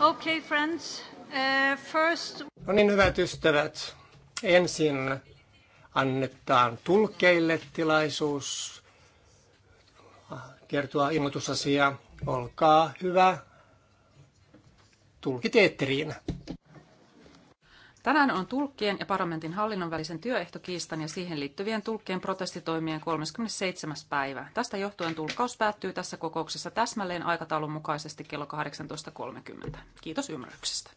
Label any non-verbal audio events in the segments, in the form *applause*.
Okay, friends. Uh, first... No niin, hyvät ystävät. Ensin annetaan tulkeille tilaisuus kertoa ilmoitusasia. Olkaa hyvä. Tulkiteetteriin. Tänään on tulkkien ja parlamentin hallinnon välisen työehtokiistan ja siihen liittyvien tulkkien protestitoimien 37. päivä. Tästä johtuen tulkkaus päättyy tässä kokouksessa täsmälleen aikataulun mukaisesti kello 18.30. Kiitos ymmärryksestä.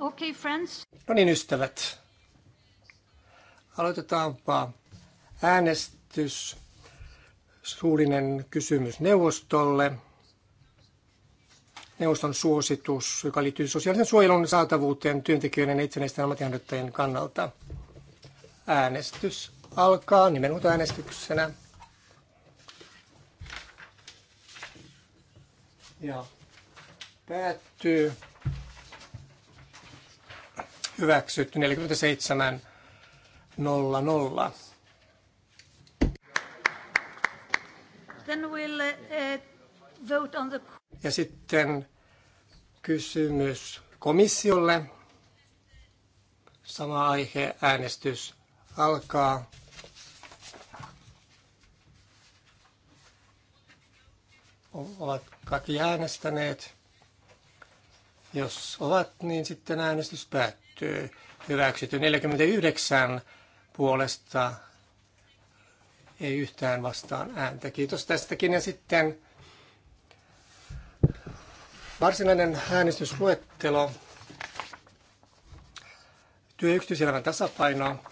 Okay, friends. No niin, ystävät. Aloitetaanpa äänestys. Suullinen kysymys neuvostolle. Neuvoston suositus, joka liittyy sosiaalisen suojelun saatavuuteen työntekijöiden ja itsenäisten ammatinharjoittajien kannalta. Äänestys alkaa nimenomaan äänestyksenä. Ja päättyy hyväksytty 47 0 nolla Then we'll, uh, vote on the... Ja sitten kysymys komissiolle. Sama aihe, äänestys alkaa. Ovat kaikki äänestäneet. Jos ovat, niin sitten äänestys päättyy hyväksytty. 49 puolesta ei yhtään vastaan ääntä. Kiitos tästäkin. Ja sitten varsinainen äänestysluettelo. Työ- ja tasapaino.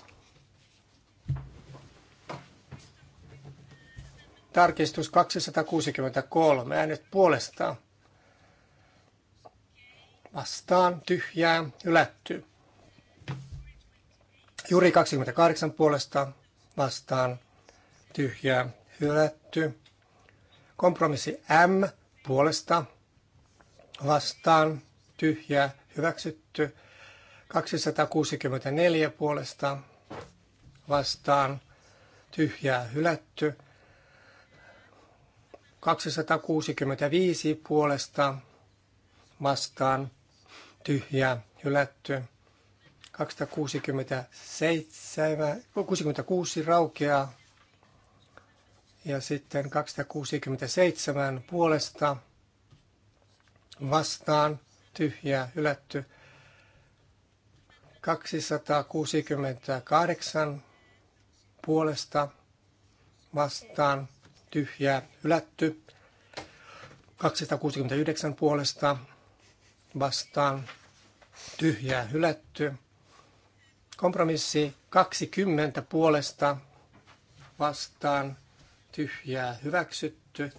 Tarkistus 263. Äänet puolesta. Vastaan tyhjää, hylätty. Juri 28 puolesta vastaan tyhjää hylätty. Kompromissi M puolesta vastaan tyhjää hyväksytty. 264 puolesta vastaan tyhjää hylätty. 265 puolesta vastaan tyhjää hylätty. 266 raukeaa ja sitten 267 puolesta vastaan tyhjää hylätty 268 puolesta vastaan tyhjää hylätty 269 puolesta vastaan tyhjää hylätty Kompromissi 20 puolesta vastaan tyhjää hyväksytty.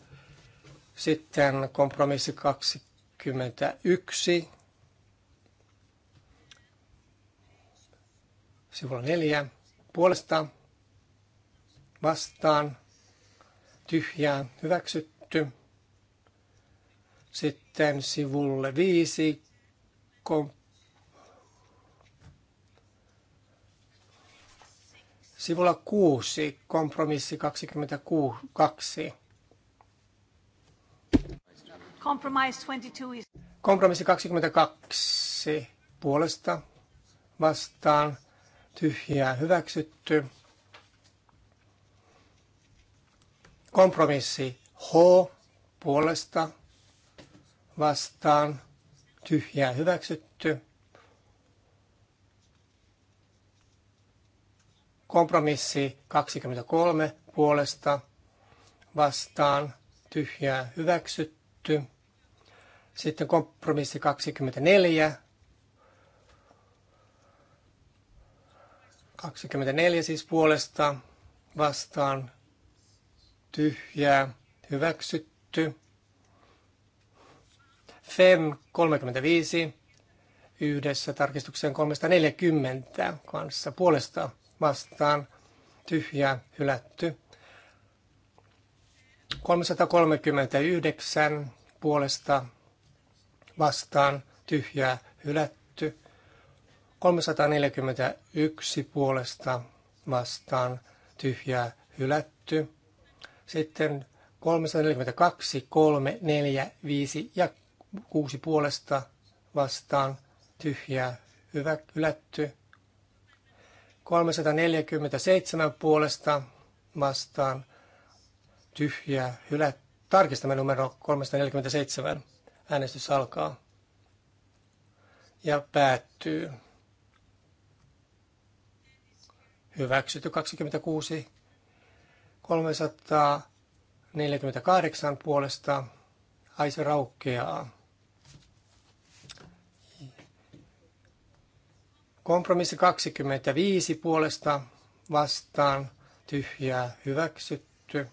Sitten kompromissi 21 sivulla 4 puolesta vastaan tyhjää hyväksytty. Sitten sivulle 5 kom- Sivulla 6, kompromissi 22. Kompromissi 22 puolesta vastaan tyhjää hyväksytty. Kompromissi H puolesta vastaan tyhjää hyväksytty. Kompromissi 23 puolesta vastaan tyhjää hyväksytty. Sitten kompromissi 24. 24 siis puolesta vastaan tyhjää hyväksytty. FEM 35 yhdessä tarkistuksen 340 kanssa puolesta vastaan tyhjää hylätty. 339 puolesta vastaan tyhjää hylätty. 341 puolesta vastaan tyhjää hylätty. Sitten 342, 3, 4, 5 ja 6 puolesta vastaan tyhjää hylätty. 347 puolesta vastaan tyhjää hylä. Tarkistamme numero 347. Äänestys alkaa ja päättyy. Hyväksytty 26 348 puolesta. Ai se Kompromissi 25 puolesta vastaan tyhjää hyväksytty.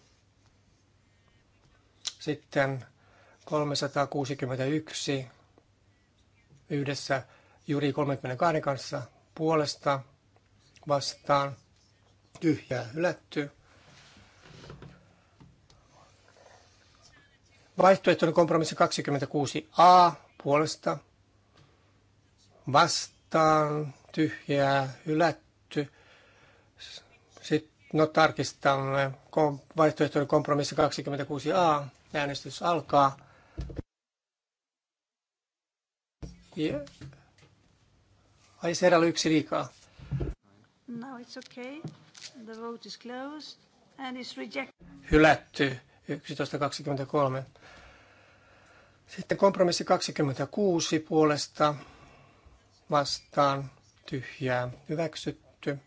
Sitten 361 yhdessä juuri 32 kanssa puolesta vastaan tyhjää hylätty. Vaihtoehtoinen kompromissi 26a puolesta vastaan tyhjää, hylätty. Sitten no tarkistamme vaihtoehtoinen kompromissi 26a. Äänestys alkaa. Ja... Ai se oli yksi liikaa. Now it's okay. The vote is closed and it's rejected. Hylätty 11.23. Sitten kompromissi 26 puolesta vastaan tyhjää hyväksytty.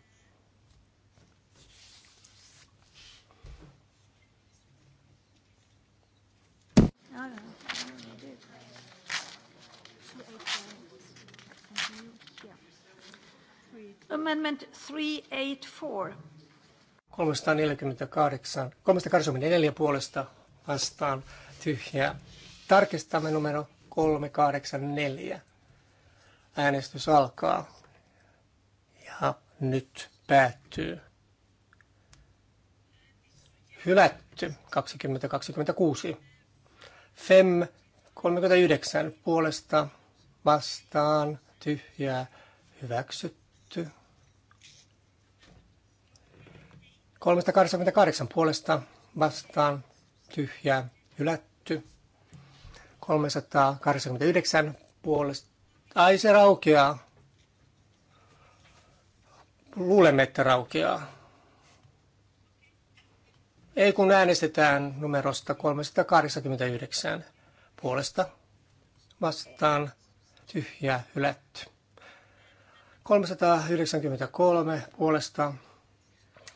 Amendment 384. 348, 384 puolesta vastaan tyhjää. Tarkistamme numero 384. Äänestys alkaa nyt päättyy. Hylätty 2026. FEM 39 puolesta vastaan tyhjää hyväksytty. 388 puolesta vastaan tyhjää hylätty. 389 puolesta. Ai se raukeaa luulemme, että raukeaa. Ei kun äänestetään numerosta 389 puolesta vastaan tyhjä hylätty. 393 puolesta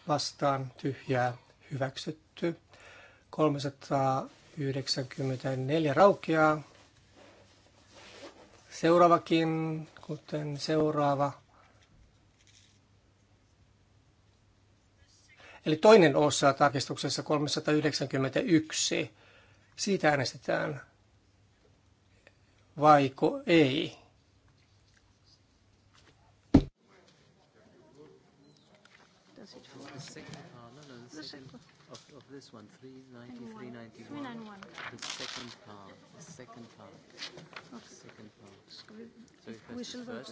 vastaan tyhjää hyväksytty. 394 raukeaa. Seuraavakin, kuten seuraava Eli toinen osa tarkistuksessa 391. Siitä äänestetään vaiko ei. this one? 393, 91. The second part. The second part. Second part. So if we the vote.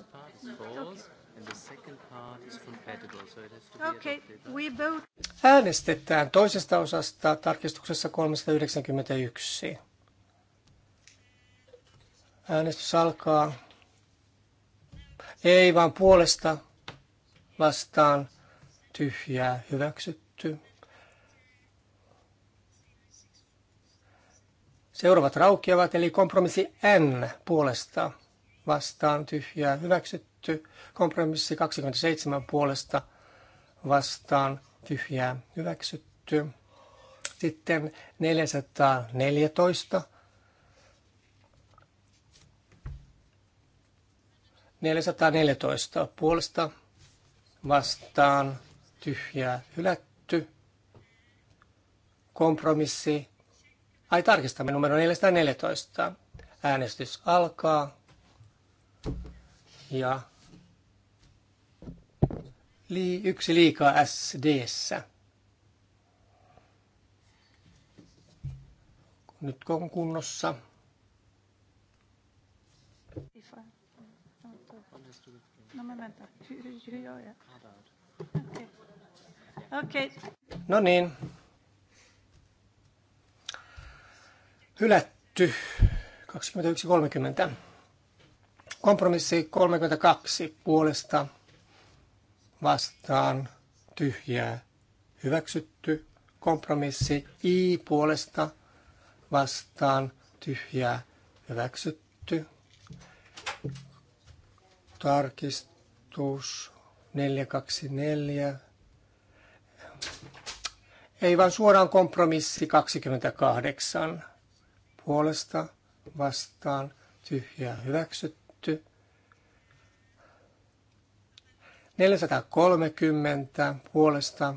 so we vote. Äänestetään toisesta osasta tarkistuksessa 391. Äänestys alkaa. Ei vaan puolesta vastaan tyhjää hyväksytty. Seuraavat raukeavat, eli kompromissi N puolesta vastaan tyhjää hyväksytty. Kompromissi 27 puolesta vastaan tyhjää hyväksytty. Sitten 414. 414 puolesta vastaan tyhjää hylätty. Kompromissi Ai tarkistamme numero 414. Äänestys alkaa. Ja lii, yksi liikaa SDssä. Nyt on kunnossa. No, *laughs* no niin. Hylätty 21.30. Kompromissi 32 puolesta vastaan tyhjää. Hyväksytty kompromissi I puolesta vastaan tyhjää. Hyväksytty. Tarkistus 424. Ei vaan suoraan kompromissi 28 puolesta vastaan tyhjää hyväksytty. 430 puolesta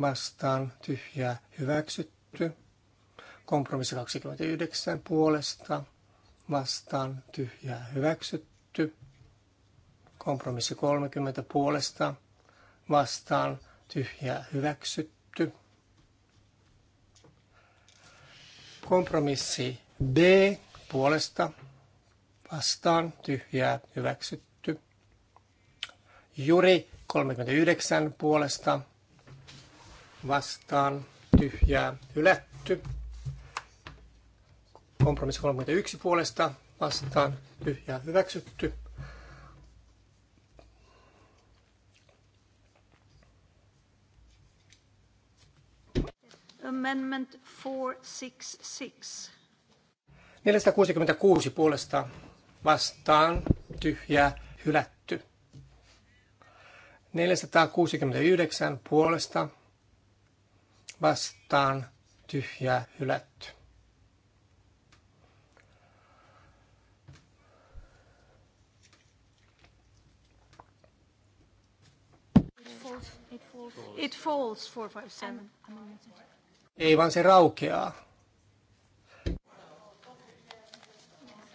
vastaan tyhjää hyväksytty. Kompromissi 29 puolesta vastaan tyhjää hyväksytty. Kompromissi 30 puolesta vastaan tyhjää hyväksytty Kompromissi B puolesta vastaan tyhjää hyväksytty. Juri 39 puolesta vastaan tyhjää hylätty. Kompromissi 31 puolesta vastaan tyhjää hyväksytty. Amendment 466. 466 puolesta vastaan tyhjä hylätty. 469 puolesta vastaan tyhjä hylätty. It falls 457. Ei vaan se raukeaa.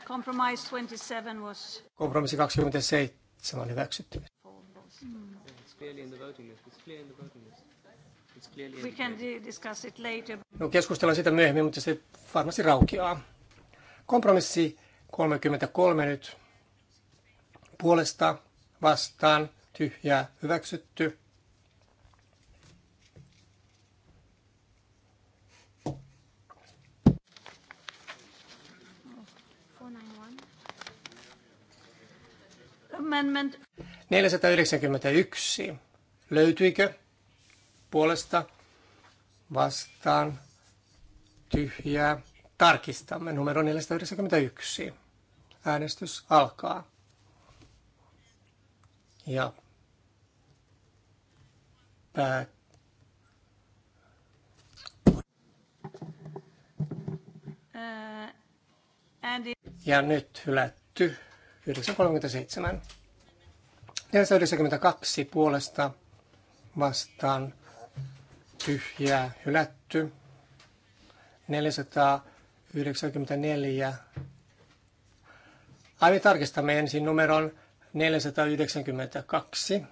Compromise 27 was... Kompromissi 27 hyväksytty. Mm. We can discuss it later. No keskustellaan sitä myöhemmin, mutta se varmasti raukeaa. Kompromissi 33 nyt puolesta vastaan tyhjää hyväksytty. Amendment. 491. Löytyikö puolesta vastaan tyhjää? Tarkistamme numero 491. Äänestys alkaa. Ja päät. Ja nyt hylätty 937. 492 puolesta vastaan tyhjää hylätty. 494. Aivan tarkistamme ensin numeron 492.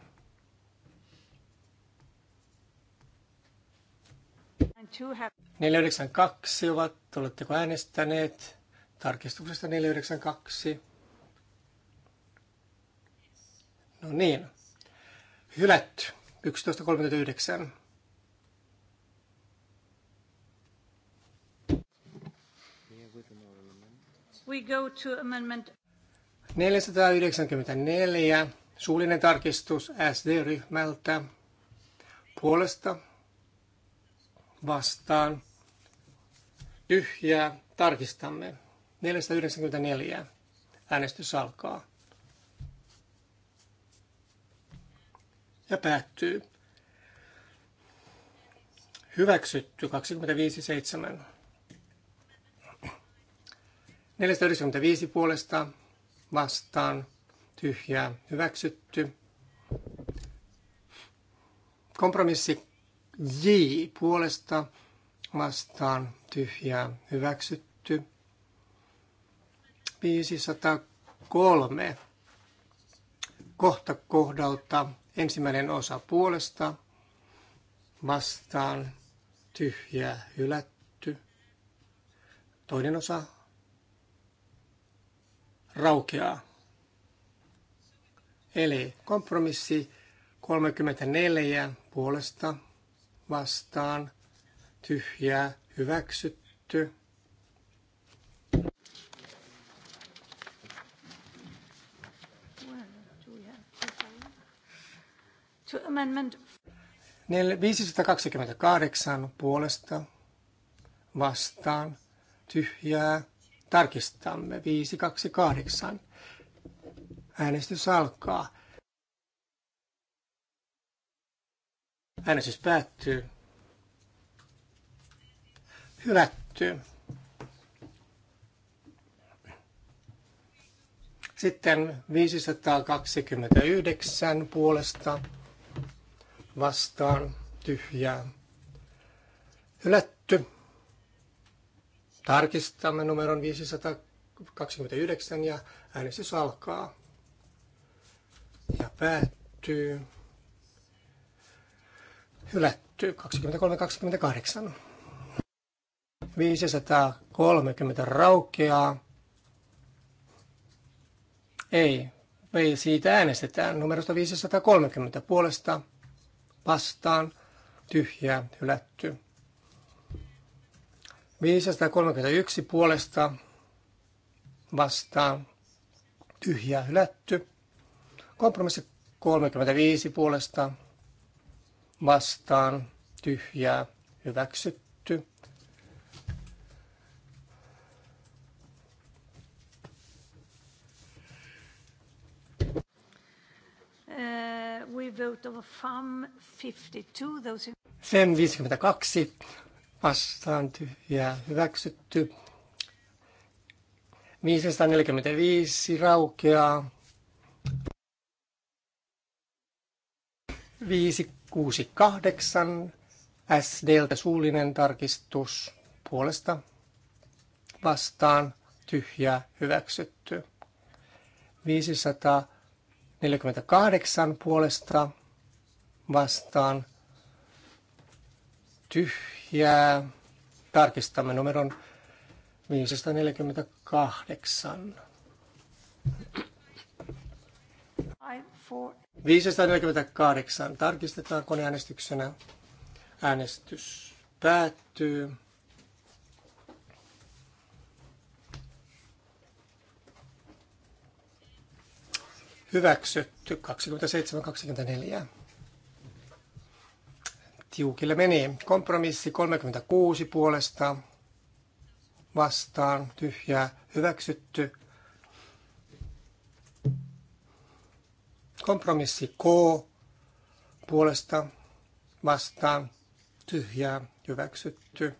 Neljä yhdeksän kaksi ovat, oletteko äänestäneet tarkistuksesta 492? No niin. Hylätty. 11.39. We go to amendment 494, suullinen tarkistus SD-ryhmältä puolesta vastaan. Tyhjää tarkistamme. 494. Äänestys alkaa. ja päättyy. Hyväksytty 25.7. 495 puolesta vastaan tyhjää hyväksytty. Kompromissi J puolesta vastaan tyhjää hyväksytty. 503 kohta kohdalta Ensimmäinen osa puolesta vastaan tyhjää hylätty. Toinen osa raukeaa. Eli kompromissi 34 puolesta vastaan tyhjää hyväksytty. To amendment... 528 puolesta vastaan tyhjää. Tarkistamme 528. Äänestys alkaa. Äänestys päättyy. Hylätty. Sitten 529 puolesta vastaan tyhjää. Hylätty. Tarkistamme numeron 529 ja äänestys alkaa ja päättyy. Hylätty 2328. 530 raukeaa. Ei, ei siitä äänestetään numerosta 530 puolesta vastaan tyhjää hylätty. 531 puolesta vastaan tyhjää hylätty. Kompromissi 35 puolesta vastaan tyhjää hyväksytty. we vote over FAM 52. 52 vastaan tyhjää hyväksytty. 545 raukeaa. 568 SDltä suullinen tarkistus puolesta vastaan tyhjää hyväksytty. 500 48 puolesta vastaan tyhjää. Tarkistamme numeron 548. 548. Tarkistetaan koneäänestyksenä. Äänestys päättyy. hyväksytty 27-24. Tiukille meni. Kompromissi 36 puolesta vastaan tyhjää hyväksytty. Kompromissi K puolesta vastaan tyhjää hyväksytty.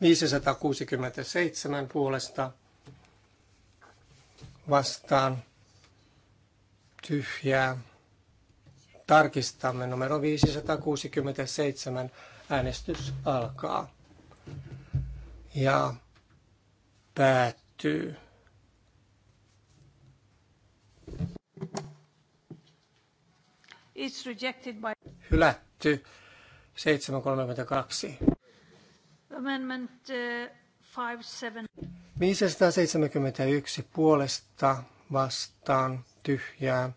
567 puolesta vastaan tyhjää. Tarkistamme numero 567. Äänestys alkaa ja päättyy. It's rejected by... Hylätty 732. Amendment uh, 57. 571 puolesta vastaan tyhjää.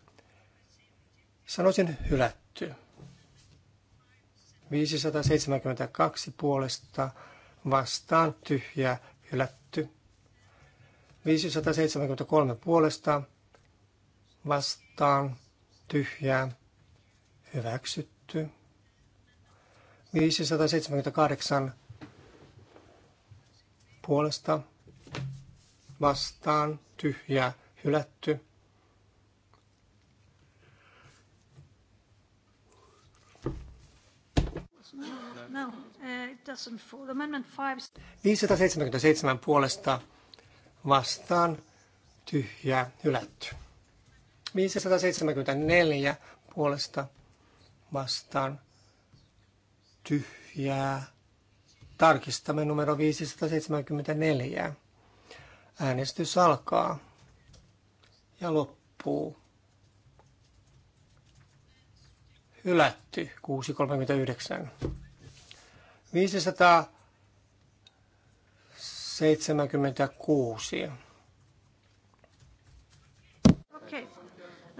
Sanoisin hylätty. 572 puolesta vastaan tyhjää hylätty. 573 puolesta vastaan tyhjää hyväksytty. 578 puolesta vastaan tyhjä, hylätty. No, uh, Amendment 577 puolesta vastaan tyhjä hylätty. 574 puolesta vastaan tyhjää. Tarkistamme numero 574. Äänestys alkaa ja loppuu. Hylätty 639. 576. Okay.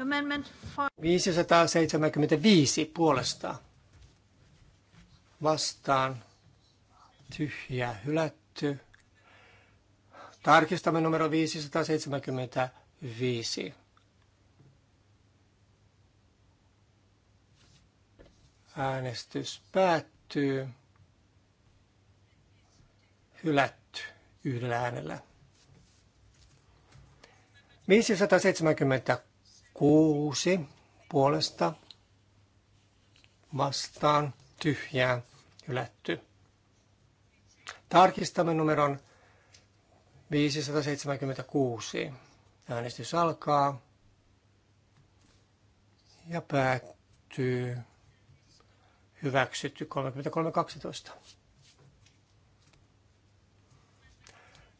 Amendment 575 puolesta vastaan tyhjä hylätty Tarkistamme numero 575. Äänestys päättyy. Hylätty yhdellä äänellä. 576 puolesta vastaan tyhjää hylätty. Tarkistamme numeron 576. Äänestys alkaa ja päättyy. Hyväksytty 33.12.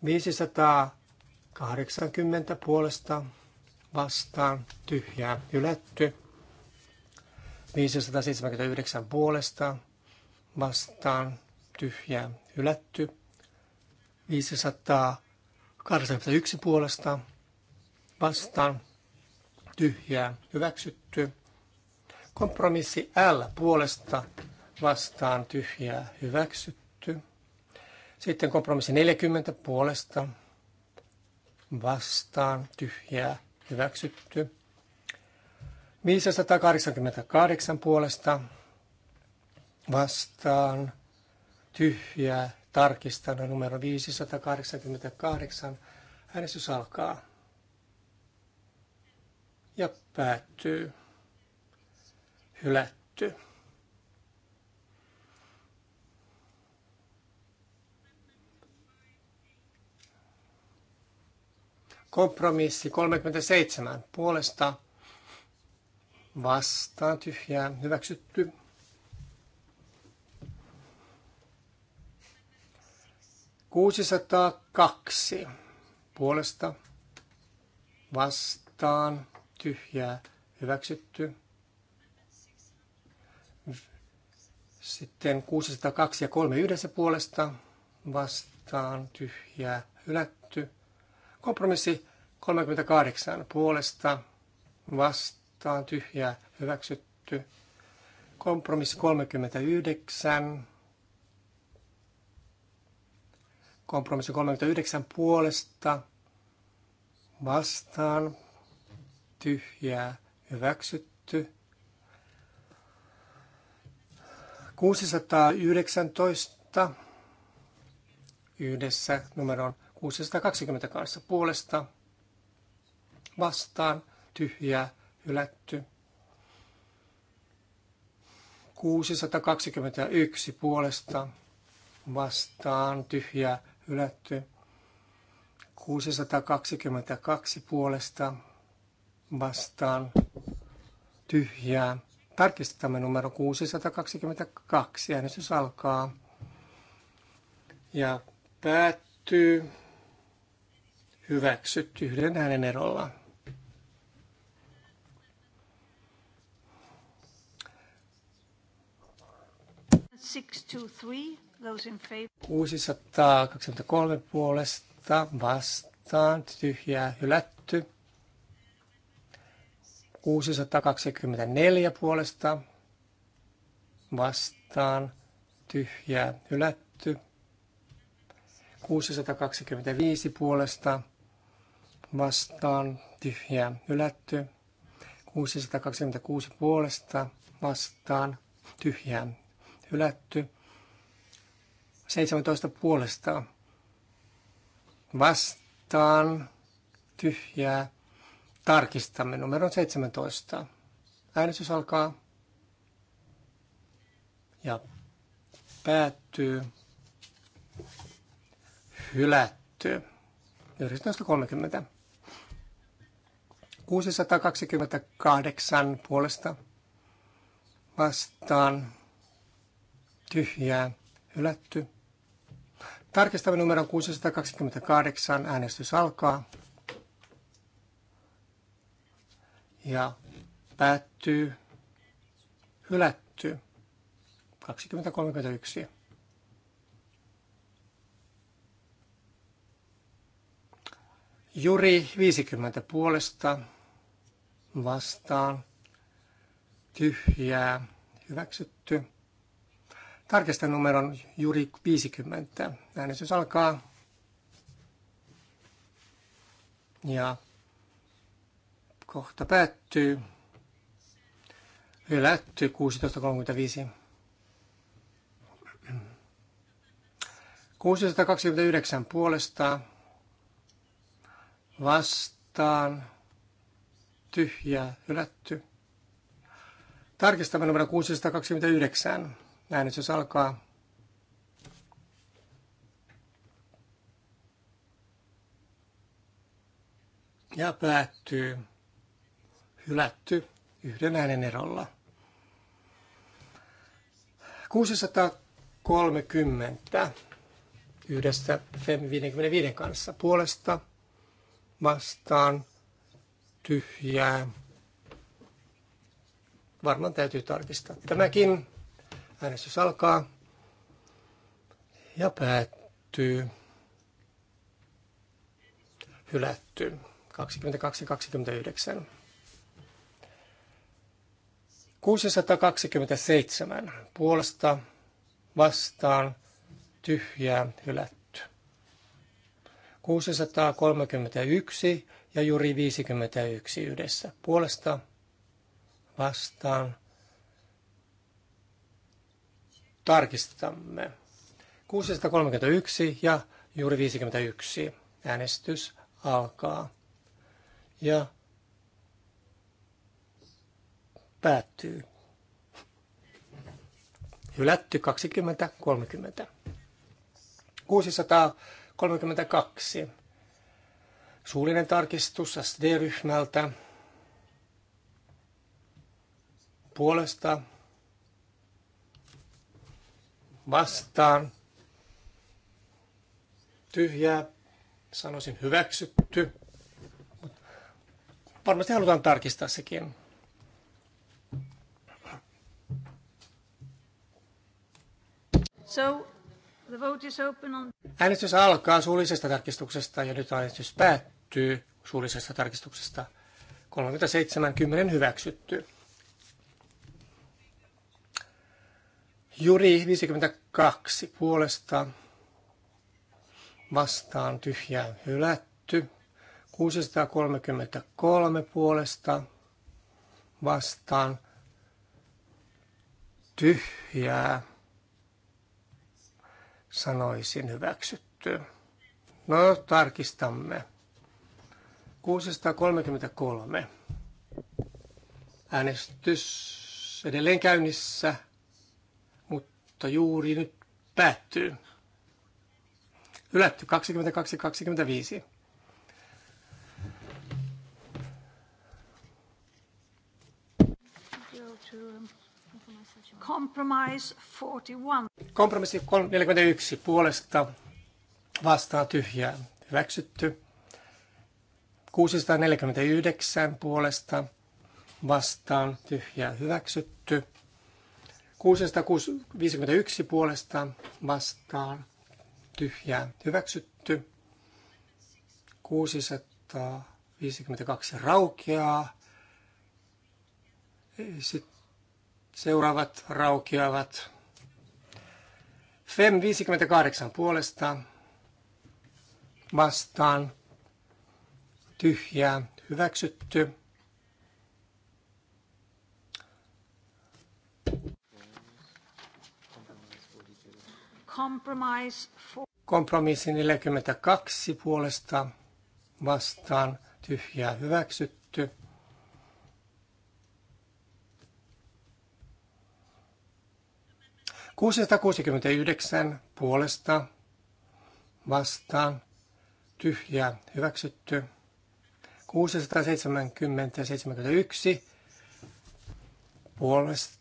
580 puolesta vastaan tyhjää hylätty. 579 puolesta vastaan tyhjää hylätty. 500 81 puolesta vastaan tyhjää hyväksytty. Kompromissi L puolesta vastaan tyhjää hyväksytty. Sitten kompromissi 40 puolesta vastaan tyhjää hyväksytty. 588 puolesta vastaan tyhjää Tarkistan numero 588. Äänestys alkaa ja päättyy. Hylätty. Kompromissi 37 puolesta vastaan tyhjää hyväksytty. 602 puolesta vastaan tyhjää hyväksytty. Sitten 602 ja 3 yhdessä puolesta vastaan tyhjää hylätty. Kompromissi 38 puolesta vastaan tyhjää hyväksytty. Kompromissi 39 Kompromissi 39 puolesta vastaan tyhjää hyväksytty. 619 yhdessä numeron 620 kanssa puolesta vastaan tyhjää hylätty. 621 puolesta vastaan tyhjää hylätty. 622 puolesta vastaan tyhjää. Tarkistamme numero 622. Äänestys alkaa ja päättyy hyväksytty yhden äänen erolla. Six, two, three. 623 puolesta vastaan tyhjää hylätty. 624 puolesta vastaan tyhjää hylätty. 625 puolesta vastaan tyhjää hylätty. 626 puolesta vastaan tyhjää hylätty. 17 puolesta vastaan tyhjää. Tarkistamme numero 17. Äänestys alkaa ja päättyy. Hylätty. 19.30. 628 puolesta vastaan tyhjää Hylätty. Tarkistamme numero 628. Äänestys alkaa. Ja päättyy. Hylätty. 2031. Juri 50 puolesta vastaan. Tyhjää. Hyväksytty tarkistan numeron juuri 50. Äänestys alkaa. Ja kohta päättyy. Hylätty 16.35. 629 puolesta vastaan tyhjä hylätty. Tarkistamme numero 629. Äänestys alkaa. Ja päättyy. Hylätty yhden äänen erolla. 630 yhdessä FEM 55 kanssa puolesta vastaan tyhjää. Varmaan täytyy tarkistaa tämäkin. Äänestys alkaa ja päättyy. Hylätty. 22-29. 627 puolesta vastaan tyhjää hylätty. 631 ja juuri 51 yhdessä puolesta vastaan tarkistamme. 631 ja juuri 51. Äänestys alkaa ja päättyy. Hylätty 20-30. 632. Suullinen tarkistus SD-ryhmältä puolesta vastaan. Tyhjää, sanoisin hyväksytty. varmasti halutaan tarkistaa sekin. So, the vote is open on... Äänestys alkaa suullisesta tarkistuksesta ja nyt äänestys päättyy suullisesta tarkistuksesta. 37.10 hyväksytty. Juri 52 puolesta vastaan tyhjään hylätty. 633 puolesta vastaan tyhjää sanoisin hyväksytty. No, tarkistamme. 633. Äänestys edelleen käynnissä kautta juuri nyt päättyy. Ylätty 22-25. Compromise 41. Kompromissi 41 puolesta vastaan tyhjää. Hyväksytty. 649 puolesta vastaan tyhjää hyväksytty. 651 puolesta vastaan tyhjää hyväksytty. 652 raukeaa. Sitten seuraavat raukeavat. FEM 58 puolesta vastaan tyhjää hyväksytty. Kompromissi 42 puolesta vastaan tyhjää hyväksytty. Kuusista puolesta vastaan tyhjää hyväksytty. 670 ja 71 puolesta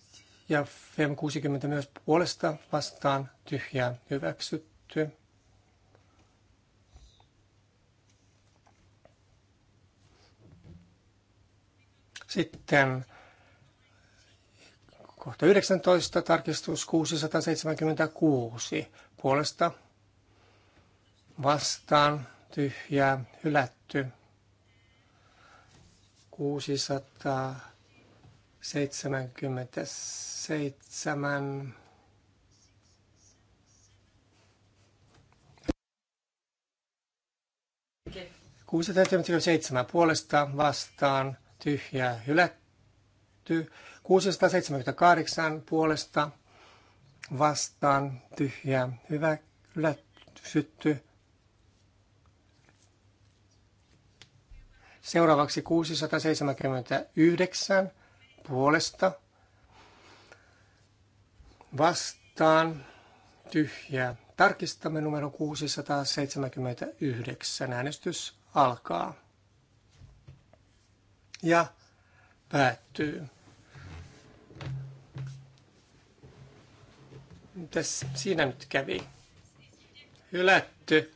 ja FEM 60 myös puolesta vastaan tyhjää hyväksytty. Sitten kohta 19, tarkistus 676, puolesta vastaan tyhjää hylätty. 677 677 puolesta vastaan tyhjää hylätty. 678 puolesta vastaan tyhjää hyvä hylätty. Seuraavaksi 679 puolesta vastaan tyhjää. Tarkistamme numero 679. Äänestys alkaa ja päättyy. Mitäs siinä nyt kävi? Hylätty.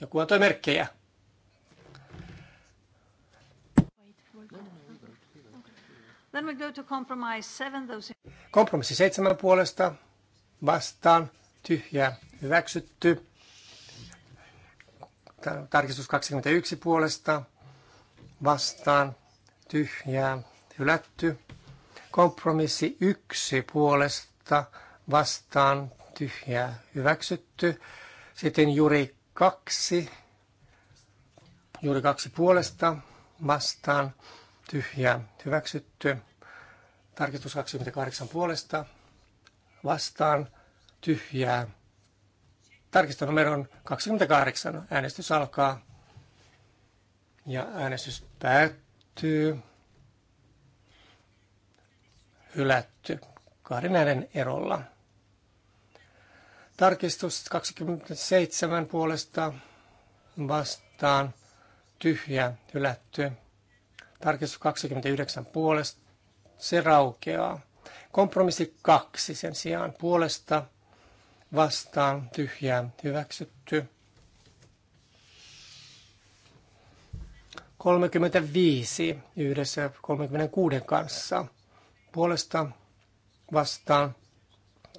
Joku antoi merkkejä. Then we go to compromise seven, those... Kompromissi seitsemän puolesta vastaan tyhjä, hyväksytty. Tarkistus 21 puolesta vastaan tyhjää hylätty. Kompromissi 1 puolesta vastaan tyhjää hyväksytty. Sitten juuri 2, juuri kaksi puolesta vastaan tyhjää hyväksytty. Tarkistus 28 puolesta vastaan tyhjää numeron 28 äänestys alkaa ja äänestys päättyy. Hylätty kahden äänen erolla. Tarkistus 27 puolesta vastaan tyhjä hylätty. Tarkistus 29 puolesta se raukeaa. Kompromissi 2 sen sijaan puolesta vastaan tyhjään hyväksytty. 35 yhdessä 36 kanssa puolesta vastaan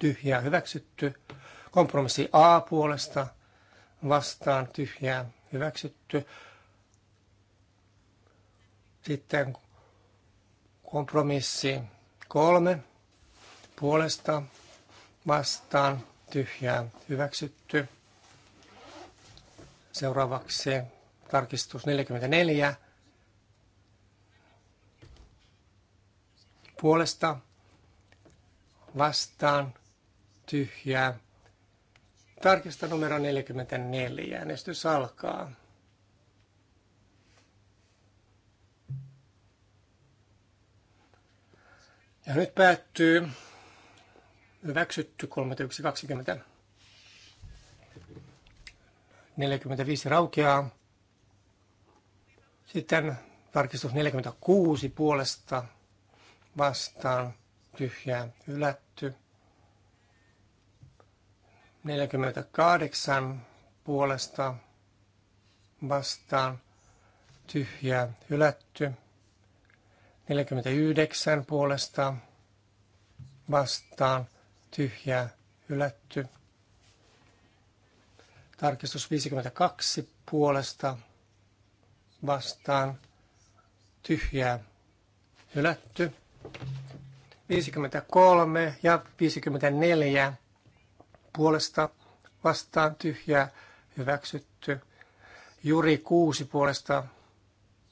tyhjää hyväksytty. Kompromissi A puolesta vastaan tyhjää hyväksytty. Sitten kompromissi kolme puolesta vastaan tyhjää hyväksytty. Seuraavaksi tarkistus 44. Puolesta vastaan tyhjää. Tarkista numero 44. Äänestys alkaa. Ja nyt päättyy hyväksytty 31.20. 45 raukeaa. Sitten tarkistus 46 puolesta vastaan tyhjää ylätty. 48 puolesta vastaan tyhjää hylätty. 49 puolesta vastaan tyhjää hylätty. Tarkistus 52 puolesta vastaan tyhjää hylätty. 53 ja 54 puolesta vastaan tyhjää hyväksytty. Juri 6 puolesta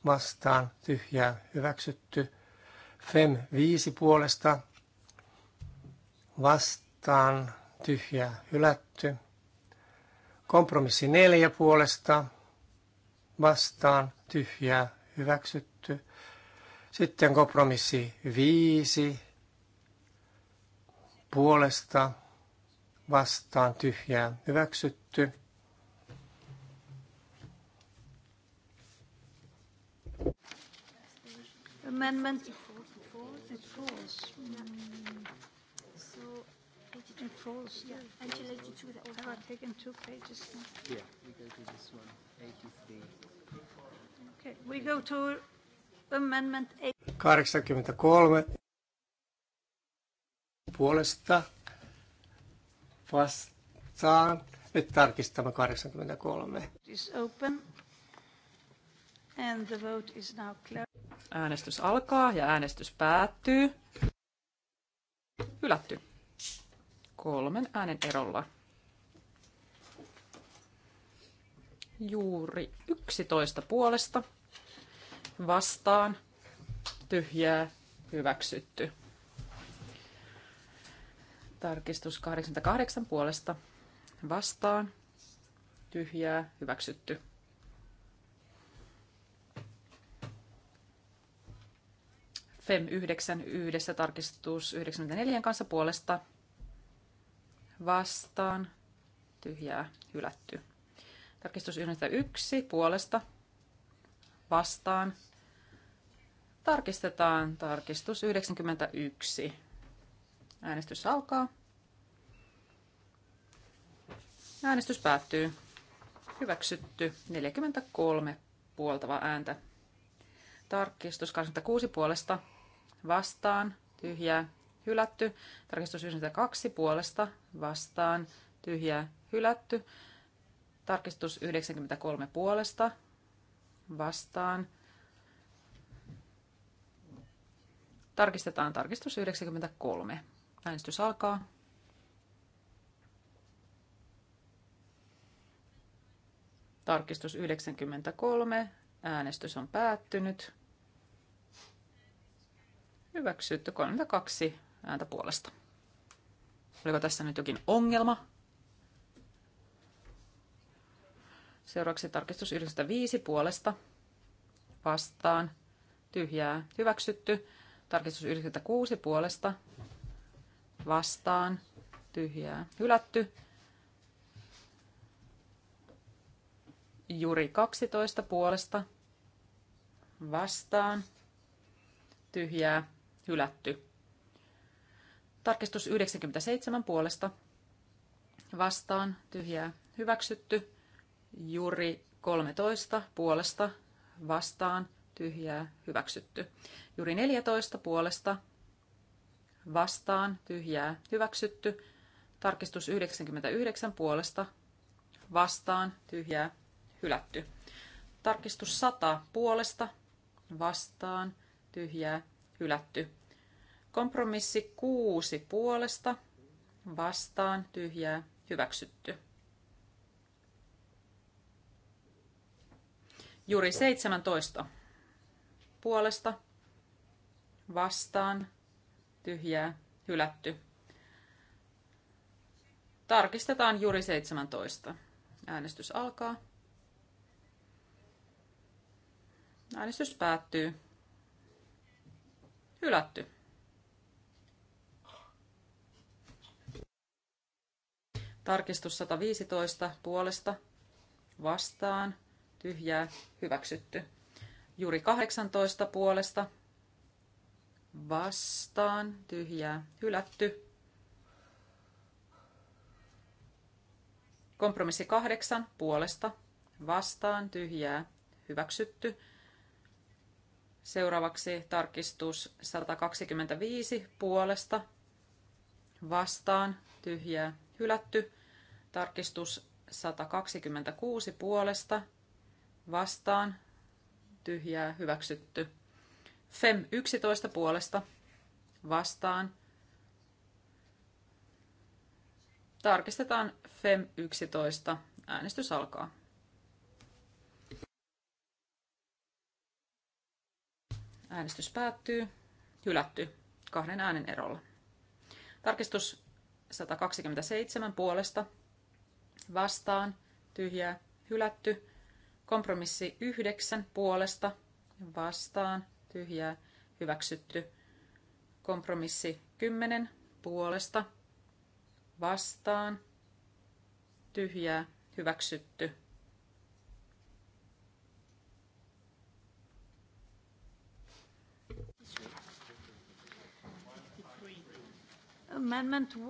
vastaan tyhjää hyväksytty. Fem 5 puolesta vastaan tyhjä hylätty. Kompromissi neljä puolesta vastaan tyhjä hyväksytty. Sitten kompromissi viisi puolesta vastaan tyhjä hyväksytty. Amendment it falls. It falls. Mm. It falls. Yeah, taken two pages now? Yeah, we go to this one, 83. Okay, we go to amendment 83 puolesta vastaan. Nyt tarkistamme 83. Äänestys alkaa ja äänestys päättyy. Hylätty kolmen äänen erolla. Juuri 11 puolesta vastaan tyhjää hyväksytty. Tarkistus 88 puolesta vastaan tyhjää hyväksytty. FEM 9 yhdessä tarkistus 94 kanssa puolesta vastaan, tyhjää, hylätty. Tarkistus 91 puolesta vastaan. Tarkistetaan tarkistus 91. Äänestys alkaa. Äänestys päättyy. Hyväksytty 43 puoltava ääntä. Tarkistus 26 puolesta vastaan. Tyhjää hylätty. Tarkistus 92 puolesta vastaan tyhjää hylätty. Tarkistus 93 puolesta vastaan. Tarkistetaan tarkistus 93. Äänestys alkaa. Tarkistus 93. Äänestys on päättynyt. Hyväksytty 32 ääntä puolesta. Oliko tässä nyt jokin ongelma? Seuraavaksi tarkistus 95 puolesta. Vastaan. Tyhjää. Hyväksytty. Tarkistus 96 puolesta. Vastaan. Tyhjää. Hylätty. Juri 12 puolesta. Vastaan. Tyhjää. Hylätty. Tarkistus 97 puolesta vastaan tyhjää hyväksytty. Juri 13 puolesta vastaan tyhjää hyväksytty. Juri 14 puolesta vastaan tyhjää hyväksytty. Tarkistus 99 puolesta vastaan tyhjää hylätty. Tarkistus 100 puolesta vastaan tyhjää hylätty. Kompromissi kuusi puolesta vastaan tyhjää hyväksytty. Juri 17 puolesta vastaan tyhjää hylätty. Tarkistetaan Juri 17. Äänestys alkaa. Äänestys päättyy. Hylätty. Tarkistus 115 puolesta vastaan tyhjää hyväksytty. Juri 18 puolesta vastaan tyhjää hylätty. Kompromissi 8 puolesta vastaan tyhjää hyväksytty. Seuraavaksi tarkistus 125 puolesta vastaan tyhjää hylätty. Tarkistus 126 puolesta vastaan tyhjää hyväksytty. FEM 11 puolesta vastaan. Tarkistetaan FEM 11. Äänestys alkaa. Äänestys päättyy. Hylätty kahden äänen erolla. Tarkistus 127 puolesta vastaan, tyhjää, hylätty. Kompromissi yhdeksän puolesta, vastaan, tyhjää, hyväksytty. Kompromissi kymmenen puolesta, vastaan, tyhjää, hyväksytty. Amendment 1.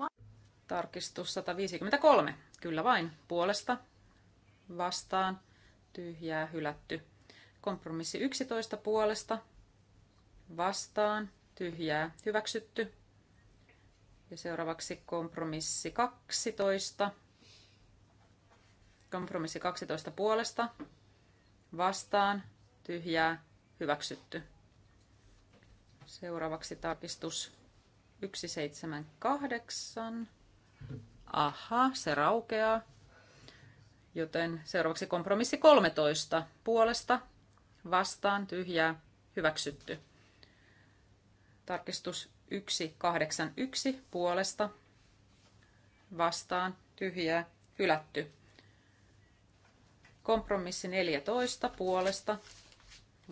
Tarkistus 153 Kyllä vain puolesta vastaan tyhjää hylätty. Kompromissi 11 puolesta vastaan tyhjää hyväksytty. Ja seuraavaksi kompromissi 12. Kompromissi 12 puolesta vastaan tyhjää hyväksytty. Seuraavaksi tarkistus 178. Aha, se raukeaa. Joten seuraavaksi kompromissi 13. Puolesta, vastaan, tyhjää, hyväksytty. Tarkistus 181 puolesta, vastaan, tyhjää, hylätty. Kompromissi 14 puolesta,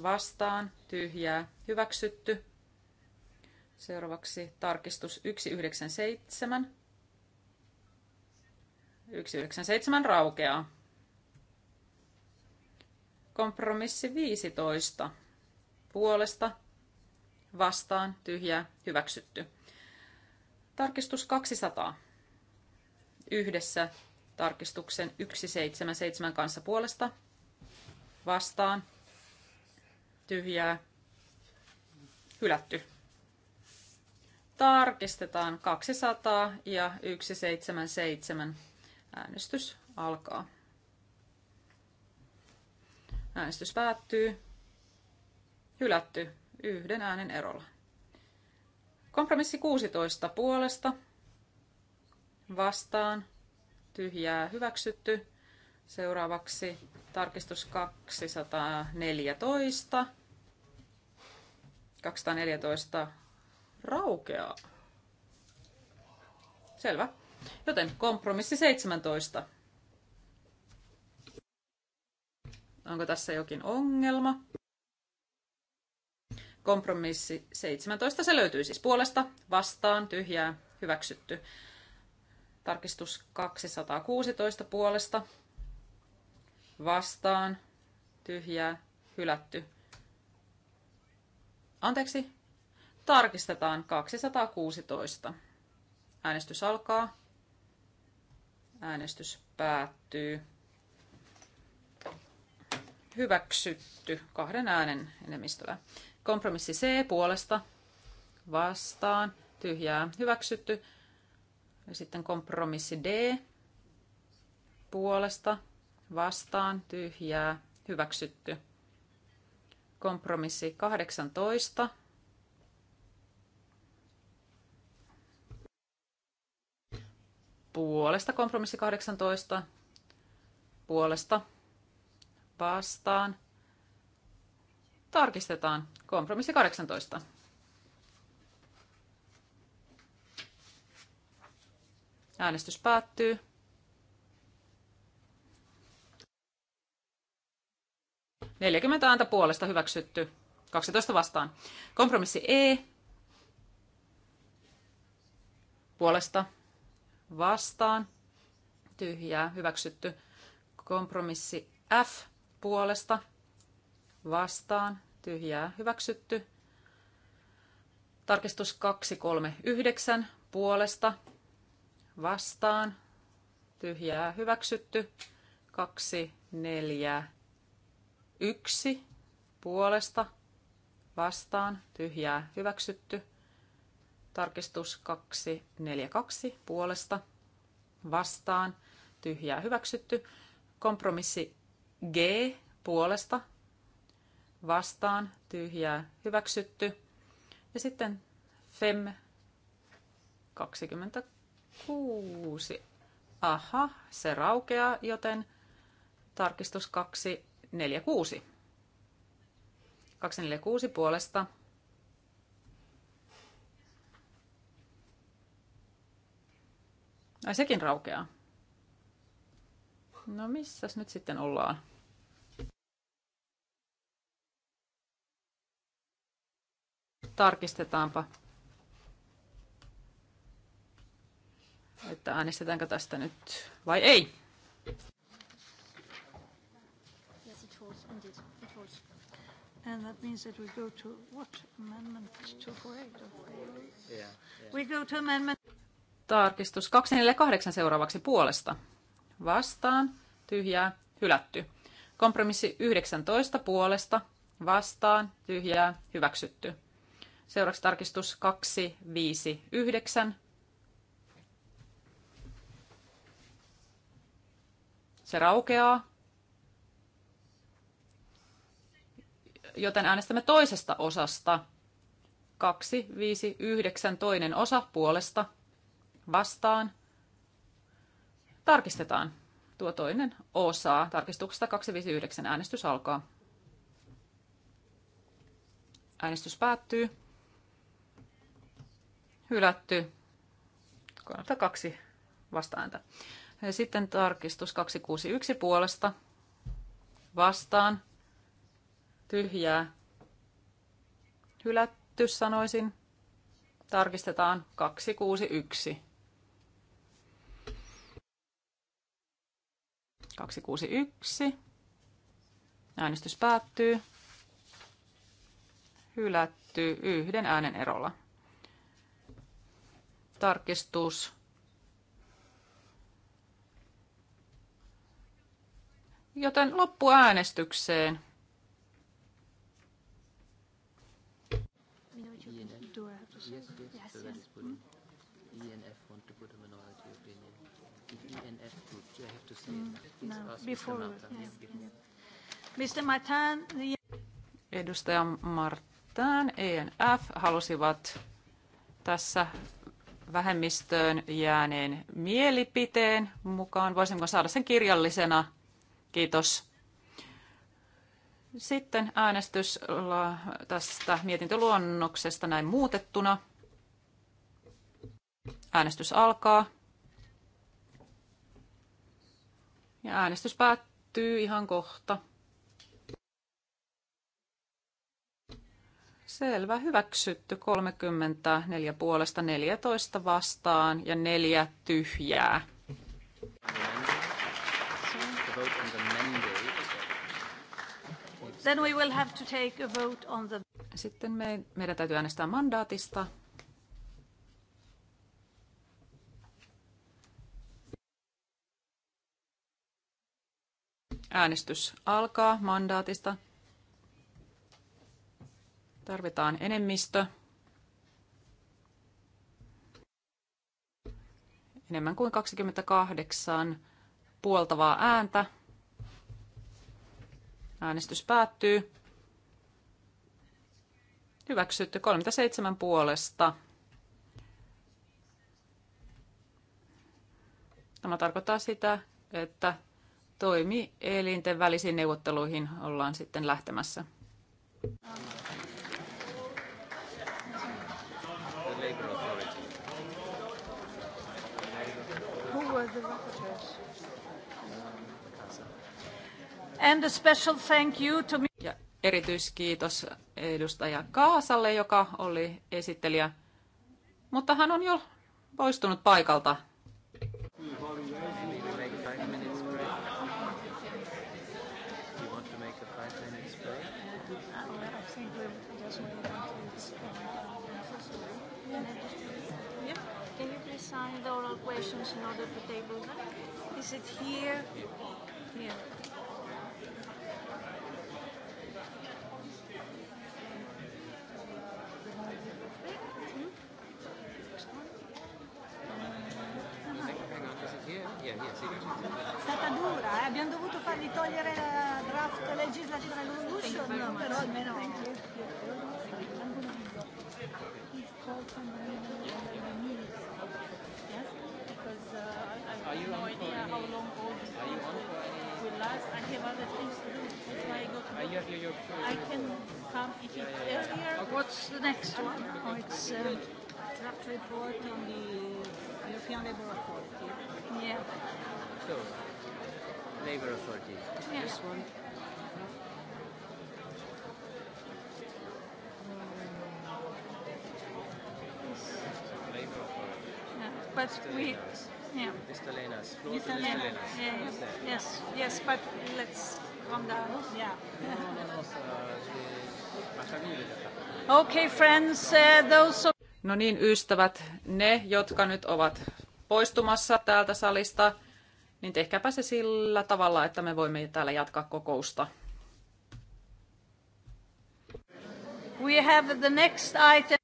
vastaan, tyhjää, hyväksytty. Seuraavaksi tarkistus 197 197 raukeaa. Kompromissi 15. Puolesta, vastaan, tyhjää, hyväksytty. Tarkistus 200. Yhdessä tarkistuksen 177 kanssa puolesta, vastaan, tyhjää, hylätty. Tarkistetaan 200 ja 177 Äänestys alkaa. Äänestys päättyy. Hylätty yhden äänen erolla. Kompromissi 16 puolesta. Vastaan. Tyhjää hyväksytty. Seuraavaksi tarkistus 214. 214 raukeaa. Selvä. Joten kompromissi 17. Onko tässä jokin ongelma? Kompromissi 17. Se löytyy siis puolesta, vastaan, tyhjää, hyväksytty. Tarkistus 216 puolesta, vastaan, tyhjää, hylätty. Anteeksi, tarkistetaan 216. Äänestys alkaa. Äänestys päättyy. Hyväksytty kahden äänen enemmistöllä. Kompromissi C puolesta vastaan tyhjää hyväksytty. Ja sitten kompromissi D puolesta vastaan tyhjää hyväksytty. Kompromissi 18 puolesta kompromissi 18, puolesta vastaan. Tarkistetaan kompromissi 18. Äänestys päättyy. Neljäkymmentä ääntä puolesta hyväksytty. 12 vastaan. Kompromissi E. Puolesta vastaan, tyhjää, hyväksytty. Kompromissi F puolesta, vastaan, tyhjää, hyväksytty. Tarkistus 239 puolesta, vastaan, tyhjää, hyväksytty. 241 puolesta, vastaan, tyhjää, hyväksytty. Tarkistus 242 puolesta vastaan. Tyhjää hyväksytty. Kompromissi G puolesta vastaan. Tyhjää hyväksytty. Ja sitten FEM 26. Aha, se raukeaa, joten tarkistus 246. 246 puolesta Ai sekin raukeaa. No missäs nyt sitten ollaan? Tarkistetaanpa, että äänestetäänkö tästä nyt vai ei. Yes, it was indeed. It was. And that means that we go to what amendment 248? Yeah, yeah. We go to amendment Tarkistus 248 seuraavaksi puolesta. Vastaan. Tyhjää. Hylätty. Kompromissi 19 puolesta. Vastaan. Tyhjää. Hyväksytty. Seuraavaksi tarkistus 259. Se raukeaa. Joten äänestämme toisesta osasta. 259 toinen osa puolesta vastaan. Tarkistetaan tuo toinen osa. Tarkistuksesta 259 äänestys alkaa. Äänestys päättyy. Hylätty. 32 vastaääntä. Sitten tarkistus 261 puolesta. Vastaan. Tyhjää. Hylätty sanoisin. Tarkistetaan 261. 261. Äänestys päättyy. Hylätty yhden äänen erolla. Tarkistus. Joten loppuäänestykseen. Mr. Mm, no, Martin, the... Edustaja Martin, ENF, halusivat tässä vähemmistöön jääneen mielipiteen mukaan. Voisinko saada sen kirjallisena? Kiitos. Sitten äänestys tästä mietintöluonnoksesta näin muutettuna. Äänestys alkaa. Ja äänestys päättyy ihan kohta. Selvä, hyväksytty 34 puolesta 14 vastaan ja neljä tyhjää. Then we will have to take a vote on the... Sitten me, meidän täytyy äänestää mandaatista. Äänestys alkaa mandaatista. Tarvitaan enemmistö. Enemmän kuin 28 puoltavaa ääntä. Äänestys päättyy. Hyväksytty 37 puolesta. Tämä tarkoittaa sitä, että toimielinten välisiin neuvotteluihin ollaan sitten lähtemässä. And a special thank you to me. Ja erityiskiitos edustaja Kaasalle, joka oli esittelijä, mutta hän on jo poistunut paikalta. questions in order to table them. Is it here? Here. Eh? abbiamo dovuto fargli togliere la draft legislativa resolution, no, però almeno... Thank you. Are you no on idea how long all this Are you on will last. I have other things to do. That's why I go to. you have your, your I can come if yeah, it's yeah, earlier. Okay. What's the next one? Oh, it's a um, draft report on the European Labour Authority. Yeah. So, Labour Authority. Yeah. This one. But we, Yeah. yeah. Yes, yes, but let's calm down. Yeah. okay, friends, uh, those. No niin, ystävät, ne, jotka nyt ovat poistumassa täältä salista, niin tehkääpä se sillä tavalla, että me voimme täällä jatkaa kokousta. We have the next item.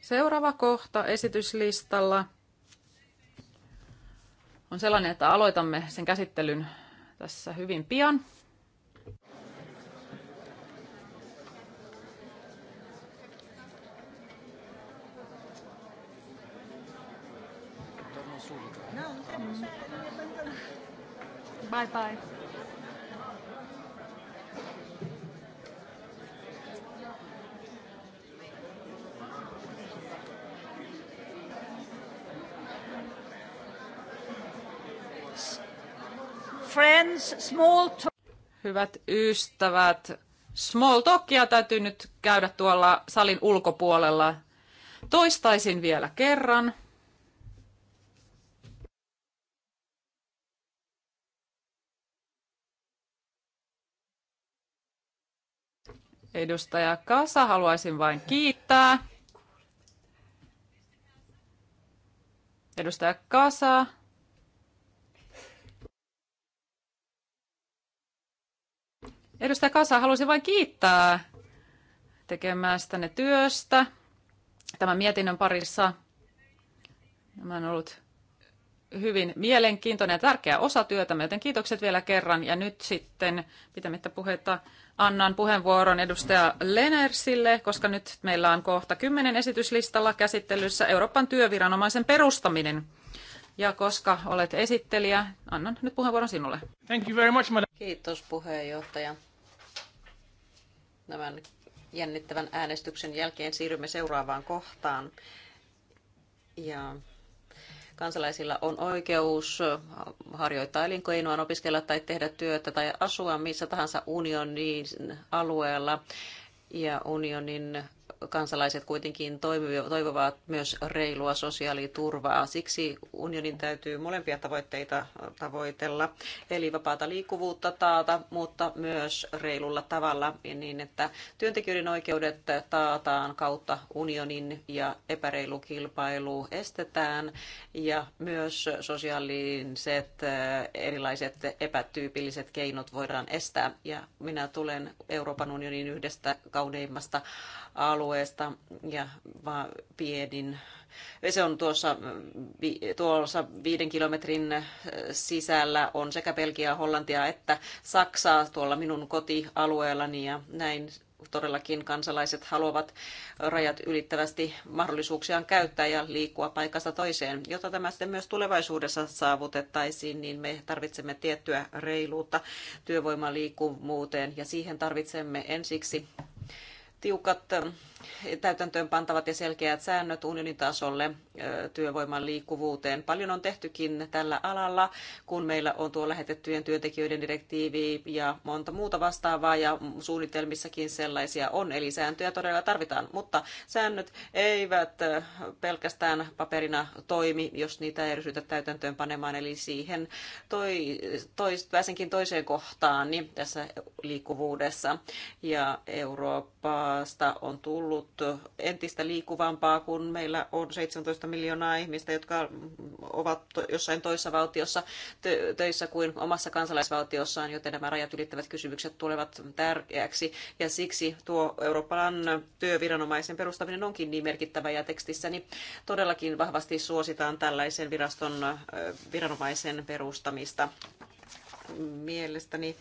Seuraava kohta esityslistalla on sellainen, että aloitamme sen käsittelyn tässä hyvin pian. No, mm. Bye bye. friends, small talk. Hyvät ystävät, small talkia täytyy nyt käydä tuolla salin ulkopuolella. Toistaisin vielä kerran. Edustaja Kasa, haluaisin vain kiittää. Edustaja Kasa. Edustaja Kasa, haluaisin vain kiittää tekemästänne työstä tämän mietinnön parissa. Tämä on ollut hyvin mielenkiintoinen ja tärkeä osa työtä, joten kiitokset vielä kerran. Ja nyt sitten pitämättä puhetta annan puheenvuoron edustaja Lenersille, koska nyt meillä on kohta kymmenen esityslistalla käsittelyssä Euroopan työviranomaisen perustaminen. Ja koska olet esittelijä, annan nyt puheenvuoron sinulle. Thank you very much, madam. Kiitos puheenjohtaja. Tämän jännittävän äänestyksen jälkeen siirrymme seuraavaan kohtaan. Ja kansalaisilla on oikeus harjoittaa elinkeinoa, opiskella tai tehdä työtä tai asua missä tahansa unionin alueella. Ja unionin kansalaiset kuitenkin toivovat myös reilua sosiaaliturvaa. Siksi unionin täytyy molempia tavoitteita tavoitella, eli vapaata liikkuvuutta taata, mutta myös reilulla tavalla niin, että työntekijöiden oikeudet taataan kautta unionin ja epäreilu kilpailu estetään ja myös sosiaaliset eh, erilaiset epätyypilliset keinot voidaan estää. Ja minä tulen Euroopan unionin yhdestä kauneimmasta alueesta alueesta ja Piedin. Se on tuossa, tuossa viiden kilometrin sisällä on sekä Belgiaa, Hollantia että Saksaa tuolla minun kotialueellani ja näin todellakin kansalaiset haluavat rajat ylittävästi mahdollisuuksiaan käyttää ja liikkua paikasta toiseen. Jotta tämä sitten myös tulevaisuudessa saavutettaisiin, niin me tarvitsemme tiettyä reiluutta työvoiman liikkuvuuteen ja siihen tarvitsemme ensiksi tiukat täytäntöönpantavat ja selkeät säännöt unionin tasolle työvoiman liikkuvuuteen. Paljon on tehtykin tällä alalla, kun meillä on tuo lähetettyjen työntekijöiden direktiivi ja monta muuta vastaavaa ja suunnitelmissakin sellaisia on, eli sääntöjä todella tarvitaan, mutta säännöt eivät pelkästään paperina toimi, jos niitä ei ryhdytä täytäntöön panemaan, eli siihen toi, toi, pääsenkin toiseen kohtaan niin tässä liikkuvuudessa ja Eurooppa Euroopasta on tullut entistä liikkuvampaa, kun meillä on 17 miljoonaa ihmistä, jotka ovat jossain toisessa valtiossa töissä kuin omassa kansalaisvaltiossaan, joten nämä rajat ylittävät kysymykset tulevat tärkeäksi. Ja siksi tuo Euroopan työviranomaisen perustaminen onkin niin merkittävä ja tekstissäni niin todellakin vahvasti suositaan tällaisen viraston viranomaisen perustamista mielestäni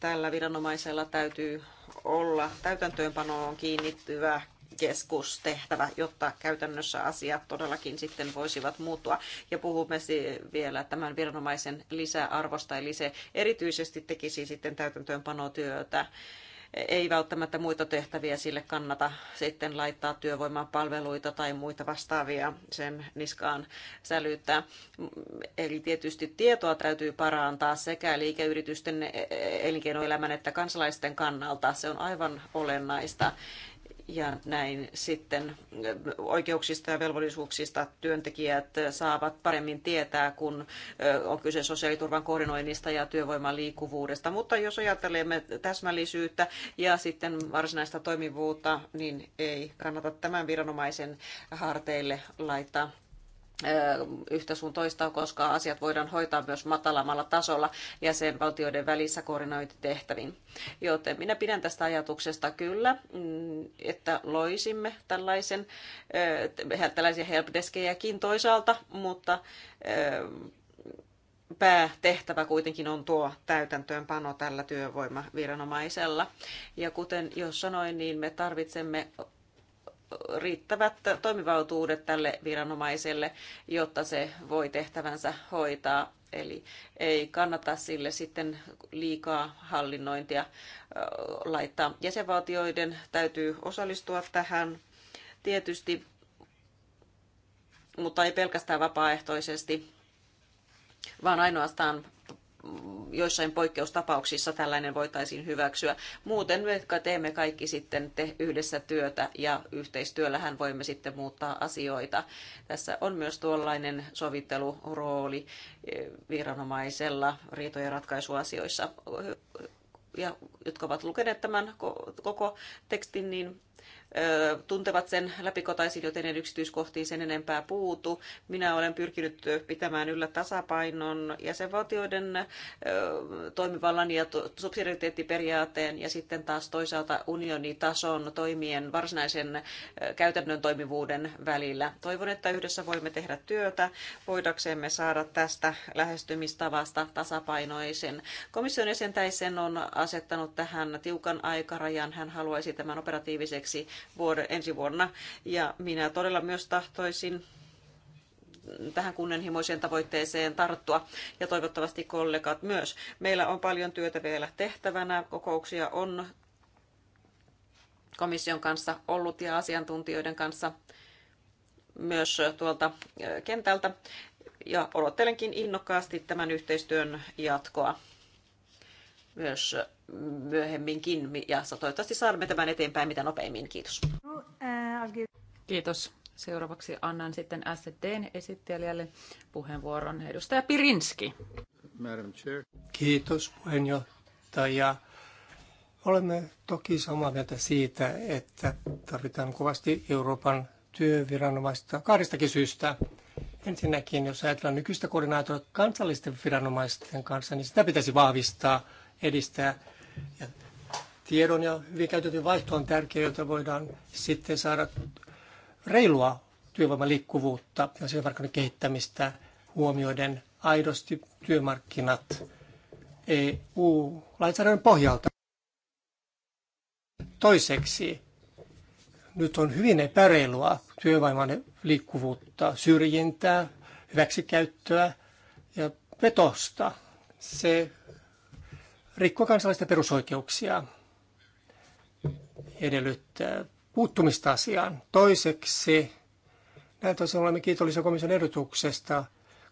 tällä viranomaisella täytyy olla täytäntöönpanoon kiinnittyvä keskustehtävä, jotta käytännössä asiat todellakin sitten voisivat muuttua. Ja puhumme vielä tämän viranomaisen lisäarvosta, eli se erityisesti tekisi sitten täytäntöönpanotyötä ei välttämättä muita tehtäviä sille kannata sitten laittaa työvoimapalveluita tai muita vastaavia sen niskaan sälyttää. Eli tietysti tietoa täytyy parantaa sekä liikeyritysten, e, e, elinkeinoelämän että kansalaisten kannalta. Se on aivan olennaista ja näin sitten äh, oikeuksista ja velvollisuuksista työntekijät saavat paremmin tietää, kun äh, on kyse sosiaaliturvan koordinoinnista ja työvoiman liikkuvuudesta. Mutta jos ajattelemme täsmällisyyttä ja sitten varsinaista toimivuutta, niin ei kannata tämän viranomaisen harteille laittaa yhtä sun toista, koska asiat voidaan hoitaa myös matalammalla tasolla jäsenvaltioiden välissä koordinointitehtäviin. Joten minä pidän tästä ajatuksesta kyllä, mm, että loisimme tällaisen, tällaisia helpdeskejäkin toisaalta, mutta päätehtävä kuitenkin on tuo täytäntöönpano tällä työvoimaviranomaisella. Ja kuten jos sanoin, niin me tarvitsemme riittävät toimivaltuudet tälle viranomaiselle, jotta se voi tehtävänsä hoitaa. Eli ei kannata sille sitten liikaa hallinnointia laittaa. Jäsenvaltioiden täytyy osallistua tähän tietysti, mutta ei pelkästään vapaaehtoisesti, vaan ainoastaan joissain poikkeustapauksissa tällainen voitaisiin hyväksyä. Muuten me teemme kaikki sitten te yhdessä työtä ja yhteistyöllähän voimme sitten muuttaa asioita. Tässä on myös tuollainen sovittelurooli eh, viranomaisella riitojen ratkaisuasioissa, ja, jotka ovat lukeneet tämän koko tekstin, niin tuntevat sen läpikotaisin, joten en yksityiskohtiin sen enempää puutu. Minä olen pyrkinyt pitämään yllä tasapainon jäsenvaltioiden toimivallan ja subsidiariteettiperiaatteen ja sitten taas toisaalta unionitason toimien varsinaisen käytännön toimivuuden välillä. Toivon, että yhdessä voimme tehdä työtä, voidaksemme saada tästä lähestymistavasta tasapainoisen. Komission jäsentäisen on asettanut tähän tiukan aikarajan. Hän haluaisi tämän operatiiviseksi vuode, ensi vuonna. Ja minä todella myös tahtoisin tähän kunnianhimoiseen tavoitteeseen tarttua ja toivottavasti kollegat myös. Meillä on paljon työtä vielä tehtävänä, kokouksia on komission kanssa ollut ja asiantuntijoiden kanssa myös tuolta kentältä ja odottelenkin innokkaasti tämän yhteistyön jatkoa myös myöhemminkin ja toivottavasti saamme tämän eteenpäin mitä nopeimmin. Kiitos. Kiitos. Seuraavaksi annan sitten SDn esittelijälle puheenvuoron edustaja Pirinski. Madam Chair. Kiitos puheenjohtaja. Olemme toki samaa mieltä siitä, että tarvitaan kovasti Euroopan työviranomaista kahdestakin syystä. Ensinnäkin, jos ajatellaan nykyistä koordinaatiota kansallisten viranomaisten kanssa, niin sitä pitäisi vahvistaa, edistää ja tiedon ja hyvin käytetyn vaihto on tärkeää, jotta voidaan sitten saada reilua työvoiman liikkuvuutta ja työmarkkinoiden kehittämistä huomioiden aidosti työmarkkinat EU-lainsäädännön pohjalta. Toiseksi, nyt on hyvin epäreilua työvoiman liikkuvuutta, syrjintää, hyväksikäyttöä ja petosta. Se rikkoo kansalaisten perusoikeuksia, edellyttää puuttumista asiaan. Toiseksi, näin tosiaan olemme kiitollisia komission ehdotuksesta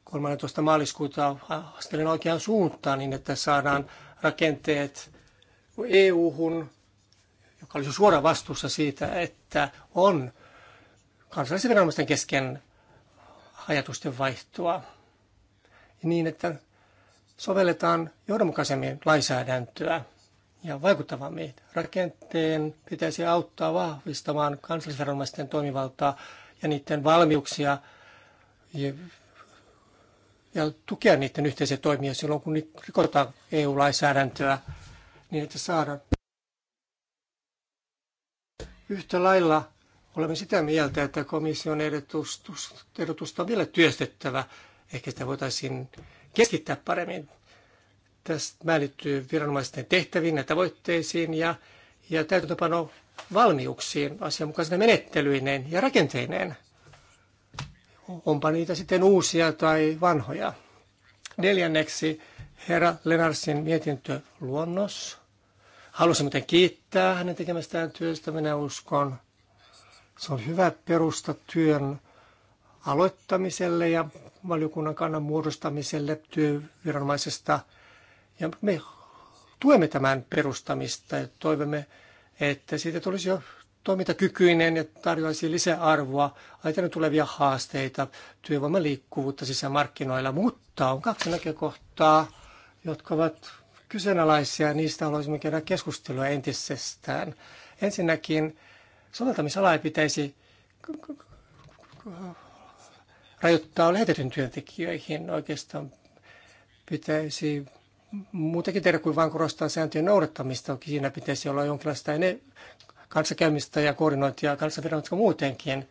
13. maaliskuuta askeleen oikeaan suuntaan niin, että saadaan rakenteet EU-hun, joka olisi suora vastuussa siitä, että on kansallisen viranomaisten kesken ajatusten vaihtoa. Niin, että sovelletaan johdonmukaisemmin lainsäädäntöä ja vaikuttavammin. Rakenteen pitäisi auttaa vahvistamaan kansallisviranomaisten toimivaltaa ja niiden valmiuksia ja, ja tukea niiden yhteisiä toimia silloin, kun rikotaan EU-lainsäädäntöä, niin että saadaan. Yhtä lailla olemme sitä mieltä, että komission ehdotusta on vielä työstettävä. Ehkä sitä voitaisiin keskittää paremmin. Tästä määrittyy viranomaisten tehtäviin ja tavoitteisiin ja, ja täytäntöpano valmiuksiin asianmukaisine menettelyineen ja rakenteineen. Onpa niitä sitten uusia tai vanhoja. Neljänneksi herra Lenarsin mietintöluonnos. Halusin muuten kiittää hänen tekemästään työstä. Minä uskon, se on hyvä perusta työn aloittamiselle ja valiokunnan kannan muodostamiselle työviranomaisesta. Ja me tuemme tämän perustamista ja toivomme, että siitä tulisi jo toimintakykyinen ja tarjoaisi lisäarvoa ajatellen tulevia haasteita, työvoiman liikkuvuutta sisämarkkinoilla. Mutta on kaksi näkökohtaa, jotka ovat kyseenalaisia ja niistä haluaisimme käydä keskustelua entisestään. Ensinnäkin soveltamisala ei pitäisi rajoittaa lähetetyn työntekijöihin. Oikeastaan pitäisi muutenkin tehdä kuin vain korostaa sääntöjen noudattamista. Siinä pitäisi olla jonkinlaista kanssakäymistä ja koordinointia kansanviranomaisista muutenkin.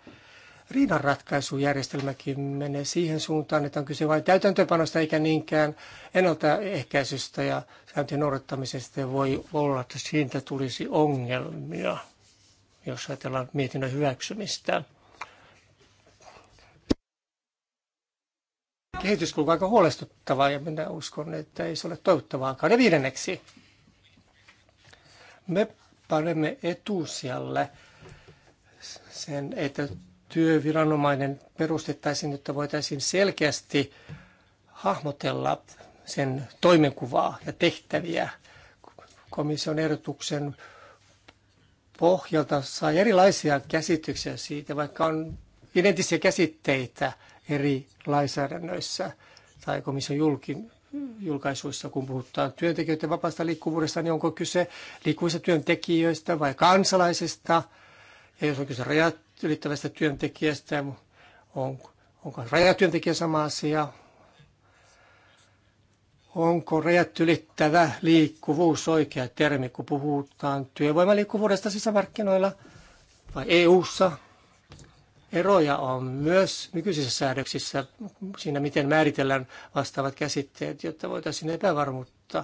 Riidanratkaisujärjestelmäkin menee siihen suuntaan, että on kyse vain täytäntöönpanosta eikä niinkään ennaltaehkäisystä ja sääntöjen noudattamisesta. Voi olla, että siitä tulisi ongelmia, jos ajatellaan mietinnön hyväksymistä. kehityskulku aika huolestuttavaa ja minä uskon, että ei se ole toivottavaakaan. Ja viidenneksi, me panemme etusijalle sen, että työviranomainen perustettaisiin, että voitaisiin selkeästi hahmotella sen toimenkuvaa ja tehtäviä. Komission ehdotuksen pohjalta saa erilaisia käsityksiä siitä, vaikka on identtisiä käsitteitä eri lainsäädännöissä tai komission julkin, julkaisuissa, kun puhutaan työntekijöiden vapaasta liikkuvuudesta, niin onko kyse liikkuvista työntekijöistä vai kansalaisista? Ja jos on kyse rajat ylittävästä työntekijästä, on, onko rajatyöntekijä sama asia? Onko rajat ylittävä liikkuvuus oikea termi, kun puhutaan työvoimaliikkuvuudesta sisämarkkinoilla vai EU-ssa? Eroja on myös nykyisissä säädöksissä siinä, miten määritellään vastaavat käsitteet, jotta voitaisiin epävarmuutta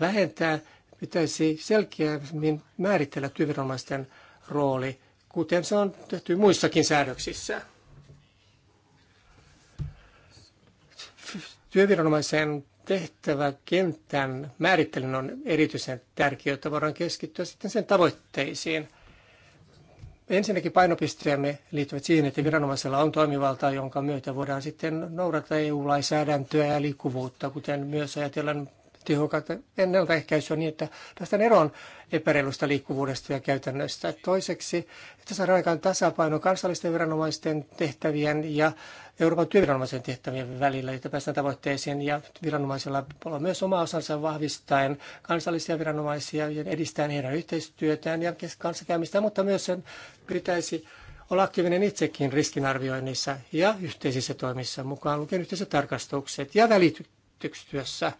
vähentää. Pitäisi selkeämmin määritellä työviranomaisten rooli, kuten se on tehty muissakin säädöksissä. Työviranomaisen tehtäväkentän määrittelyn on erityisen tärkeää, jotta voidaan keskittyä sitten sen tavoitteisiin. Ensinnäkin painopisteemme liittyvät siihen, että viranomaisella on toimivaltaa, jonka myötä voidaan sitten noudata EU-lainsäädäntöä ja liikkuvuutta, kuten myös ajatellaan tehokasta ennaltaehkäisyä niin, että päästään eroon epäreilusta liikkuvuudesta ja käytännöstä. Toiseksi, että saadaan aikaan tasapaino kansallisten viranomaisten tehtävien ja Euroopan työviranomaisen tehtävien välillä, että päästään tavoitteeseen ja viranomaisilla on myös oma osansa vahvistaen kansallisia viranomaisia ja edistäen heidän yhteistyötään ja kanssakäymistä, mutta myös sen pitäisi olla aktiivinen itsekin riskinarvioinnissa ja yhteisissä toimissa mukaan lukien yhteiset tarkastukset ja välitystyössä –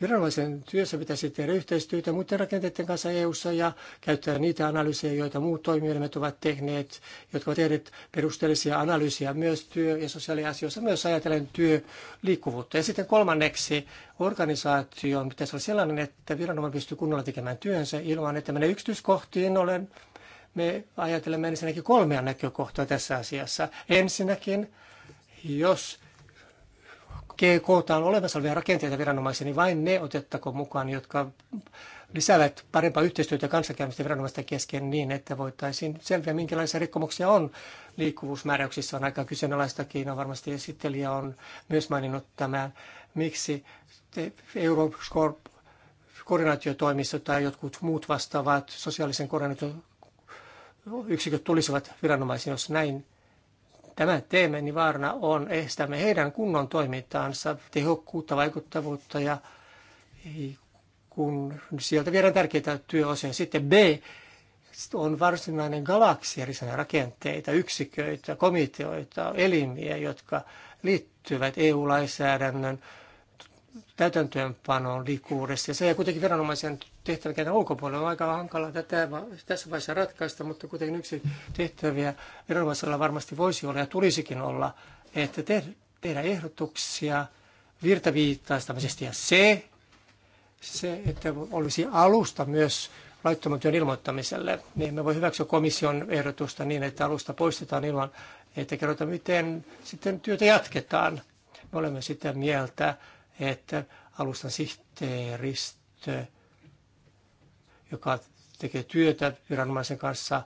Viranomaisen työssä pitäisi tehdä yhteistyötä muiden rakenteiden kanssa EU-ssa ja käyttää niitä analyysejä, joita muut toimielimet ovat tehneet, jotka ovat tehneet perusteellisia analyysiä myös työ- ja sosiaaliasioissa, myös ajatellen työliikkuvuutta. Ja sitten kolmanneksi organisaation pitäisi olla sellainen, että viranomainen pystyy kunnolla tekemään työnsä ilman, että menee yksityiskohtiin. Olen me ajatelemme ensinnäkin kolmea näkökohtaa tässä asiassa. Ensinnäkin, jos koskee kootaan olemassa olevia rakenteita viranomaisia, niin vain ne otettako mukaan, jotka lisäävät parempaa yhteistyötä kanssakäymisten viranomaisten kesken niin, että voitaisiin selviä, minkälaisia rikkomuksia on liikkuvuusmääräyksissä. On aika kyseenalaista. on no, varmasti esittelijä on myös maininnut tämä, miksi Euroscore koordinaatiotoimisto tai jotkut muut vastaavat sosiaalisen koordinaation yksiköt tulisivat viranomaisiin, jos näin Tämä teemme, niin vaarana on estämme heidän kunnon toimintaansa, tehokkuutta, vaikuttavuutta ja kun sieltä viedään tärkeitä työosia. Sitten B on varsinainen galaksi rakenteita, yksiköitä, komiteoita, elimiä, jotka liittyvät EU-lainsäädännön täytäntöönpanon liikkuudessa. Ja se ei kuitenkin viranomaisen tehtäväkentän ulkopuolella on aika hankalaa tätä tässä vaiheessa ratkaista, mutta kuitenkin yksi tehtäviä viranomaisella varmasti voisi olla ja tulisikin olla, että te, tehdä ehdotuksia virtaviittaistamisesta. Ja se, se, että olisi alusta myös laittoman työn ilmoittamiselle, niin me voi hyväksyä komission ehdotusta niin, että alusta poistetaan ilman, että kerrotaan, miten sitten työtä jatketaan. Me olemme sitä mieltä, että alustan sihteeristö, joka tekee työtä viranomaisen kanssa,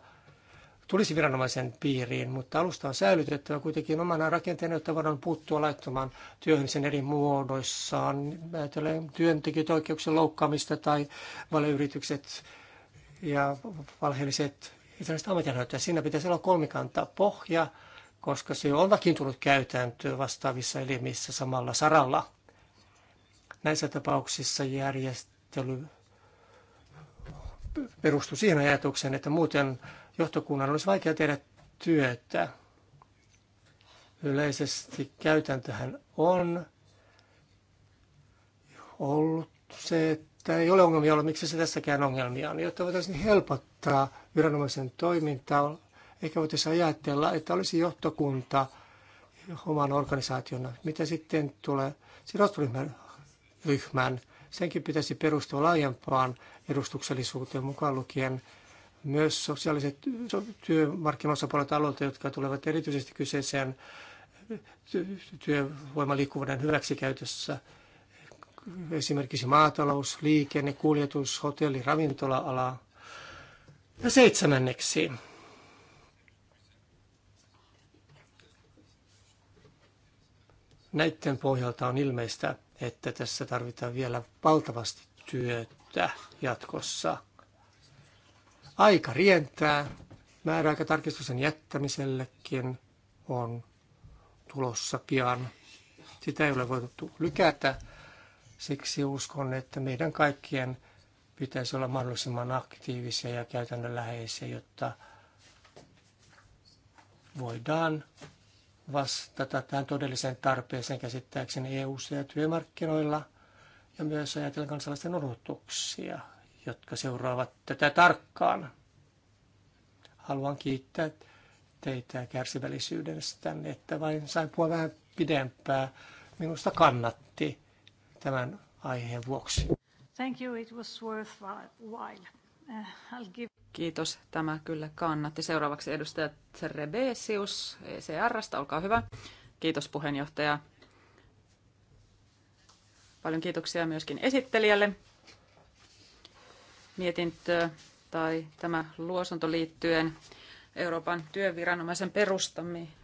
tulisi viranomaisen piiriin, mutta alusta on säilytettävä kuitenkin omana rakenteena, jotta voidaan puuttua laittomaan työhön sen eri muodoissaan. Ajatellen työntekijöiden oikeuksien loukkaamista tai valeyritykset ja valheelliset itsenäiset ammatinhoitajat. Siinä pitäisi olla kolmikanta pohja, koska se on vakiintunut käytäntö vastaavissa elimissä samalla saralla. Näissä tapauksissa järjestely perustui siihen ajatukseen, että muuten johtokunnan olisi vaikea tehdä työtä. Yleisesti käytäntöhän on ollut se, että ei ole ongelmia ollut, miksi se tässäkään ongelmia on, jotta voitaisiin helpottaa viranomaisen toimintaa. Eikä voitaisiin ajatella, että olisi johtokunta oman organisaationa. Mitä sitten tulee sidosryhmän ryhmän. Senkin pitäisi perustua laajempaan edustuksellisuuteen mukaan lukien myös sosiaaliset työmarkkinoisapuolet aloilta, jotka tulevat erityisesti kyseiseen työvoimaliikkuvuuden hyväksikäytössä. Esimerkiksi maatalous, liikenne, kuljetus, hotelli, ravintola-ala. Ja seitsemänneksi näiden pohjalta on ilmeistä, että tässä tarvitaan vielä valtavasti työtä jatkossa. Aika rientää. Määräaikatarkistuksen jättämisellekin on tulossa pian. Sitä ei ole voitu lykätä. Siksi uskon, että meidän kaikkien pitäisi olla mahdollisimman aktiivisia ja käytännönläheisiä, jotta voidaan vastata tähän todelliseen tarpeeseen käsittääkseni eu ja työmarkkinoilla ja myös ajatella kansalaisten odotuksia, jotka seuraavat tätä tarkkaan. Haluan kiittää teitä kärsivällisyydestänne, että vain sain puhua vähän pidempää. Minusta kannatti tämän aiheen vuoksi. Thank you, it was worthwhile. Uh, I'll give... Kiitos. Tämä kyllä kannatti. Seuraavaksi edustaja Trebesius ECRstä. Olkaa hyvä. Kiitos puheenjohtaja. Paljon kiitoksia myöskin esittelijälle. Mietintö tai tämä luosonto liittyen Euroopan työviranomaisen perustamiseen.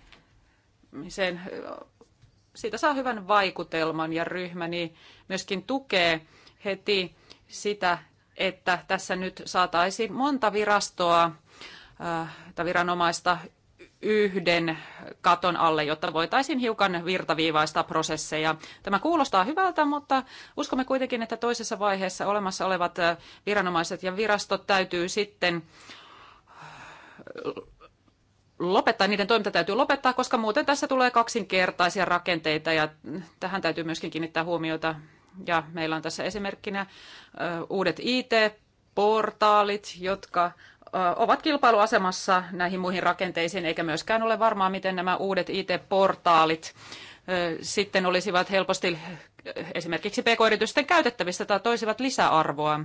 Siitä saa hyvän vaikutelman ja ryhmäni myöskin tukee heti sitä että tässä nyt saataisiin monta virastoa äh, tai viranomaista yhden katon alle, jotta voitaisiin hiukan virtaviivaista prosesseja. Tämä kuulostaa hyvältä, mutta uskomme kuitenkin, että toisessa vaiheessa olemassa olevat äh, viranomaiset ja virastot täytyy sitten äh, lopettaa, niiden toiminta täytyy lopettaa, koska muuten tässä tulee kaksinkertaisia rakenteita ja tähän täytyy myöskin kiinnittää huomiota. Ja meillä on tässä esimerkkinä uudet IT-portaalit, jotka ovat kilpailuasemassa näihin muihin rakenteisiin, eikä myöskään ole varmaa, miten nämä uudet IT-portaalit sitten olisivat helposti esimerkiksi pk-yritysten käytettävissä tai toisivat lisäarvoa.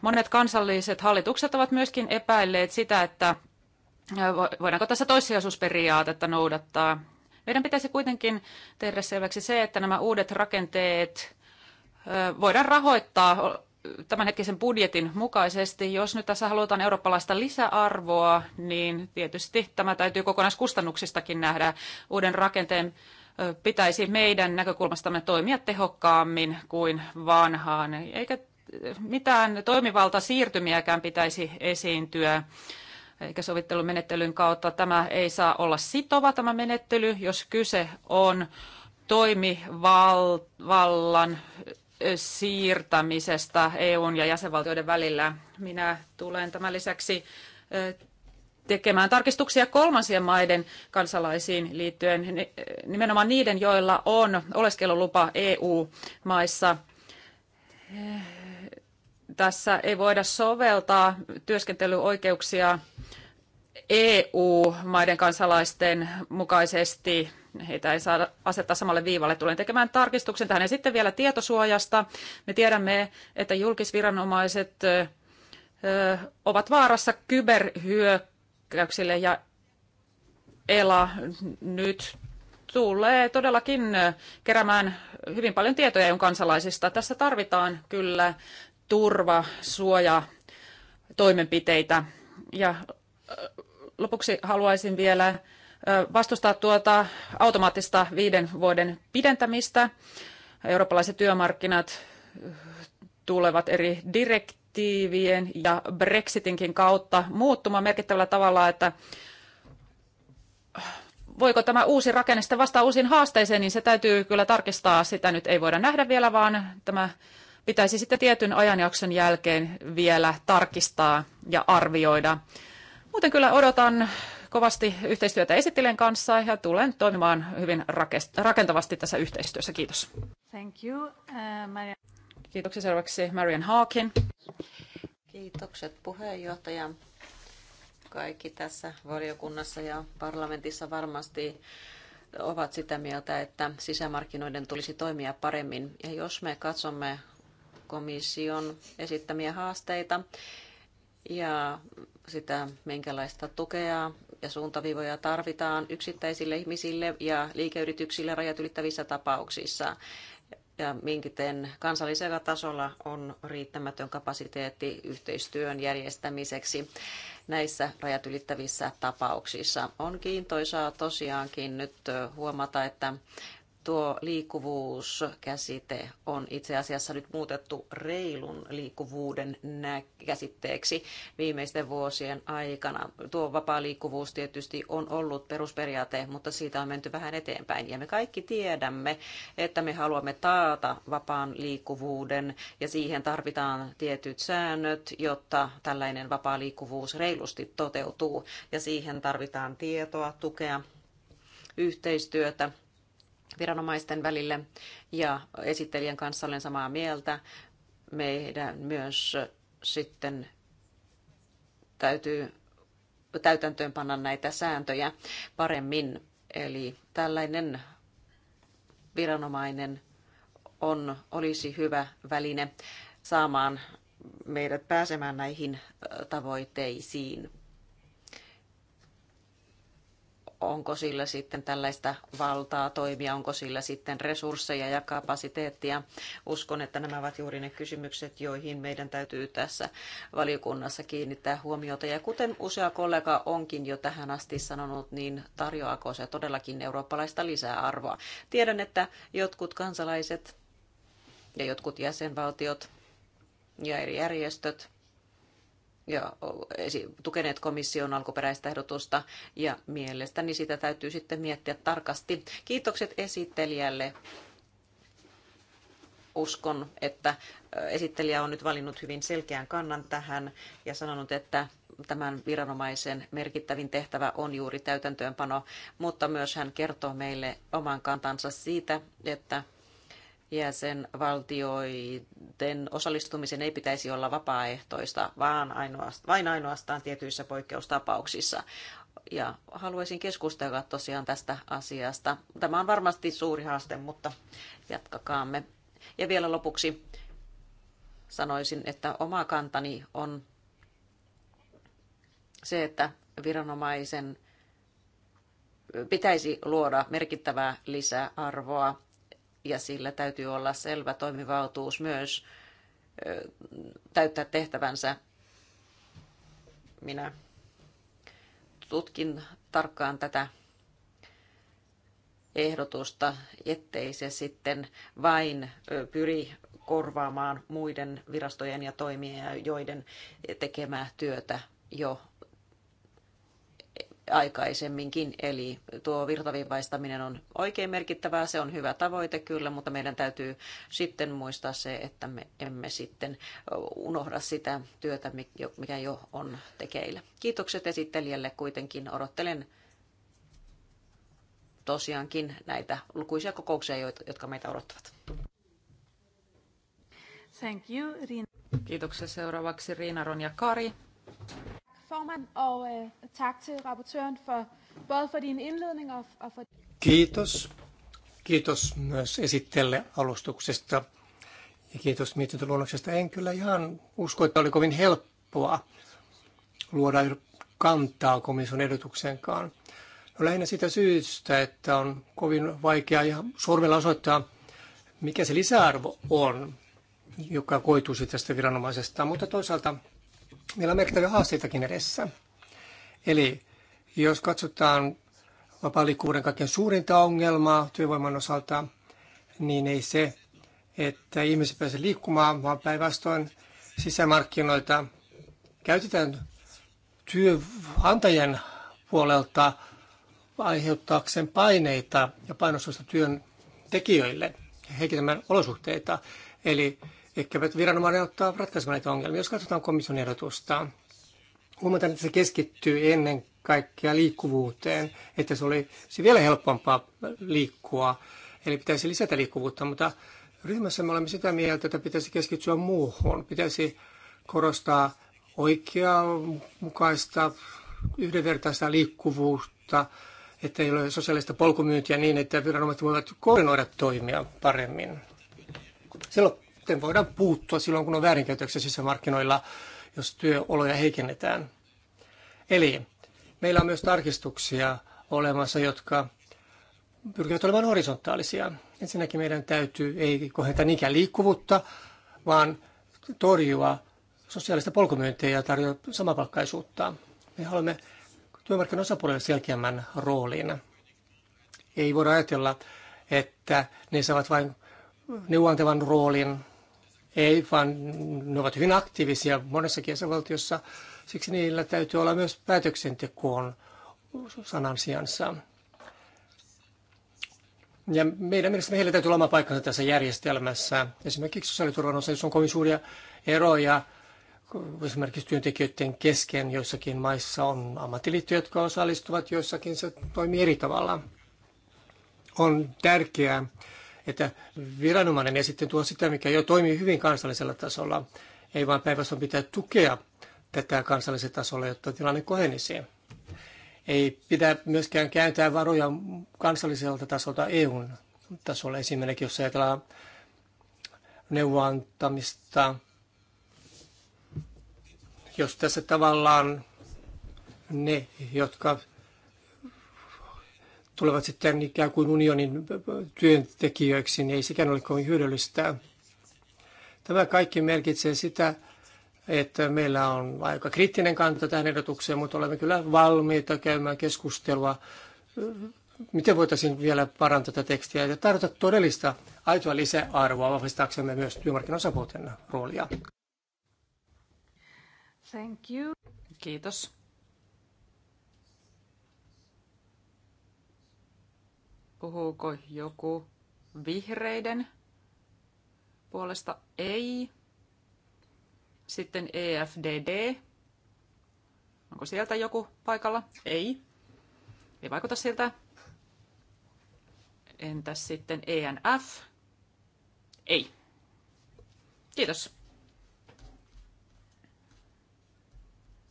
Monet kansalliset hallitukset ovat myöskin epäilleet sitä, että voidaanko tässä toissijaisuusperiaatetta noudattaa. Meidän pitäisi kuitenkin tehdä selväksi se, että nämä uudet rakenteet voidaan rahoittaa tämänhetkisen budjetin mukaisesti. Jos nyt tässä halutaan eurooppalaista lisäarvoa, niin tietysti tämä täytyy kokonaiskustannuksistakin nähdä. Uuden rakenteen pitäisi meidän näkökulmastamme toimia tehokkaammin kuin vanhaan, eikä mitään siirtymiäkään pitäisi esiintyä eikä sovittelumenettelyn kautta. Tämä ei saa olla sitova tämä menettely, jos kyse on toimivallan siirtämisestä EUn ja jäsenvaltioiden välillä. Minä tulen tämän lisäksi tekemään tarkistuksia kolmansien maiden kansalaisiin liittyen, nimenomaan niiden, joilla on oleskelulupa EU-maissa. Tässä ei voida soveltaa työskentelyoikeuksia EU-maiden kansalaisten mukaisesti heitä ei saada asettaa samalle viivalle. Tulen tekemään tarkistuksen tähän. Ja sitten vielä tietosuojasta. Me tiedämme, että julkisviranomaiset ovat vaarassa kyberhyökkäyksille ja ELA nyt tulee todellakin keräämään hyvin paljon tietoja EUn kansalaisista. Tässä tarvitaan kyllä turva, suoja, toimenpiteitä. Ja lopuksi haluaisin vielä vastustaa tuota automaattista viiden vuoden pidentämistä. Eurooppalaiset työmarkkinat tulevat eri direktiivien ja Brexitinkin kautta muuttumaan merkittävällä tavalla, että voiko tämä uusi rakenne sitten vastaa uusiin haasteisiin, niin se täytyy kyllä tarkistaa. Sitä nyt ei voida nähdä vielä, vaan tämä pitäisi sitten tietyn ajanjakson jälkeen vielä tarkistaa ja arvioida. Muuten kyllä odotan kovasti yhteistyötä Esitilen kanssa ja tulen toimimaan hyvin rakentavasti tässä yhteistyössä. Kiitos. Thank you, uh, Kiitoksia seuraavaksi Marian Haakin. Kiitokset puheenjohtaja. Kaikki tässä valiokunnassa ja parlamentissa varmasti ovat sitä mieltä, että sisämarkkinoiden tulisi toimia paremmin. Ja jos me katsomme komission esittämiä haasteita ja sitä, minkälaista tukea ja suuntaviivoja tarvitaan yksittäisille ihmisille ja liikeyrityksille rajat ylittävissä tapauksissa ja minkiten kansallisella tasolla on riittämätön kapasiteetti yhteistyön järjestämiseksi näissä rajat ylittävissä tapauksissa. On kiintoisaa tosiaankin nyt huomata, että tuo liikkuvuuskäsite on itse asiassa nyt muutettu reilun liikkuvuuden käsitteeksi viimeisten vuosien aikana. Tuo vapaa liikkuvuus tietysti on ollut perusperiaate, mutta siitä on menty vähän eteenpäin. Ja me kaikki tiedämme, että me haluamme taata vapaan liikkuvuuden ja siihen tarvitaan tietyt säännöt, jotta tällainen vapaa liikkuvuus reilusti toteutuu. Ja siihen tarvitaan tietoa, tukea, yhteistyötä viranomaisten välille ja esittelijän kanssa olen samaa mieltä. Meidän myös sitten täytyy täytäntöönpanna näitä sääntöjä paremmin. Eli tällainen viranomainen on, olisi hyvä väline saamaan meidät pääsemään näihin tavoitteisiin onko sillä sitten tällaista valtaa toimia, onko sillä sitten resursseja ja kapasiteettia. Uskon, että nämä ovat juuri ne kysymykset, joihin meidän täytyy tässä valiokunnassa kiinnittää huomiota. Ja kuten usea kollega onkin jo tähän asti sanonut, niin tarjoako se todellakin eurooppalaista lisäarvoa. Tiedän, että jotkut kansalaiset ja jotkut jäsenvaltiot ja eri järjestöt ja tukeneet komission alkuperäistä ehdotusta ja mielestäni sitä täytyy sitten miettiä tarkasti. Kiitokset esittelijälle. Uskon, että esittelijä on nyt valinnut hyvin selkeän kannan tähän ja sanonut, että tämän viranomaisen merkittävin tehtävä on juuri täytäntöönpano, mutta myös hän kertoo meille oman kantansa siitä, että jäsenvaltioiden osallistumisen ei pitäisi olla vapaaehtoista, vaan ainoastaan, vain ainoastaan tietyissä poikkeustapauksissa. Ja haluaisin keskustella tosiaan tästä asiasta. Tämä on varmasti suuri haaste, mutta jatkakaamme. Ja vielä lopuksi sanoisin, että oma kantani on se, että viranomaisen pitäisi luoda merkittävää lisäarvoa ja sillä täytyy olla selvä toimivaltuus myös täyttää tehtävänsä. Minä tutkin tarkkaan tätä ehdotusta, ettei se sitten vain pyri korvaamaan muiden virastojen ja toimijoiden tekemää työtä jo aikaisemminkin. Eli tuo virtaviivaistaminen on oikein merkittävää, se on hyvä tavoite kyllä, mutta meidän täytyy sitten muistaa se, että me emme sitten unohda sitä työtä, mikä jo on tekeillä. Kiitokset esittelijälle kuitenkin. Odottelen tosiaankin näitä lukuisia kokouksia, jotka meitä odottavat. Thank you, Riina. Kiitoksia seuraavaksi Riina Ronja Kari formand, og øh, tak til rapportøren for både for din indledning og, og for... Kiitos. Kiitos myös esittelle alustuksesta ja kiitos mietintöluonnoksesta. En kyllä ihan usko, että oli kovin helppoa luoda kantaa komission ehdotuksenkaan. No, lähinnä sitä syystä, että on kovin vaikea ja sormella osoittaa, mikä se lisäarvo on, joka koituisi tästä viranomaisesta. Mutta toisaalta Meillä on merkittäviä haasteitakin edessä. Eli jos katsotaan vapaa-liikkuvuuden kaikkein suurinta ongelmaa työvoiman osalta, niin ei se, että ihmiset pääsevät liikkumaan, vaan päinvastoin sisämarkkinoita käytetään työnantajien puolelta aiheuttaakseen paineita ja painostusta työn ja heikentämään olosuhteita. Eli Ehkä viranomainen ottaa ratkaisemaan näitä ongelmia, jos katsotaan komission ehdotusta. Huomataan, että se keskittyy ennen kaikkea liikkuvuuteen, että se olisi vielä helpompaa liikkua, eli pitäisi lisätä liikkuvuutta, mutta ryhmässä me olemme sitä mieltä, että pitäisi keskittyä muuhun, pitäisi korostaa oikeaa, mukaista, yhdenvertaista liikkuvuutta, että ei ole sosiaalista polkumyyntiä niin, että viranomaiset voivat koordinoida toimia paremmin. Silloin sitten voidaan puuttua silloin, kun on väärinkäytöksiä sisämarkkinoilla, jos työoloja heikennetään. Eli meillä on myös tarkistuksia olemassa, jotka pyrkivät olemaan horisontaalisia. Ensinnäkin meidän täytyy ei kohentaa niinkään liikkuvuutta, vaan torjua sosiaalista polkumyyntiä ja tarjoa samapalkkaisuutta. Me haluamme osapuolelle selkeämmän roolin. Ei voida ajatella, että ne saavat vain neuvontavan roolin ei, vaan ne ovat hyvin aktiivisia monessa kiesavaltiossa. Siksi niillä täytyy olla myös päätöksentekoon sanan sijansa. Ja meidän mielestämme heillä täytyy olla oma paikkansa tässä järjestelmässä. Esimerkiksi sosiaaliturvan osa, jos on kovin suuria eroja esimerkiksi työntekijöiden kesken joissakin maissa on ammattiliittoja, jotka osallistuvat, joissakin se toimii eri tavalla. On tärkeää, että viranomainen ja sitten tuo sitä, mikä jo toimii hyvin kansallisella tasolla. Ei vaan päinvastoin pitää tukea tätä kansallisella tasolla, jotta tilanne kohenisi. Ei pidä myöskään kääntää varoja kansalliselta tasolta EUn tasolle. Esimerkiksi jos ajatellaan neuvoantamista, jos tässä tavallaan ne, jotka tulevat sitten ikään kuin unionin työntekijöiksi, niin ei sekään ole kovin hyödyllistä. Tämä kaikki merkitsee sitä, että meillä on aika kriittinen kanta tähän ehdotukseen, mutta olemme kyllä valmiita käymään keskustelua, miten voitaisiin vielä parantaa tätä tekstiä ja tarjota todellista aitoa lisäarvoa vahvistaaksemme myös työmarkkinosapuolten roolia. Thank you. Kiitos. Puhuuko joku vihreiden puolesta? Ei. Sitten EFDD. Onko sieltä joku paikalla? Ei. Ei vaikuta siltä. Entäs sitten ENF? Ei. Kiitos.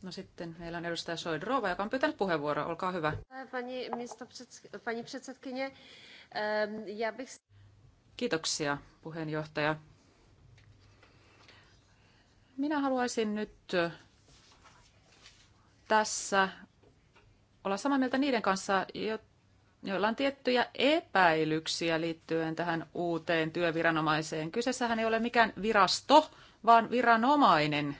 No sitten meillä on edustaja Soidrova, joka on pyytänyt puheenvuoroa. Olkaa hyvä. Pani, mistä pani předsedkyně, ja bych... Kiitoksia, puheenjohtaja. Minä haluaisin nyt tässä olla samaa mieltä niiden kanssa, joilla on tiettyjä epäilyksiä liittyen tähän uuteen työviranomaiseen. Kyseessähän ei ole mikään virasto, vaan viranomainen,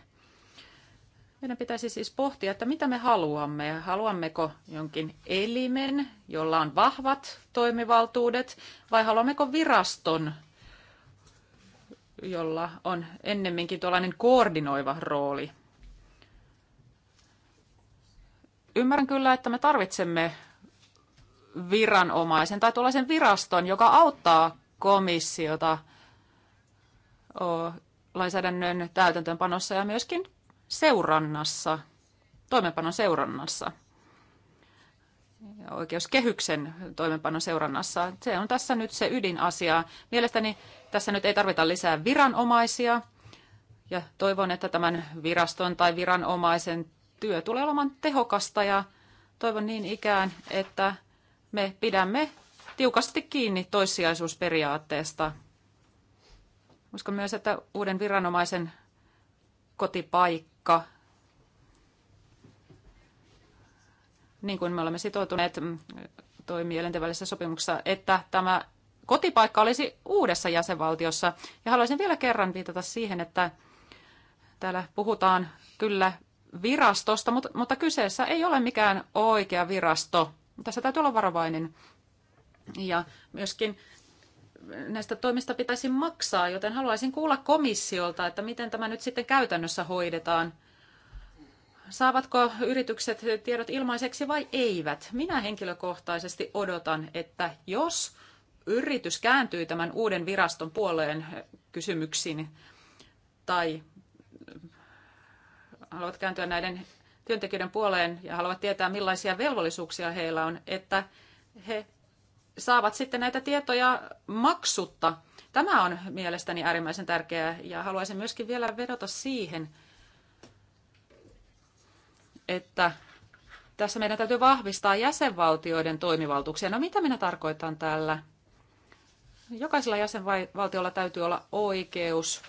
meidän pitäisi siis pohtia, että mitä me haluamme. Haluammeko jonkin elimen, jolla on vahvat toimivaltuudet, vai haluammeko viraston, jolla on ennemminkin tuollainen koordinoiva rooli? Ymmärrän kyllä, että me tarvitsemme viranomaisen tai tuollaisen viraston, joka auttaa komissiota lainsäädännön täytäntöönpanossa ja myöskin seurannassa, toimenpanon seurannassa, oikeuskehyksen toimenpanon seurannassa. Se on tässä nyt se ydinasia. Mielestäni tässä nyt ei tarvita lisää viranomaisia ja toivon, että tämän viraston tai viranomaisen työ tulee olemaan tehokasta ja toivon niin ikään, että me pidämme tiukasti kiinni toissijaisuusperiaatteesta. Uskon myös, että uuden viranomaisen kotipaikka taakka, niin kuin me olemme sitoutuneet mm, toimielinten välisessä sopimuksessa, että tämä kotipaikka olisi uudessa jäsenvaltiossa. Ja haluaisin vielä kerran viitata siihen, että täällä puhutaan kyllä virastosta, mutta, mutta kyseessä ei ole mikään oikea virasto. Tässä täytyy olla varovainen. Ja myöskin näistä toimista pitäisi maksaa, joten haluaisin kuulla komissiolta, että miten tämä nyt sitten käytännössä hoidetaan. Saavatko yritykset tiedot ilmaiseksi vai eivät? Minä henkilökohtaisesti odotan, että jos yritys kääntyy tämän uuden viraston puoleen kysymyksiin tai haluat kääntyä näiden työntekijöiden puoleen ja haluavat tietää, millaisia velvollisuuksia heillä on, että he saavat sitten näitä tietoja maksutta. Tämä on mielestäni äärimmäisen tärkeää ja haluaisin myöskin vielä vedota siihen, että tässä meidän täytyy vahvistaa jäsenvaltioiden toimivaltuuksia. No mitä minä tarkoitan tällä? Jokaisella jäsenvaltiolla täytyy olla oikeus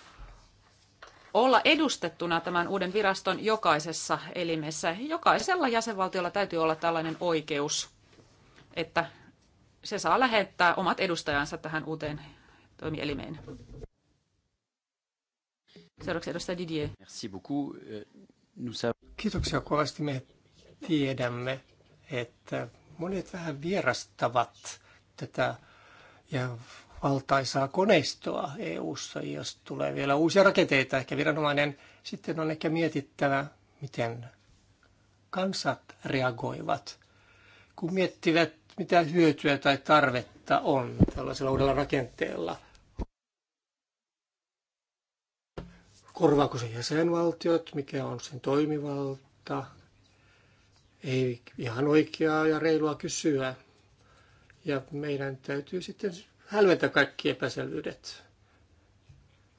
olla edustettuna tämän uuden viraston jokaisessa elimessä. Jokaisella jäsenvaltiolla täytyy olla tällainen oikeus, että se saa lähettää omat edustajansa tähän uuteen toimielimeen. Seuraavaksi edustaja Didier. Merci beaucoup. Euh, Kiitoksia kovasti. Me tiedämme, että monet vähän vierastavat tätä ja valtaisaa koneistoa EU-ssa, jos tulee vielä uusia rakenteita. Ehkä viranomainen sitten on ehkä mietittävä, miten kansat reagoivat, kun miettivät mitä hyötyä tai tarvetta on tällaisella uudella rakenteella. Korvaako se jäsenvaltiot, mikä on sen toimivalta? Ei ihan oikeaa ja reilua kysyä. Ja meidän täytyy sitten hälventää kaikki epäselvyydet.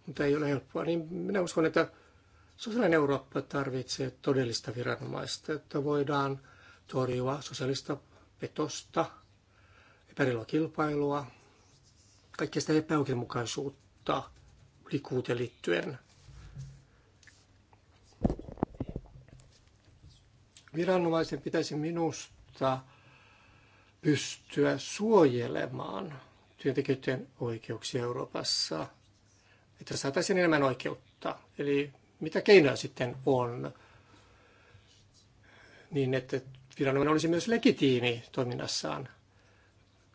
Mutta ei ole helppoa. Niin minä uskon, että sosiaalinen Eurooppa tarvitsee todellista viranomaista, että voidaan torjua sosiaalista petosta, epäreilua kilpailua, kaikkea sitä epäoikeudenmukaisuutta liikkuvuuteen liittyen. Viranomaisen pitäisi minusta pystyä suojelemaan työntekijöiden oikeuksia Euroopassa, että saataisiin enemmän oikeutta. Eli mitä keinoja sitten on niin, että viranomainen olisi myös legitiimi toiminnassaan.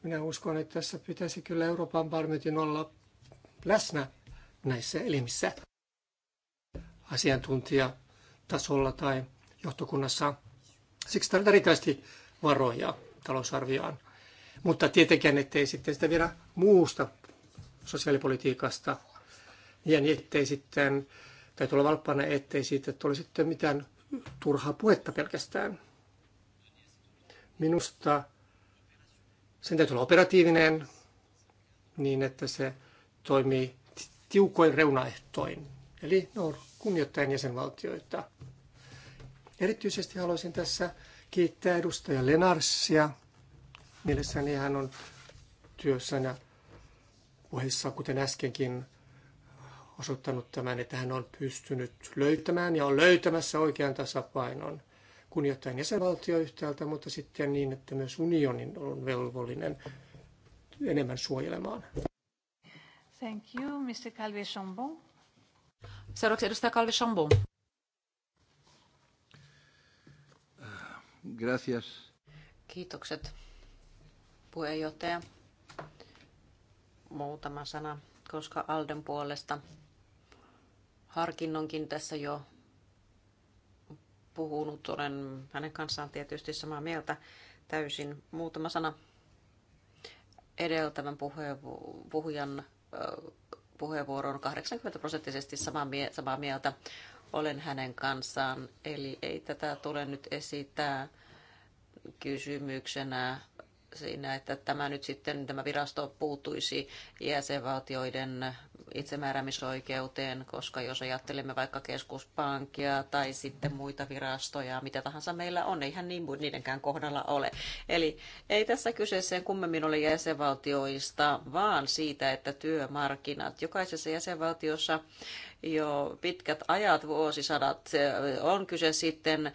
Minä uskon, että tässä pitäisi kyllä Euroopan parlamentin olla läsnä näissä elimissä asiantuntijatasolla tai johtokunnassa. Siksi tarvitaan riittävästi varoja talousarvioon. Mutta tietenkään, ettei sitten sitä vielä muusta sosiaalipolitiikasta, ja niin ettei sitten, tai olla valppaana, ettei siitä tule sitten mitään turhaa puhetta pelkästään. Minusta sen täytyy olla operatiivinen niin, että se toimii tiukoin reunaehtoin, eli on no, kunnioittajan jäsenvaltioita. Erityisesti haluaisin tässä kiittää edustaja Lenarsia. Mielessäni hän on ja puheessa, kuten äskenkin, osoittanut tämän, että hän on pystynyt löytämään ja on löytämässä oikean tasapainon kunnioittaen jäsenvaltio yhtäältä, mutta sitten niin, että myös unionin on velvollinen enemmän suojelemaan. Thank you, Mr. Calvi-Chambon. Seuraavaksi edustaja Calvi-Chambon. Ah, gracias. Kiitokset, puheenjohtaja. Muutama sana, koska Alden puolesta harkinnonkin tässä jo puhunut. Olen hänen kanssaan tietysti samaa mieltä täysin. Muutama sana edeltävän puhujan puheenvuoron 80 prosenttisesti samaa mieltä olen hänen kanssaan. Eli ei tätä tule nyt esittää kysymyksenä siinä, että tämä nyt sitten tämä virasto puuttuisi jäsenvaltioiden itsemääräämisoikeuteen, koska jos ajattelemme vaikka keskuspankkia tai sitten muita virastoja, mitä tahansa meillä on, eihän niin niidenkään kohdalla ole. Eli ei tässä kyse sen kummemmin ole jäsenvaltioista, vaan siitä, että työmarkkinat jokaisessa jäsenvaltiossa jo pitkät ajat, vuosisadat. On kyse sitten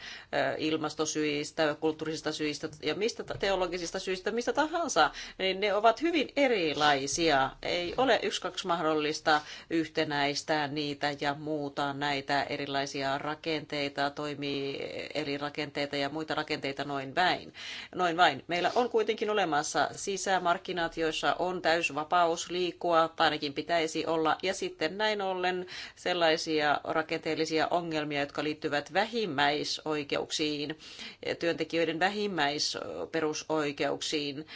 ilmastosyistä, kulttuurisista syistä ja mistä teologisista syistä, mistä tahansa, niin ne ovat hyvin erilaisia. Ei ole yksi kaksi mahdollista yhtenäistää niitä ja muuta näitä erilaisia rakenteita, toimii eri rakenteita ja muita rakenteita noin vain. Noin vain. Meillä on kuitenkin olemassa sisämarkkinat, joissa on täysvapaus liikkua, tai ainakin pitäisi olla, ja sitten näin ollen sellaisia rakenteellisia ongelmia, jotka liittyvät vähimmäisoikeuksiin, työntekijöiden vähimmäisperusoikeuksiin.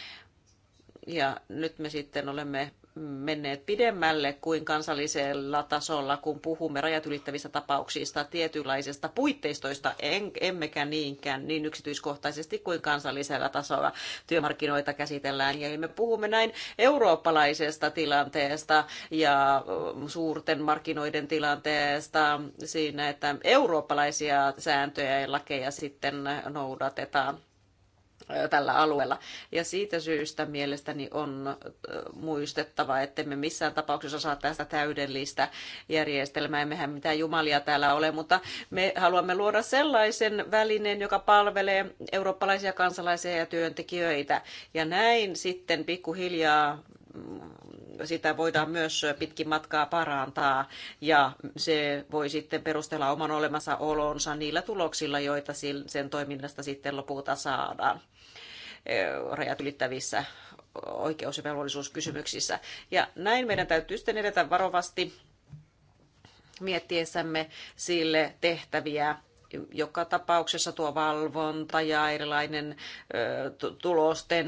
Ja nyt me sitten olemme menneet pidemmälle kuin kansallisella tasolla, kun puhumme rajat ylittävistä tapauksista, tietynlaisista puitteistoista, en, emmekä niinkään niin yksityiskohtaisesti kuin kansallisella tasolla työmarkkinoita käsitellään. Ja me puhumme näin eurooppalaisesta tilanteesta ja mm, suurten markkinoiden tilanteesta siinä, että eurooppalaisia sääntöjä ja lakeja sitten noudatetaan tällä alueella. Ja siitä syystä mielestäni on muistettava, että me missään tapauksessa saa tästä täydellistä järjestelmää. Emmehän mitään jumalia täällä ole, mutta me haluamme luoda sellaisen välineen, joka palvelee eurooppalaisia kansalaisia ja työntekijöitä. Ja näin sitten pikkuhiljaa mm, sitä voidaan myös pitkin matkaa parantaa ja se voi sitten perustella oman olemassa olonsa niillä tuloksilla, joita sen toiminnasta sitten lopulta saadaan rajat ylittävissä oikeus- ja velvollisuuskysymyksissä. Ja näin meidän täytyy sitten edetä varovasti miettiessämme sille tehtäviä joka tapauksessa tuo valvonta ja erilainen tulosten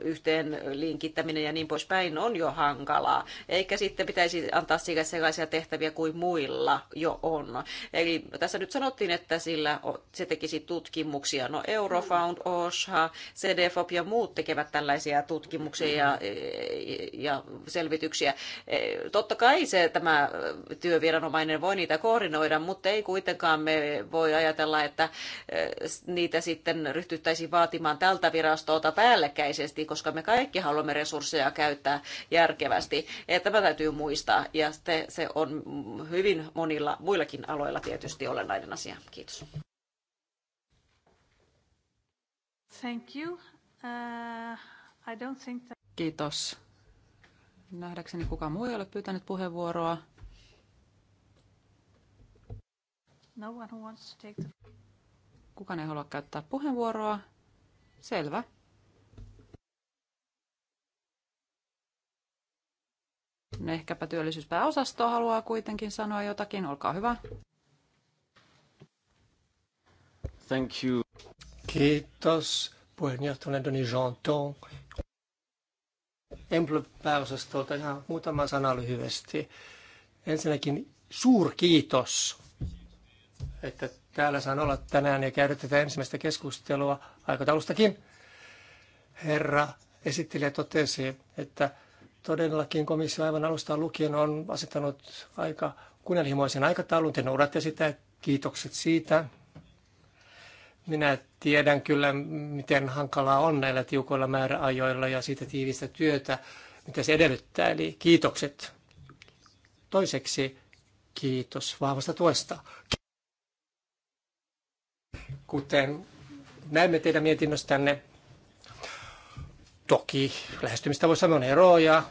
yhteen linkittäminen ja niin poispäin on jo hankalaa. Eikä sitten pitäisi antaa sille sellaisia tehtäviä kuin muilla jo on. Eli tässä nyt sanottiin, että sillä se tekisi tutkimuksia. No Eurofound, OSHA, CDFOP ja muut tekevät tällaisia tutkimuksia ja, e, ja selvityksiä. E, totta kai se tämä työviranomainen voi niitä koordinoida, mutta ei kuitenkaan me voi ajatella, että äh, niitä sitten ryhtyttäisiin vaatimaan tältä virastolta päällekkäisesti, koska me kaikki haluamme resursseja käyttää järkevästi. Ja tämä täytyy muistaa, ja se on hyvin monilla muillakin aloilla tietysti olennainen asia. Kiitos. Thank you. Uh, I don't think that... Kiitos. Nähdäkseni kukaan muu ei ole pyytänyt puheenvuoroa. No one who wants to take the... Kukaan ei halua käyttää puheenvuoroa. Selvä. No ehkäpä työllisyyspääosasto haluaa kuitenkin sanoa jotakin. Olkaa hyvä. Thank you. Kiitos puheenjohtajalle Doni Janton. Emplopääosastolta ihan muutama sana lyhyesti. Ensinnäkin suurkiitos että täällä saan olla tänään ja käydä tätä ensimmäistä keskustelua aikataulustakin. Herra esittelijä totesi, että todellakin komissio aivan alusta lukien on asettanut aika kunnianhimoisen aikataulun. Te noudatte sitä, kiitokset siitä. Minä tiedän kyllä, miten hankalaa on näillä tiukoilla määräajoilla ja siitä tiivistä työtä, mitä se edellyttää. Eli kiitokset. Toiseksi kiitos vahvasta tuesta. Kuten näemme teidän mietinnöstänne, toki voi on eroja,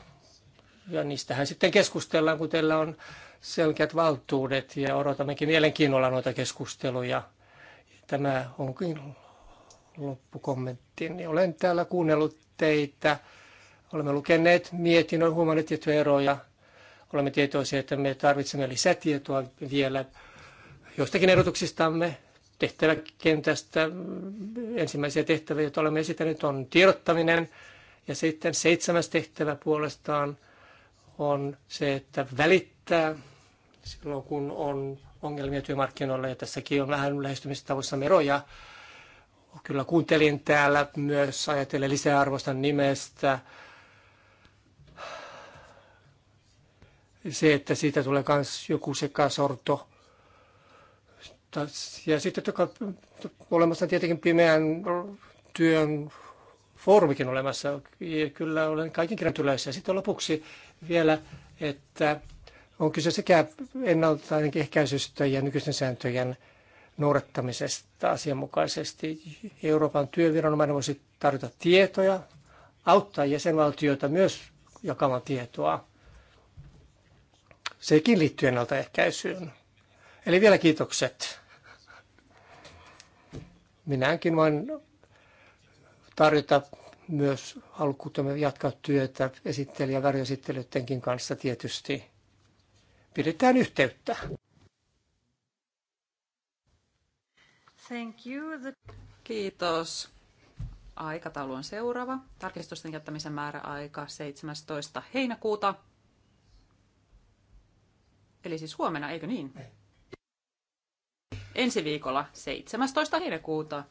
ja niistähän sitten keskustellaan, kun teillä on selkeät valtuudet, ja odotammekin mielenkiinnolla noita keskusteluja. Tämä onkin loppukommentti. Niin olen täällä kuunnellut teitä, olemme lukeneet mietinnön, huomanneet tiettyjä eroja, olemme tietoisia, että me tarvitsemme lisätietoa vielä jostakin ehdotuksistamme, tehtäväkentästä ensimmäisiä tehtäviä, joita olemme esittäneet, on tiedottaminen. Ja sitten seitsemäs tehtävä puolestaan on se, että välittää silloin, kun on ongelmia työmarkkinoilla. Ja tässäkin on vähän lähestymistavoissa meroja. Kyllä kuuntelin täällä myös ajatellen lisäarvosta nimestä. Se, että siitä tulee myös joku sekasorto ja sitten joka, olemassa tietenkin pimeän työn foorumikin olemassa. Kyllä olen kaiken kirjantyläisiä. Sitten lopuksi vielä, että on kyse sekä ennaltaehkäisystä ja nykyisten sääntöjen noudattamisesta asianmukaisesti. Euroopan työviranomainen voisi tarjota tietoja, auttaa jäsenvaltioita myös jakamaan tietoa. Sekin liittyy ennaltaehkäisyyn. Eli vielä kiitokset. Minäkin voin tarjota myös halukkuuttamme jatkaa työtä esittelijä- ja kanssa tietysti. Pidetään yhteyttä. Thank you. The... Kiitos. Aikataulu on seuraava. Tarkistusten jättämisen määräaika 17. heinäkuuta. Eli siis huomenna, eikö niin? Ei. Niin ensi viikolla 17. heinäkuuta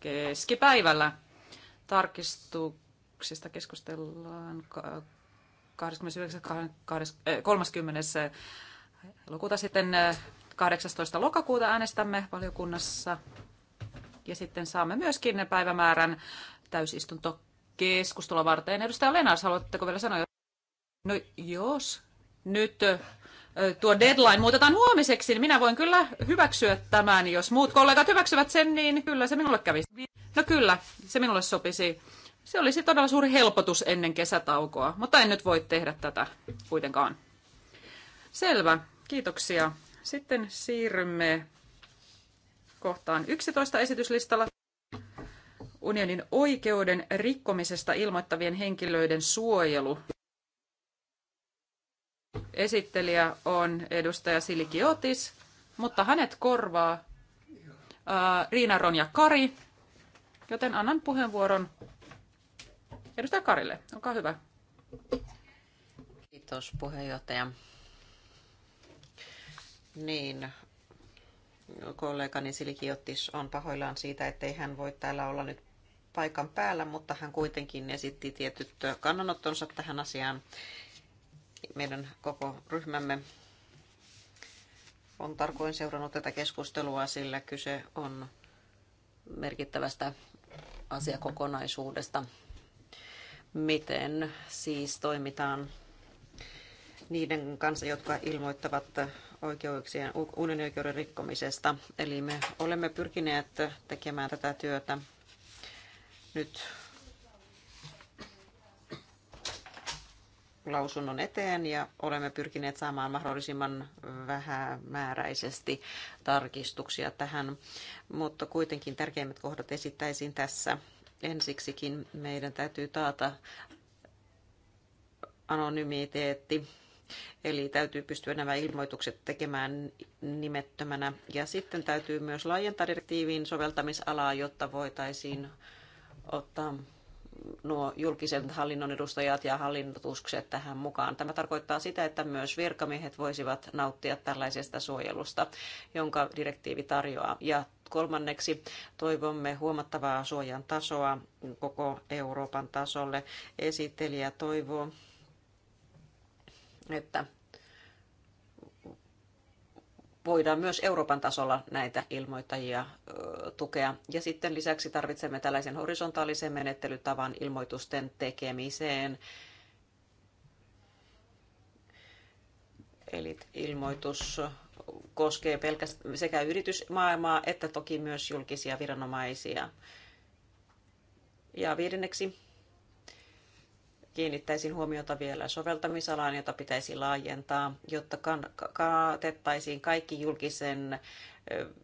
keskipäivällä. Tarkistuksista keskustellaan 29.30. Eh, lokuuta sitten 18. Eh, lokakuuta äänestämme valiokunnassa ja sitten saamme myöskin päivämäärän täysistunto keskustelua varten. Edustaja Lenas, haluatteko vielä sanoa? No jos nyt tuo deadline muutetaan huomiseksi, niin minä voin kyllä hyväksyä tämän. Jos muut kollegat hyväksyvät sen, niin kyllä se minulle kävisi. No kyllä, se minulle sopisi. Se olisi todella suuri helpotus ennen kesätaukoa, mutta en nyt voi tehdä tätä kuitenkaan. Selvä, kiitoksia. Sitten siirrymme kohtaan 11 esityslistalla. Unionin oikeuden rikkomisesta ilmoittavien henkilöiden suojelu. Esittelijä on edustaja Siliki Otis, mutta hänet korvaa ää, Riina Ronja Kari, joten annan puheenvuoron edustaja Karille. Olkaa hyvä. Kiitos puheenjohtaja. Niin, kollegani Siliki Otis on pahoillaan siitä, ettei hän voi täällä olla nyt paikan päällä, mutta hän kuitenkin esitti tietyt kannanottonsa tähän asiaan meidän koko ryhmämme on tarkoin seurannut tätä keskustelua, sillä kyse on merkittävästä asiakokonaisuudesta. Miten siis toimitaan niiden kanssa, jotka ilmoittavat oikeuksien, uuden oikeuden rikkomisesta. Eli me olemme pyrkineet tekemään tätä työtä nyt lausunnon eteen ja olemme pyrkineet saamaan mahdollisimman vähämääräisesti tarkistuksia tähän, mutta kuitenkin tärkeimmät kohdat esittäisin tässä. Ensiksikin meidän täytyy taata anonymiteetti, eli täytyy pystyä nämä ilmoitukset tekemään nimettömänä. Ja sitten täytyy myös laajentaa direktiivin soveltamisalaa, jotta voitaisiin ottaa nuo julkisen hallinnon edustajat ja hallitukset tähän mukaan. Tämä tarkoittaa sitä, että myös virkamiehet voisivat nauttia tällaisesta suojelusta, jonka direktiivi tarjoaa. Ja kolmanneksi toivomme huomattavaa suojan tasoa koko Euroopan tasolle. Esittelijä toivoo, että voidaan myös Euroopan tasolla näitä ilmoittajia tukea. Ja sitten lisäksi tarvitsemme tällaisen horisontaalisen menettelytavan ilmoitusten tekemiseen. Eli ilmoitus koskee pelkästään sekä yritysmaailmaa että toki myös julkisia viranomaisia. Ja viidenneksi kiinnittäisin huomiota vielä soveltamisalaan, jota pitäisi laajentaa, jotta katettaisiin kaikki julkisen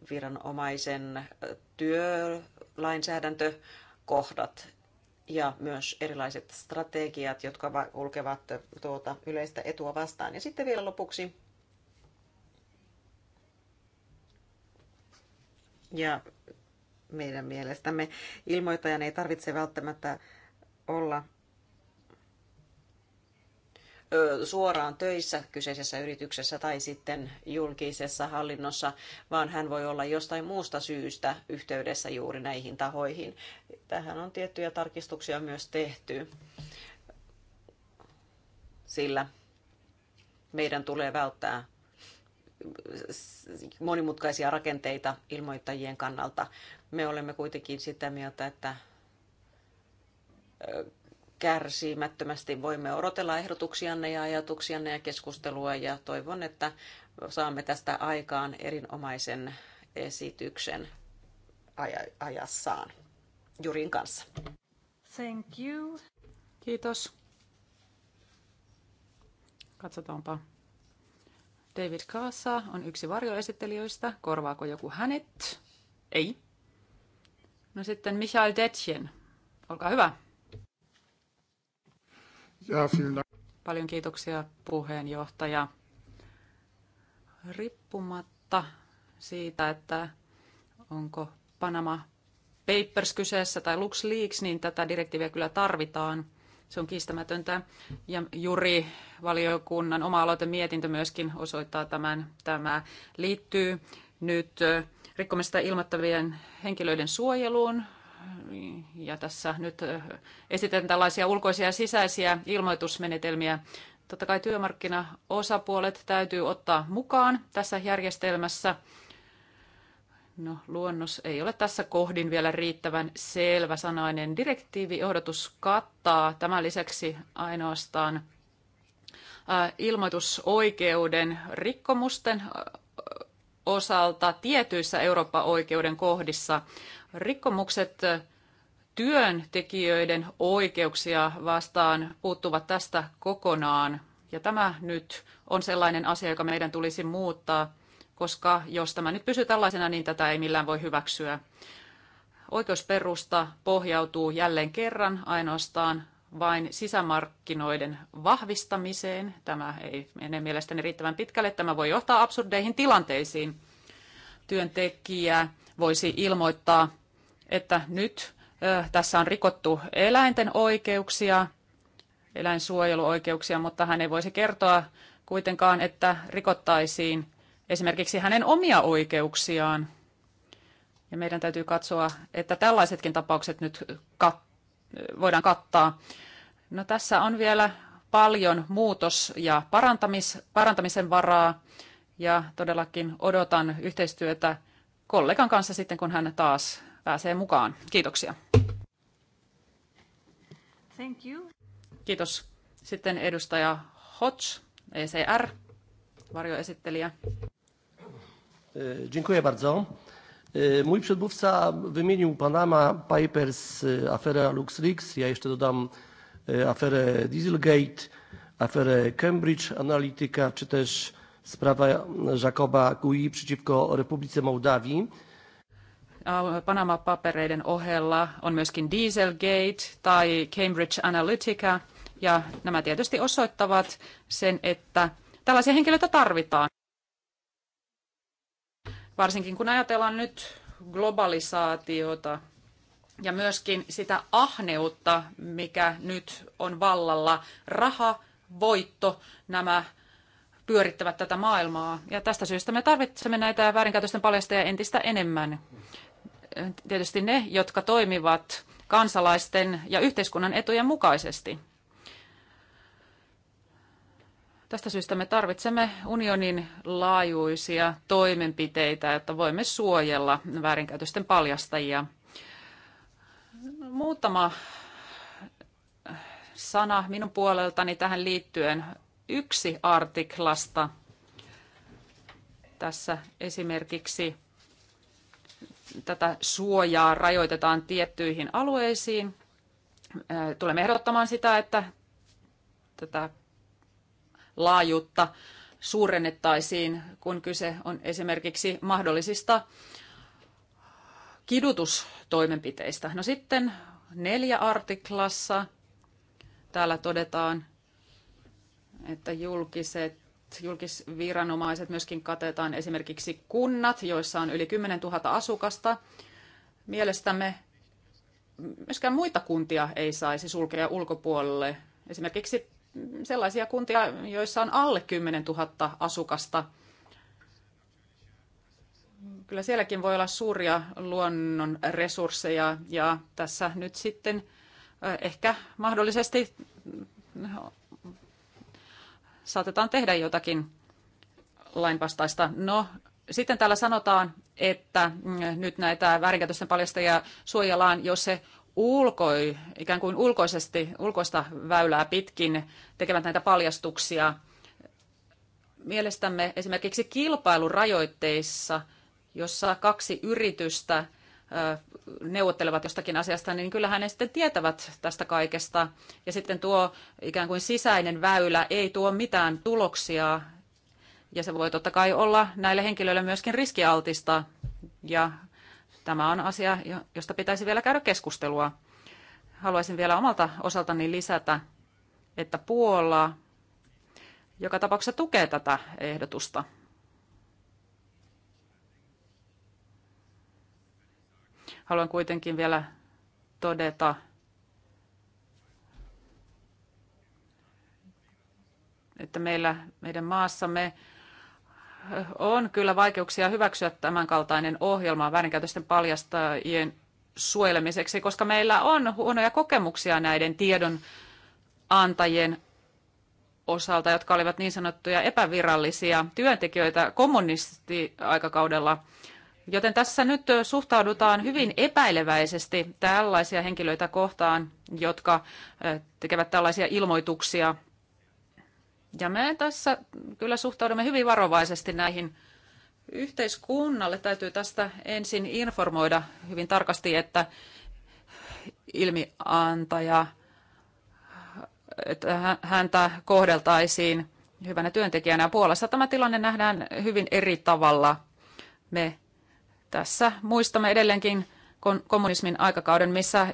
viranomaisen työlainsäädäntökohdat ja myös erilaiset strategiat, jotka kulkevat tuota yleistä etua vastaan. Ja sitten vielä lopuksi ja meidän mielestämme ilmoittajan ei tarvitse välttämättä olla suoraan töissä kyseisessä yrityksessä tai sitten julkisessa hallinnossa, vaan hän voi olla jostain muusta syystä yhteydessä juuri näihin tahoihin. Tähän on tiettyjä tarkistuksia myös tehty, sillä meidän tulee välttää monimutkaisia rakenteita ilmoittajien kannalta. Me olemme kuitenkin sitä mieltä, että kärsimättömästi voimme odotella ehdotuksianne ja ajatuksianne ja keskustelua ja toivon, että saamme tästä aikaan erinomaisen esityksen ajassaan Jurin kanssa. Thank you. Kiitos. Katsotaanpa. David Kaasa on yksi varjoesittelijöistä. Korvaako joku hänet? Ei. No sitten Michael Detjen. Olkaa hyvä. Ja, Paljon kiitoksia puheenjohtaja. Riippumatta siitä, että onko Panama Papers kyseessä tai LuxLeaks, niin tätä direktiiviä kyllä tarvitaan. Se on kiistämätöntä. Ja Juri, valiokunnan oma mietintö myöskin osoittaa tämän. Tämä liittyy nyt rikkomista ilmoittavien henkilöiden suojeluun ja tässä nyt esitän tällaisia ulkoisia ja sisäisiä ilmoitusmenetelmiä. Totta kai työmarkkinaosapuolet täytyy ottaa mukaan tässä järjestelmässä. No, luonnos ei ole tässä kohdin vielä riittävän selvä sanainen. Direktiiviehdotus kattaa tämän lisäksi ainoastaan ilmoitusoikeuden rikkomusten osalta tietyissä Eurooppa-oikeuden kohdissa. Rikkomukset työntekijöiden oikeuksia vastaan puuttuvat tästä kokonaan. Ja tämä nyt on sellainen asia, joka meidän tulisi muuttaa, koska jos tämä nyt pysyy tällaisena, niin tätä ei millään voi hyväksyä. Oikeusperusta pohjautuu jälleen kerran ainoastaan vain sisämarkkinoiden vahvistamiseen. Tämä ei mene mielestäni riittävän pitkälle. Tämä voi johtaa absurdeihin tilanteisiin. Työntekijä voisi ilmoittaa, että nyt tässä on rikottu eläinten oikeuksia, eläinsuojeluoikeuksia, mutta hän ei voisi kertoa kuitenkaan, että rikottaisiin esimerkiksi hänen omia oikeuksiaan. Ja meidän täytyy katsoa, että tällaisetkin tapaukset nyt kat- voidaan kattaa. No tässä on vielä paljon muutos- ja parantamis- parantamisen varaa ja todellakin odotan yhteistyötä kollegan kanssa sitten, kun hän taas pääsee mukaan. Kiitoksia. Thank you. Kiitos. Sitten edustaja Hotz, ECR, varjoesittelijä. E, dziękuję bardzo. E, mój przedmówca wymienił Panama Papers, e, aferę LuxLeaks, ja jeszcze dodam aferę Dieselgate, aferę Cambridge Analytica, czy też sprawa Jakoba Gui przeciwko Republice Mołdawii. Panama-papereiden ohella on myöskin Dieselgate tai Cambridge Analytica, ja nämä tietysti osoittavat sen, että tällaisia henkilöitä tarvitaan. Varsinkin kun ajatellaan nyt globalisaatiota ja myöskin sitä ahneutta, mikä nyt on vallalla, raha, voitto, nämä pyörittävät tätä maailmaa. Ja tästä syystä me tarvitsemme näitä väärinkäytösten paljastajia entistä enemmän. Tietysti ne, jotka toimivat kansalaisten ja yhteiskunnan etujen mukaisesti. Tästä syystä me tarvitsemme unionin laajuisia toimenpiteitä, jotta voimme suojella väärinkäytösten paljastajia. Muutama sana minun puoleltani tähän liittyen 1 artiklasta. Tässä esimerkiksi tätä suojaa rajoitetaan tiettyihin alueisiin. Tulemme ehdottamaan sitä, että tätä laajuutta suurennettaisiin, kun kyse on esimerkiksi mahdollisista kidutustoimenpiteistä. No sitten neljä artiklassa täällä todetaan, että julkiset julkisviranomaiset myöskin katetaan esimerkiksi kunnat, joissa on yli 10 000 asukasta. Mielestämme myöskään muita kuntia ei saisi sulkea ulkopuolelle. Esimerkiksi sellaisia kuntia, joissa on alle 10 000 asukasta. Kyllä sielläkin voi olla suuria luonnon resursseja ja tässä nyt sitten eh, ehkä mahdollisesti saatetaan tehdä jotakin lainvastaista. No, sitten täällä sanotaan, että mm, nyt näitä väärinkäytösten paljastajia suojellaan, jos se ulkoi, ikään kuin ulkoisesti, ulkoista väylää pitkin tekevät näitä paljastuksia. Mielestämme esimerkiksi kilpailurajoitteissa, jossa kaksi yritystä – neuvottelevat jostakin asiasta, niin kyllähän ne sitten tietävät tästä kaikesta. Ja sitten tuo ikään kuin sisäinen väylä ei tuo mitään tuloksia. Ja se voi totta kai olla näille henkilöille myöskin riskialtista. Ja tämä on asia, josta pitäisi vielä käydä keskustelua. Haluaisin vielä omalta osaltani lisätä, että Puola joka tapauksessa tukee tätä ehdotusta. Haluan kuitenkin vielä todeta, että meillä, meidän maassamme on kyllä vaikeuksia hyväksyä tämänkaltainen ohjelma väärinkäytösten paljastajien suojelemiseksi, koska meillä on huonoja kokemuksia näiden tiedon antajien osalta, jotka olivat niin sanottuja epävirallisia työntekijöitä kommunistiaikakaudella. Joten tässä nyt suhtaudutaan hyvin epäileväisesti tällaisia henkilöitä kohtaan, jotka tekevät tällaisia ilmoituksia. Ja me tässä kyllä suhtaudumme hyvin varovaisesti näihin yhteiskunnalle. Täytyy tästä ensin informoida hyvin tarkasti, että ilmiantaja, että häntä kohdeltaisiin hyvänä työntekijänä. Puolassa tämä tilanne nähdään hyvin eri tavalla. Me tässä muistamme edelleenkin kommunismin aikakauden, missä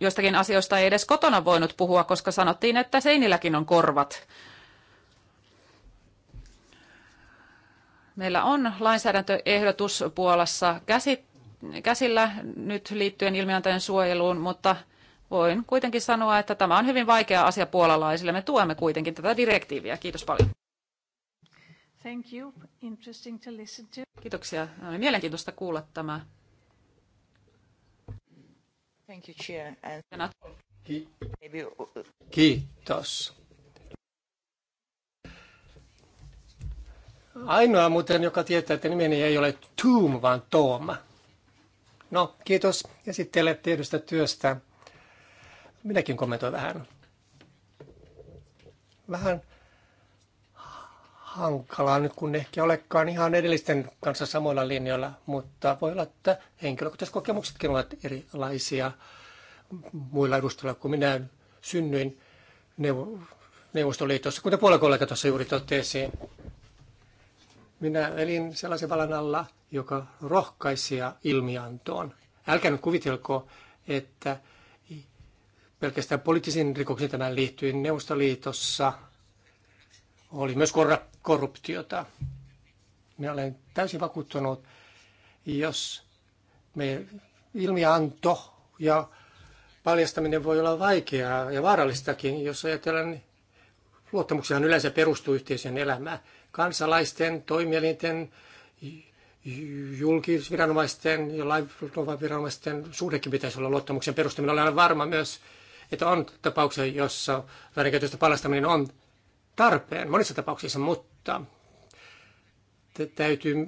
joistakin asioista ei edes kotona voinut puhua, koska sanottiin, että seinilläkin on korvat. Meillä on lainsäädäntöehdotus Puolassa käsillä nyt liittyen ilmiantajan suojeluun, mutta voin kuitenkin sanoa, että tämä on hyvin vaikea asia puolalaisille. Me tuemme kuitenkin tätä direktiiviä. Kiitos paljon. Thank you. Interesting to listen to. Kiitoksia. Oli äh, mielenkiintoista kuulla tämä. Thank you, Chair. And... Uh, kiitos. Ainoa muuten, joka tietää, että nimeni ei ole Toom, vaan Tooma. No, kiitos teille tiedosta työstä. Minäkin kommentoin vähän. Vähän hankalaa nyt, kun ehkä olekaan ihan edellisten kanssa samoilla linjoilla, mutta voi olla, että henkilökohtaiset kokemuksetkin ovat erilaisia muilla edustajilla, kuin minä synnyin Neuvostoliitossa, kuten puolikollega tuossa juuri totesi. Minä elin sellaisen valan alla, joka rohkaisi ja ilmiantoon. Älkää nyt kuvitelko, että pelkästään poliittisiin rikoksiin tämä liittyy Neuvostoliitossa – oli myös korruptiota. Minä olen täysin vakuuttunut, jos me ilmianto ja paljastaminen voi olla vaikeaa ja vaarallistakin, jos ajatellaan niin luottamuksihan yleensä perustuu yhteisön elämään. Kansalaisten, toimielinten, julkisviranomaisten ja lainvalvontaviranomaisten suhdekin pitäisi olla luottamuksen perustaminen. Olen varma myös, että on tapauksia, jossa väärinkäytöstä paljastaminen on tarpeen monissa tapauksissa, mutta täytyy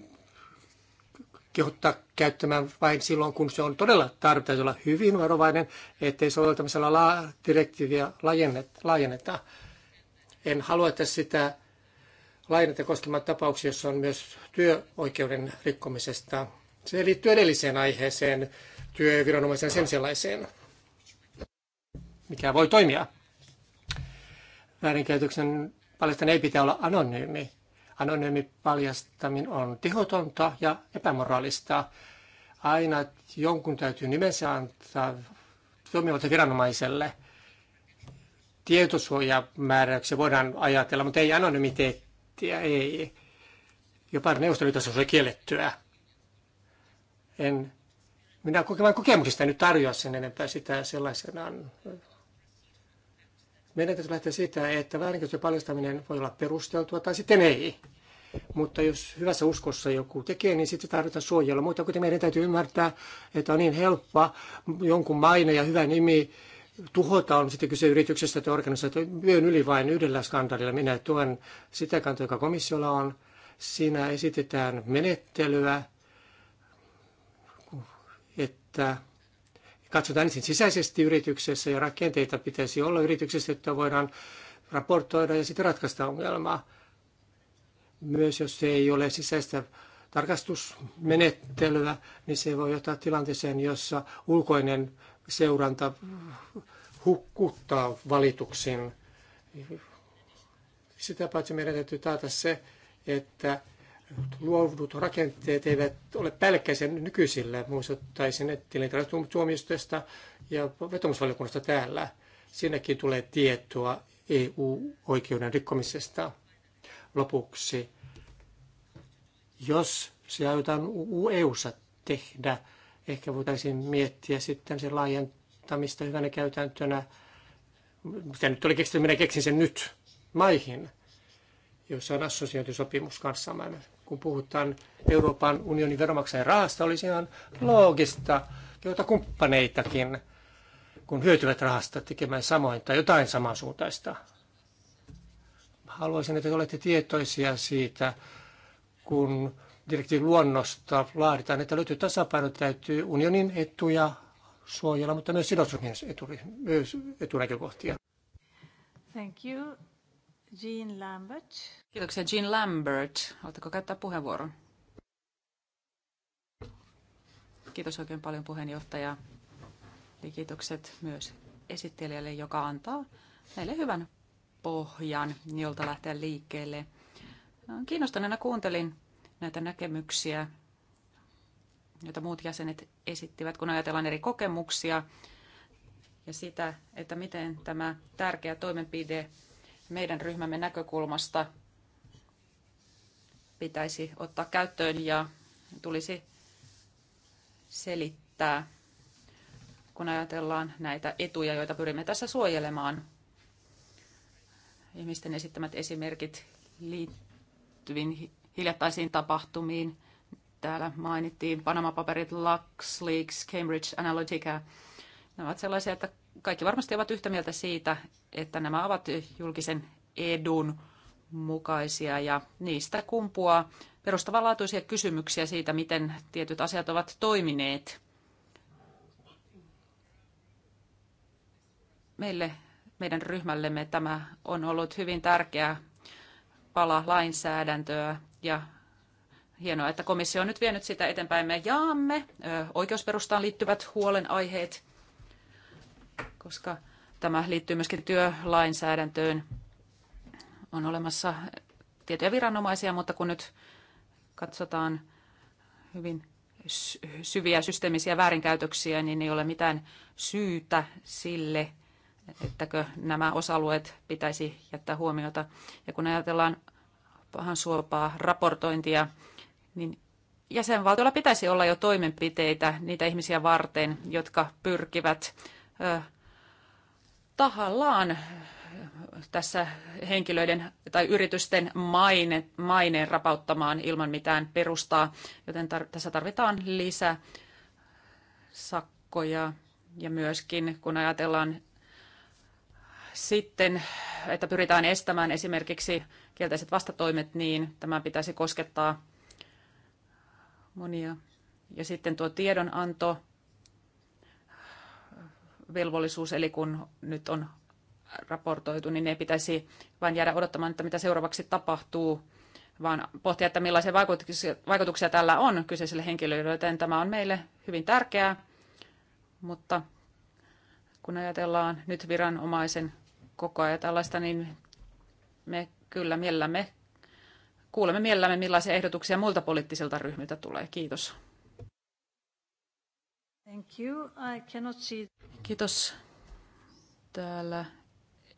kehottaa käyttämään vain silloin, kun se on todella tarpeen. Täytyy olla hyvin varovainen, ettei soveltamisella la- direktiiviä laajenneta. En halua, että sitä laajenneta koskemaan tapauksia, jossa on myös työoikeuden rikkomisesta. Se liittyy edelliseen aiheeseen, työviranomaisen sen sellaiseen, mikä voi toimia väärinkäytöksen paljastaminen ei pitää olla anonyymi. Anonyymi paljastaminen on tehotonta ja epämoraalista. Aina jonkun täytyy nimensä antaa toimivalta viranomaiselle. Tietosuojamääräyksiä voidaan ajatella, mutta ei anonymiteettiä, ei. Jopa neuvostoliitossa on kiellettyä. En minä vain kokemuksista nyt tarjoa sen enempää sitä sellaisenaan meidän täytyy lähteä siitä, että väärinkäytöksen paljastaminen voi olla perusteltua tai sitten ei. Mutta jos hyvässä uskossa joku tekee, niin sitten tarvitaan suojelua. Mutta kuten meidän täytyy ymmärtää, että on niin helppoa jonkun maine ja hyvä nimi tuhota, on sitten kyse yrityksestä tai organisaatiosta, myön yli vain yhdellä skandaalilla. Minä tuen sitä kantaa, joka komissiolla on. Siinä esitetään menettelyä, että katsotaan ensin sisäisesti yrityksessä ja rakenteita pitäisi olla yrityksessä, että voidaan raportoida ja sitten ratkaista ongelmaa. Myös jos ei ole sisäistä tarkastusmenettelyä, niin se voi johtaa tilanteeseen, jossa ulkoinen seuranta hukkuttaa valituksen. Sitä paitsi meidän täytyy taata se, että luovut rakenteet eivät ole pälkäisen nykyisillä. Muistuttaisin tilintarkastustuomioistuista ja vetomusvaliokunnasta täällä. Siinäkin tulee tietoa EU-oikeuden rikkomisesta. Lopuksi, jos se aiotaan EU-ssa tehdä, ehkä voitaisiin miettiä sitten sen laajentamista hyvänä käytäntönä. Mitä nyt oli keksitty, minä keksin sen nyt maihin, joissa on assosiointisopimus kanssamme kun puhutaan Euroopan unionin veromaksajan rahasta, olisi ihan loogista, joita kumppaneitakin, kun hyötyvät rahasta tekemään samoin tai jotain samansuuntaista. Haluaisin, että olette tietoisia siitä, kun direktiivin luonnosta laaditaan, että löytyy tasapaino, täytyy unionin etuja suojella, mutta myös sidosryhmien etunäkökohtia. Thank you. Jean Lambert. Kiitoksia Jean Lambert. Oletteko käyttää puheenvuoron? Kiitos oikein paljon puheenjohtaja. Eli kiitokset myös esittelijälle, joka antaa meille hyvän pohjan, jolta lähteä liikkeelle. Kiinnostuneena kuuntelin näitä näkemyksiä, joita muut jäsenet esittivät, kun ajatellaan eri kokemuksia ja sitä, että miten tämä tärkeä toimenpide meidän ryhmämme näkökulmasta pitäisi ottaa käyttöön ja tulisi selittää, kun ajatellaan näitä etuja, joita pyrimme tässä suojelemaan. Ihmisten esittämät esimerkit liittyviin hiljattaisiin tapahtumiin. Täällä mainittiin Panama-paperit, Leaks, Cambridge Analytica. Ne ovat sellaisia, että kaikki varmasti ovat yhtä mieltä siitä, että nämä ovat julkisen edun mukaisia ja niistä kumpuaa perustavanlaatuisia kysymyksiä siitä, miten tietyt asiat ovat toimineet. Meille, meidän ryhmällemme tämä on ollut hyvin tärkeä pala lainsäädäntöä ja hienoa, että komissio on nyt vienyt sitä eteenpäin. Me jaamme oikeusperustaan liittyvät huolenaiheet koska tämä liittyy myöskin työlainsäädäntöön. On olemassa tietoja viranomaisia, mutta kun nyt katsotaan hyvin syviä systeemisiä väärinkäytöksiä, niin ei ole mitään syytä sille, ettäkö nämä osa-alueet pitäisi jättää huomiota. Ja kun ajatellaan pahan suopaa raportointia, niin jäsenvaltiolla pitäisi olla jo toimenpiteitä niitä ihmisiä varten, jotka pyrkivät tahallaan äh, tässä henkilöiden tai yritysten maine, maineen rapauttamaan ilman mitään perustaa, joten tar- tässä tarvitaan lisää sakkoja ja myöskin kun ajatellaan sitten, että pyritään estämään esimerkiksi kielteiset vastatoimet, niin tämä pitäisi koskettaa monia. Ja sitten tuo tiedonanto velvollisuus, eli kun nyt on raportoitu, niin ne pitäisi vain jäädä odottamaan, että mitä seuraavaksi tapahtuu, vaan pohtia, että millaisia vaikutuksia, vaikutuksia tällä on kyseiselle henkilölle, joten tämä on meille hyvin tärkeää, mutta kun ajatellaan nyt viranomaisen koko ajan tällaista, niin me kyllä mielellämme kuulemme mielellämme, millaisia ehdotuksia muilta poliittisilta ryhmiltä tulee. Kiitos. Thank you. I cannot see... Kiitos. Täällä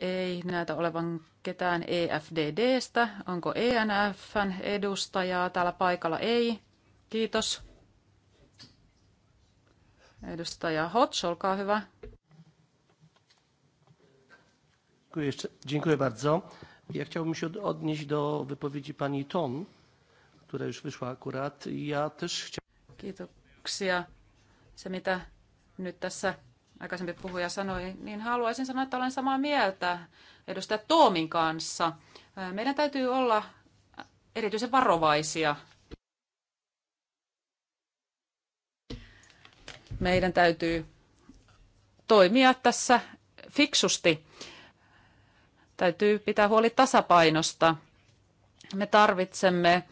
ei näytä olevan ketään EFDDstä. Onko ENFn edustajaa täällä paikalla? Ei. Kiitos. Edustaja Hotz, olkaa hyvä. Dziękuję bardzo. Ja chciałbym się odnieść do wypowiedzi pani Ton, która już wyszła akurat. Ja też chciałbym... Kiitoksia se, mitä nyt tässä aikaisempi puhuja sanoi, niin haluaisin sanoa, että olen samaa mieltä edustaja Toomin kanssa. Meidän täytyy olla erityisen varovaisia. Meidän täytyy toimia tässä fiksusti. Täytyy pitää huoli tasapainosta. Me tarvitsemme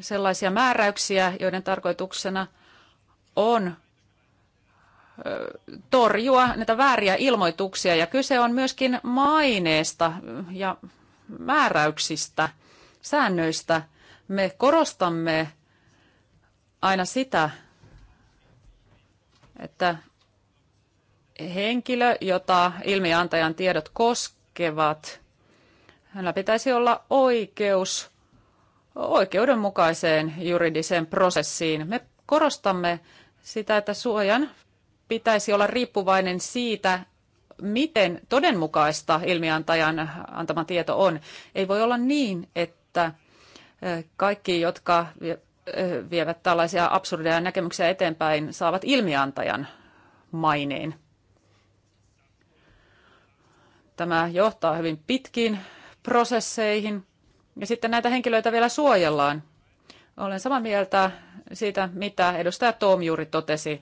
sellaisia määräyksiä, joiden tarkoituksena on torjua näitä vääriä ilmoituksia ja kyse on myöskin maineesta ja määräyksistä, säännöistä. Me korostamme aina sitä, että henkilö, jota ilmiantajan tiedot koskevat, hänellä pitäisi olla oikeus oikeudenmukaiseen juridiseen prosessiin. Me korostamme sitä, että suojan pitäisi olla riippuvainen siitä, miten todenmukaista ilmiantajan antama tieto on. Ei voi olla niin, että eh, kaikki, jotka eh, vievät tällaisia absurdeja näkemyksiä eteenpäin, saavat ilmiantajan maineen. Tämä johtaa hyvin pitkiin prosesseihin ja sitten näitä henkilöitä vielä suojellaan. Olen samaa mieltä siitä, mitä edustaja Tom juuri totesi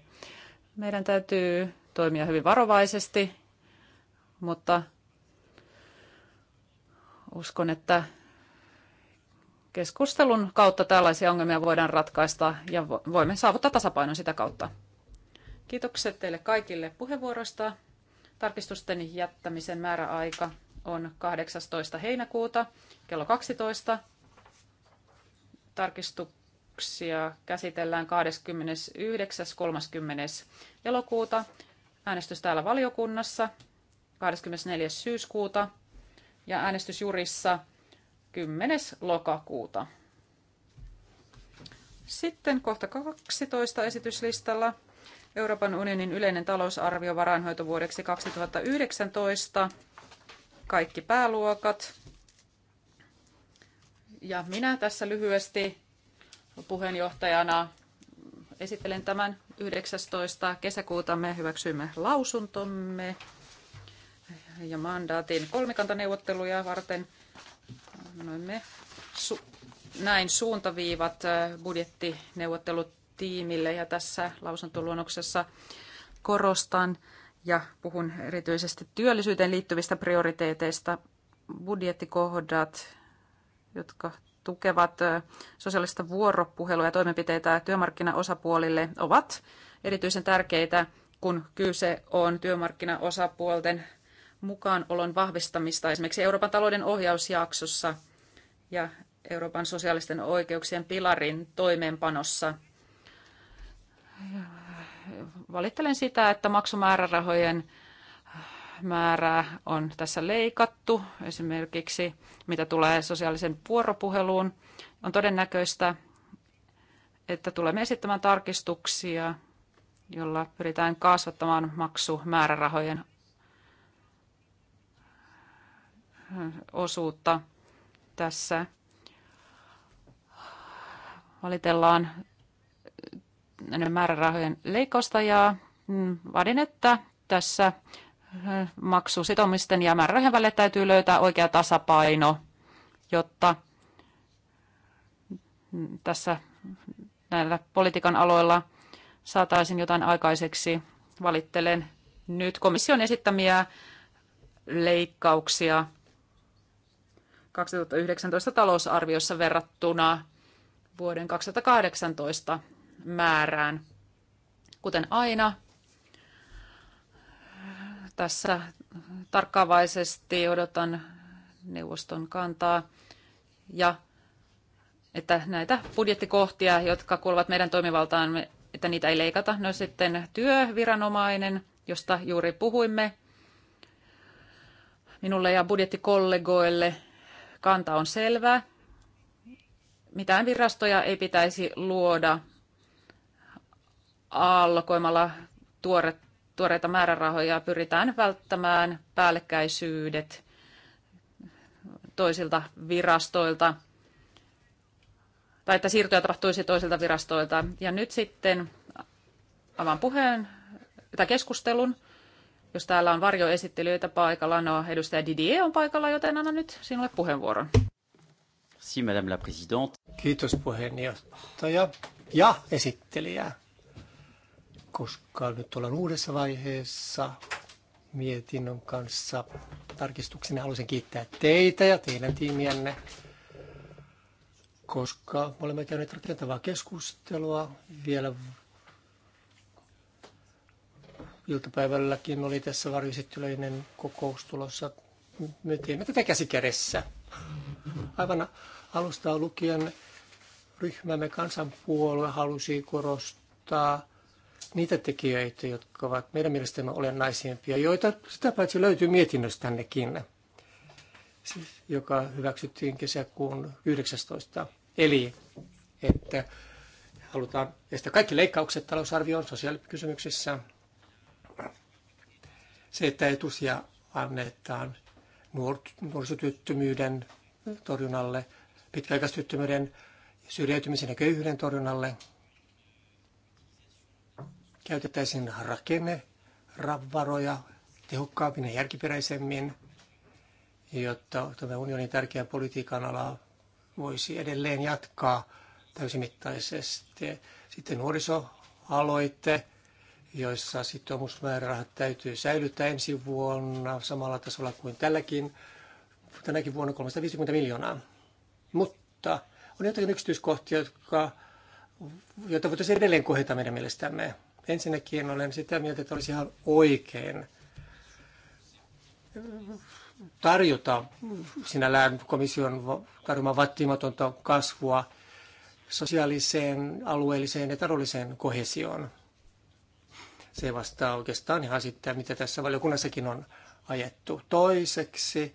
meidän täytyy toimia hyvin varovaisesti, mutta uskon, että keskustelun kautta tällaisia ongelmia voidaan ratkaista ja voimme saavuttaa tasapainon sitä kautta. Kiitokset teille kaikille puheenvuoroista. Tarkistusten jättämisen määräaika on 18. heinäkuuta kello 12. Tarkistu, tarkistuksia käsitellään 29.30. elokuuta. Äänestys täällä valiokunnassa 24. syyskuuta ja äänestys jurissa 10. lokakuuta. Sitten kohta 12 esityslistalla Euroopan unionin yleinen talousarvio varainhoitovuodeksi 2019. Kaikki pääluokat. Ja minä tässä lyhyesti puheenjohtajana esittelen tämän 19. kesäkuuta. Me hyväksymme lausuntomme ja mandaatin kolmikantaneuvotteluja varten. me su- näin suuntaviivat äh, budjettineuvottelutiimille ja tässä lausuntoluonnoksessa korostan ja puhun erityisesti työllisyyteen liittyvistä prioriteeteista budjettikohdat, jotka tukevat sosiaalista vuoropuhelua ja toimenpiteitä työmarkkinaosapuolille ovat erityisen tärkeitä, kun kyse on työmarkkinaosapuolten mukaanolon vahvistamista esimerkiksi Euroopan talouden ohjausjaksossa ja Euroopan sosiaalisten oikeuksien pilarin toimeenpanossa. Valittelen sitä, että maksumäärärahojen määrää on tässä leikattu, esimerkiksi mitä tulee sosiaalisen vuoropuheluun. On todennäköistä, että tulemme esittämään tarkistuksia, jolla pyritään kasvattamaan maksumäärärahojen osuutta tässä. Valitellaan näiden määrärahojen leikosta ja mm, vaadin, että tässä maksusitomisten ja määrärahojen välillä täytyy löytää oikea tasapaino, jotta tässä näillä politiikan aloilla saataisiin jotain aikaiseksi. Valittelen nyt komission esittämiä leikkauksia 2019 talousarviossa verrattuna vuoden 2018 määrään. Kuten aina, tässä tarkkaavaisesti odotan neuvoston kantaa ja että näitä budjettikohtia, jotka kuuluvat meidän toimivaltaan, että niitä ei leikata. No sitten työviranomainen, josta juuri puhuimme. Minulle ja budjettikollegoille kanta on selvää. Mitään virastoja ei pitäisi luoda allokoimalla tuoret tuoreita määrärahoja pyritään välttämään päällekkäisyydet toisilta virastoilta tai että siirtoja tapahtuisi toisilta virastoilta. Ja nyt sitten avaan puheen tai keskustelun. Jos täällä on varjoesittelyitä paikalla, no edustaja Didier on paikalla, joten annan nyt sinulle puheenvuoron. madame la Kiitos puheenjohtaja ja esittelijä koska nyt ollaan uudessa vaiheessa mietinnön kanssa. Tarkistuksena haluaisin kiittää teitä ja teidän tiimienne, koska me olemme käyneet rakentavaa keskustelua vielä iltapäivälläkin oli tässä varjoesittelyinen kokous tulossa. Me teemme tätä käsikädessä. Aivan alusta lukien ryhmämme kansanpuolue halusi korostaa niitä tekijöitä, jotka ovat meidän mielestämme olennaisimpia, joita sitä paitsi löytyy mietinnöstännekin, siis joka hyväksyttiin kesäkuun 19. Eli että halutaan estää kaikki leikkaukset talousarvioon sosiaalikysymyksissä. Se, että etusia annetaan nuorisotyöttömyyden torjunnalle, pitkäaikaistyöttömyyden syrjäytymisen ja köyhyyden torjunnalle – käytettäisiin rakenne, ravvaroja tehokkaammin ja järkiperäisemmin, jotta tämä unionin tärkeä politiikan ala voisi edelleen jatkaa täysimittaisesti. Sitten nuorisoaloite, joissa sitoumusmäärärahat täytyy säilyttää ensi vuonna samalla tasolla kuin tälläkin, tänäkin vuonna 350 miljoonaa. Mutta on jotakin yksityiskohtia, jotka, joita voitaisiin edelleen kohdata meidän mielestämme. Ensinnäkin olen sitä mieltä, että olisi ihan oikein tarjota sinällään komission tarjoamaa vattimatonta kasvua sosiaaliseen, alueelliseen ja taloudelliseen kohesioon. Se vastaa oikeastaan ihan sitä, mitä tässä valiokunnassakin on ajettu. Toiseksi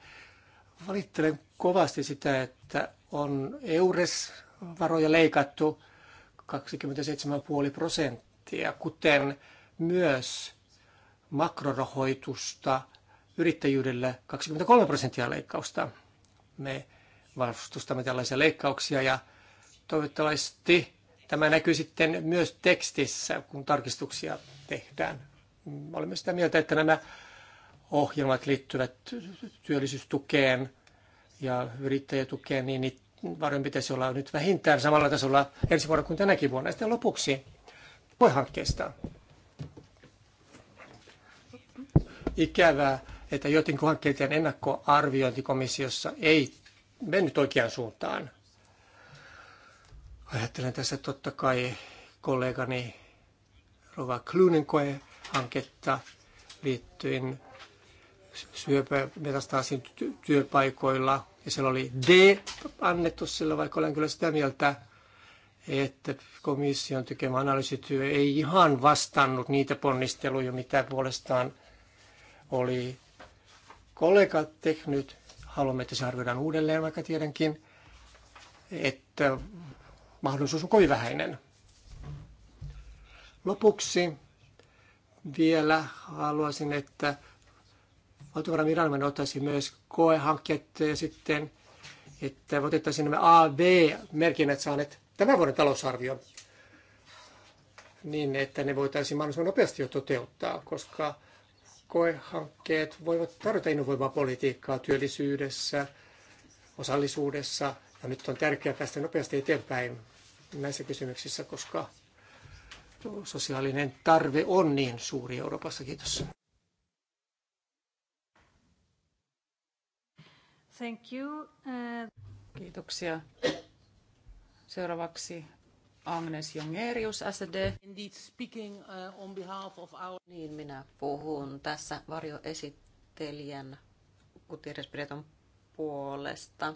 valittelen kovasti sitä, että on EURES-varoja leikattu 27,5 prosenttia elementtejä, kuten myös makrorahoitusta yrittäjyydelle 23 prosenttia leikkausta. Me vastustamme tällaisia leikkauksia ja toivottavasti tämä näkyy sitten myös tekstissä, kun tarkistuksia tehdään. Olemme sitä mieltä, että nämä ohjelmat liittyvät työllisyystukeen ja yrittäjätukeen, niin varmaan pitäisi olla nyt vähintään samalla tasolla ensi vuonna kuin tänäkin vuonna. Sitten lopuksi koehankkeista. Ikävää, että joidenkin hankkeiden ennakkoarviointikomissiossa ei mennyt oikeaan suuntaan. Ajattelen tässä totta kai kollegani Rova Klunen koehanketta liittyen syöpämetastaasin työpaikoilla. Ja siellä oli D annettu sillä, vaikka olen kyllä sitä mieltä, että komission tekemä analyysityö ei ihan vastannut niitä ponnisteluja, mitä puolestaan oli kollegat tehnyt. Haluamme, että se arvioidaan uudelleen, vaikka tiedänkin, että mahdollisuus on kovin vähäinen. Lopuksi vielä haluaisin, että valtiovarainviranomainen ottaisi myös koehankkeet ja sitten, että otettaisiin nämä AV-merkinnät saaneet tämän vuoden talousarvio niin, että ne voitaisiin mahdollisimman nopeasti jo toteuttaa, koska koehankkeet voivat tarjota innovoivaa politiikkaa työllisyydessä, osallisuudessa. Ja nyt on tärkeää päästä nopeasti eteenpäin näissä kysymyksissä, koska sosiaalinen tarve on niin suuri Euroopassa. Kiitos. Thank you. Uh, Kiitoksia. Seuraavaksi Agnes Jongerius, SD. Indeed speaking uh, on behalf of our... Niin, minä puhun tässä varjoesittelijän Gutierrez puolesta.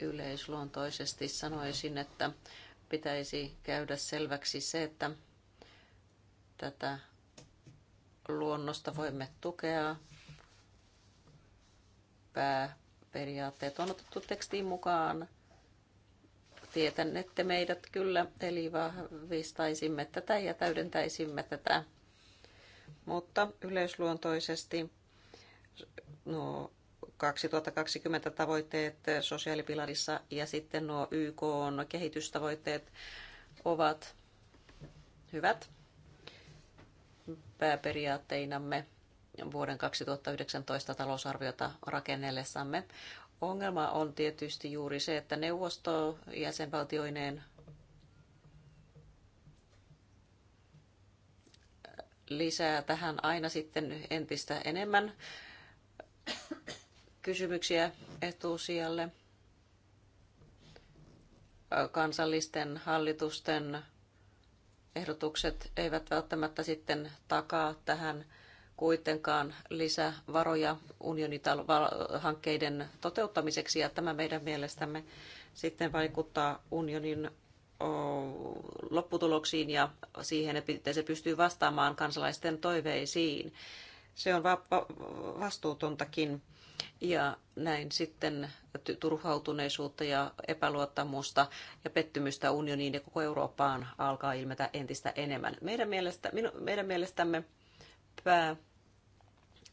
Yleisluontoisesti sanoisin, että pitäisi käydä selväksi se, että tätä luonnosta voimme tukea. Pääperiaatteet on otettu tekstiin mukaan tietännette meidät kyllä, eli vahvistaisimme tätä ja täydentäisimme tätä. Mutta yleisluontoisesti no, 2020 tavoitteet sosiaalipilarissa ja sitten nuo YK on kehitystavoitteet ovat hyvät pääperiaatteinamme vuoden 2019 talousarviota rakennellessamme. Ongelma on tietysti juuri se, että neuvosto jäsenvaltioineen lisää tähän aina sitten entistä enemmän kysymyksiä etusijalle kansallisten hallitusten ehdotukset eivät välttämättä sitten takaa tähän kuitenkaan lisävaroja unionihankkeiden toteuttamiseksi, ja tämä meidän mielestämme sitten vaikuttaa unionin lopputuloksiin ja siihen, että se pystyy vastaamaan kansalaisten toiveisiin. Se on vastuutontakin ja näin sitten turhautuneisuutta ja epäluottamusta ja pettymystä unioniin ja koko Eurooppaan alkaa ilmetä entistä enemmän. Meidän, mielestä, meidän mielestämme pää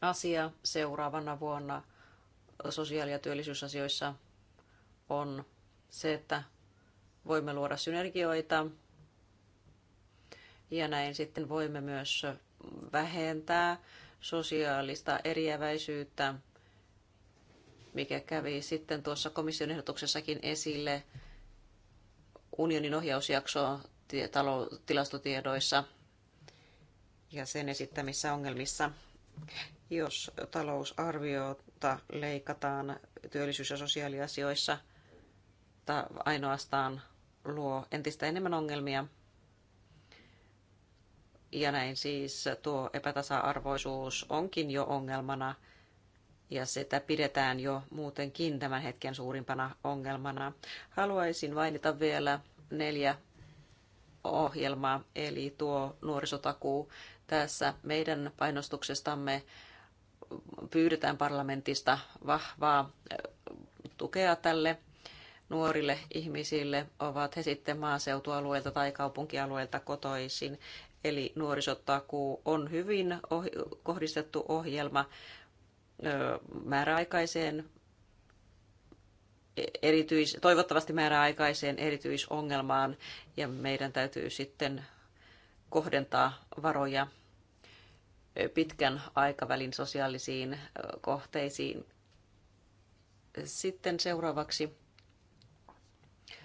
asia seuraavana vuonna sosiaali- ja työllisyysasioissa on se, että voimme luoda synergioita ja näin sitten voimme myös vähentää sosiaalista eriäväisyyttä, mikä kävi sitten tuossa komission ehdotuksessakin esille unionin ohjausjakso tilastotiedoissa ja sen esittämissä ongelmissa jos talousarviota leikataan työllisyys- ja sosiaaliasioissa, ta ainoastaan luo entistä enemmän ongelmia. Ja näin siis tuo epätasa-arvoisuus onkin jo ongelmana, ja sitä pidetään jo muutenkin tämän hetken suurimpana ongelmana. Haluaisin mainita vielä neljä ohjelmaa, eli tuo nuorisotakuu. Tässä meidän painostuksestamme pyydetään parlamentista vahvaa tukea tälle nuorille ihmisille, ovat he sitten maaseutualueelta tai kaupunkialueelta kotoisin. Eli nuorisotakuu on hyvin ohi- kohdistettu ohjelma ö, määräaikaiseen e, erityis, toivottavasti määräaikaiseen erityisongelmaan ja meidän täytyy sitten kohdentaa varoja pitkän aikavälin sosiaalisiin kohteisiin. Sitten seuraavaksi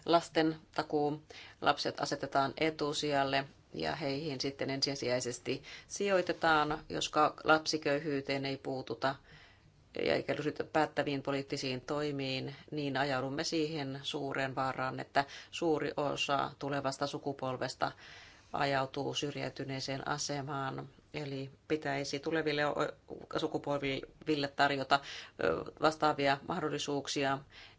lasten takuu. Lapset asetetaan etusijalle ja heihin sitten ensisijaisesti sijoitetaan, jos lapsiköyhyyteen ei puututa ja eikä ryhdytä päättäviin poliittisiin toimiin, niin ajaudumme siihen suureen vaaraan, että suuri osa tulevasta sukupolvesta ajautuu syrjäytyneeseen asemaan Eli pitäisi tuleville sukupolville tarjota vastaavia mahdollisuuksia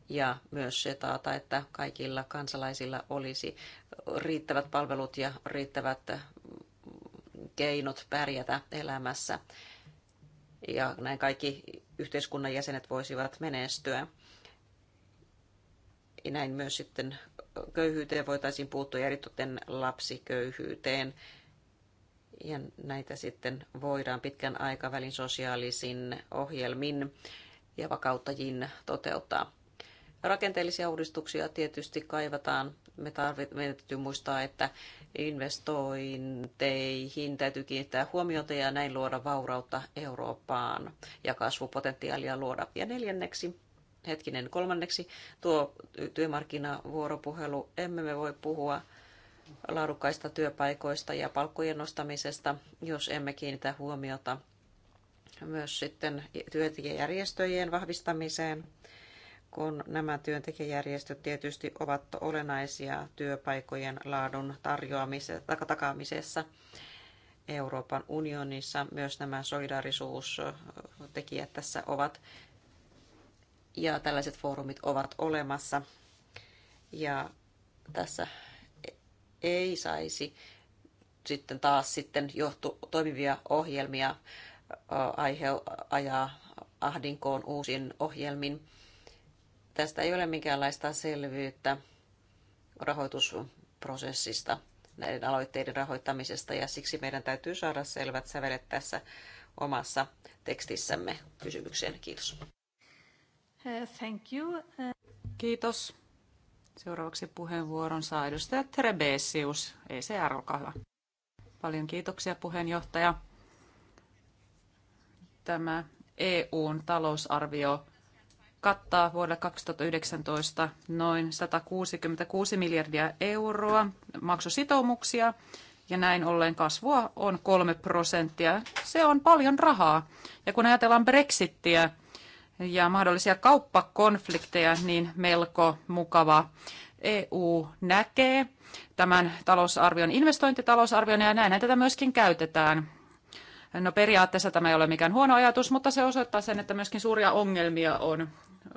ja myös se taata, että kaikilla kansalaisilla olisi riittävät palvelut ja riittävät keinot pärjätä elämässä. Ja näin kaikki yhteiskunnan jäsenet voisivat menestyä. Ja näin myös sitten köyhyyteen voitaisiin puuttua ja eritoten lapsiköyhyyteen ja näitä sitten voidaan pitkän aikavälin sosiaalisin ohjelmin ja vakauttajin toteuttaa. Rakenteellisia uudistuksia tietysti kaivataan. Me tarvit, meidän täytyy muistaa, että investointeihin täytyy kiinnittää huomiota ja näin luoda vaurautta Eurooppaan ja kasvupotentiaalia luoda. Ja neljänneksi, hetkinen kolmanneksi, tuo työmarkkinavuoropuhelu. Emme me voi puhua laadukkaista työpaikoista ja palkkojen nostamisesta, jos emme kiinnitä huomiota myös sitten työntekijäjärjestöjen vahvistamiseen, kun nämä työntekijäjärjestöt tietysti ovat olennaisia työpaikojen laadun tarjoamisessa, takaamisessa Euroopan unionissa. Myös nämä solidaarisuustekijät tässä ovat ja tällaiset foorumit ovat olemassa. Ja tässä ei saisi sitten taas sitten johtu, toimivia ohjelmia aihe, ajaa ahdinkoon uusin ohjelmin. Tästä ei ole minkäänlaista selvyyttä rahoitusprosessista, näiden aloitteiden rahoittamisesta, ja siksi meidän täytyy saada selvät sävelet tässä omassa tekstissämme kysymykseen. Kiitos. Uh, thank you. Uh, Kiitos. Seuraavaksi puheenvuoron saa edustaja Terebesius, ECR, olkaa hyvä. Paljon kiitoksia puheenjohtaja. Tämä EUn talousarvio kattaa vuodelle 2019 noin 166 miljardia euroa maksusitoumuksia ja näin ollen kasvua on 3 prosenttia. Se on paljon rahaa. Ja kun ajatellaan Brexittiä, ja mahdollisia kauppakonflikteja, niin melko mukava EU näkee tämän talousarvion investointitalousarvion ja näinhän tätä myöskin käytetään. No periaatteessa tämä ei ole mikään huono ajatus, mutta se osoittaa sen, että myöskin suuria ongelmia on.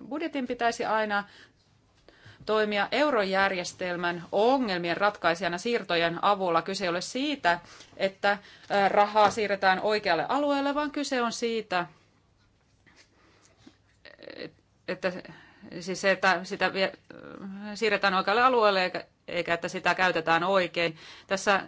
Budjetin pitäisi aina toimia eurojärjestelmän ongelmien ratkaisijana siirtojen avulla. Kyse ei ole siitä, että rahaa siirretään oikealle alueelle, vaan kyse on siitä, että siis se, että sitä vie, siirretään oikealle alueelle eikä, eikä että sitä käytetään oikein. Tässä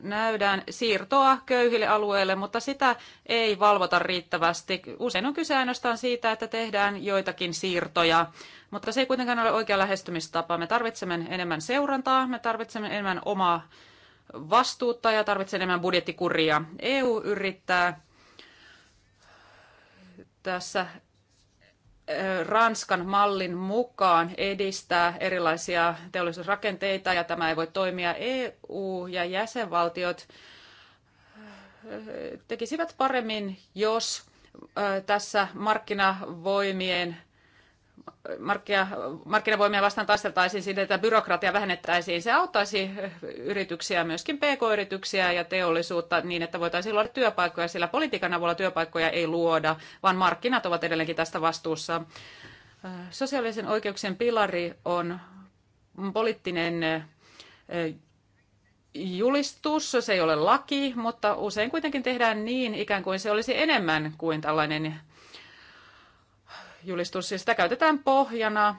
nähdään siirtoa köyhille alueille, mutta sitä ei valvota riittävästi. Usein on kyse ainoastaan siitä, että tehdään joitakin siirtoja, mutta se ei kuitenkaan ole oikea lähestymistapa. Me tarvitsemme enemmän seurantaa, me tarvitsemme enemmän omaa vastuutta ja tarvitsemme enemmän budjettikuria. EU yrittää tässä Ranskan mallin mukaan edistää erilaisia teollisuusrakenteita ja tämä ei voi toimia EU ja jäsenvaltiot tekisivät paremmin, jos tässä markkinavoimien markkinavoimia vastaan taisteltaisiin sille, että byrokratia vähennettäisiin. Se auttaisi yrityksiä, myöskin pk-yrityksiä ja teollisuutta niin, että voitaisiin luoda työpaikkoja, sillä politiikan avulla työpaikkoja ei luoda, vaan markkinat ovat edelleenkin tästä vastuussa. Sosiaalisen oikeuksien pilari on poliittinen julistus, se ei ole laki, mutta usein kuitenkin tehdään niin, ikään kuin se olisi enemmän kuin tällainen julistus. Ja siis sitä käytetään pohjana,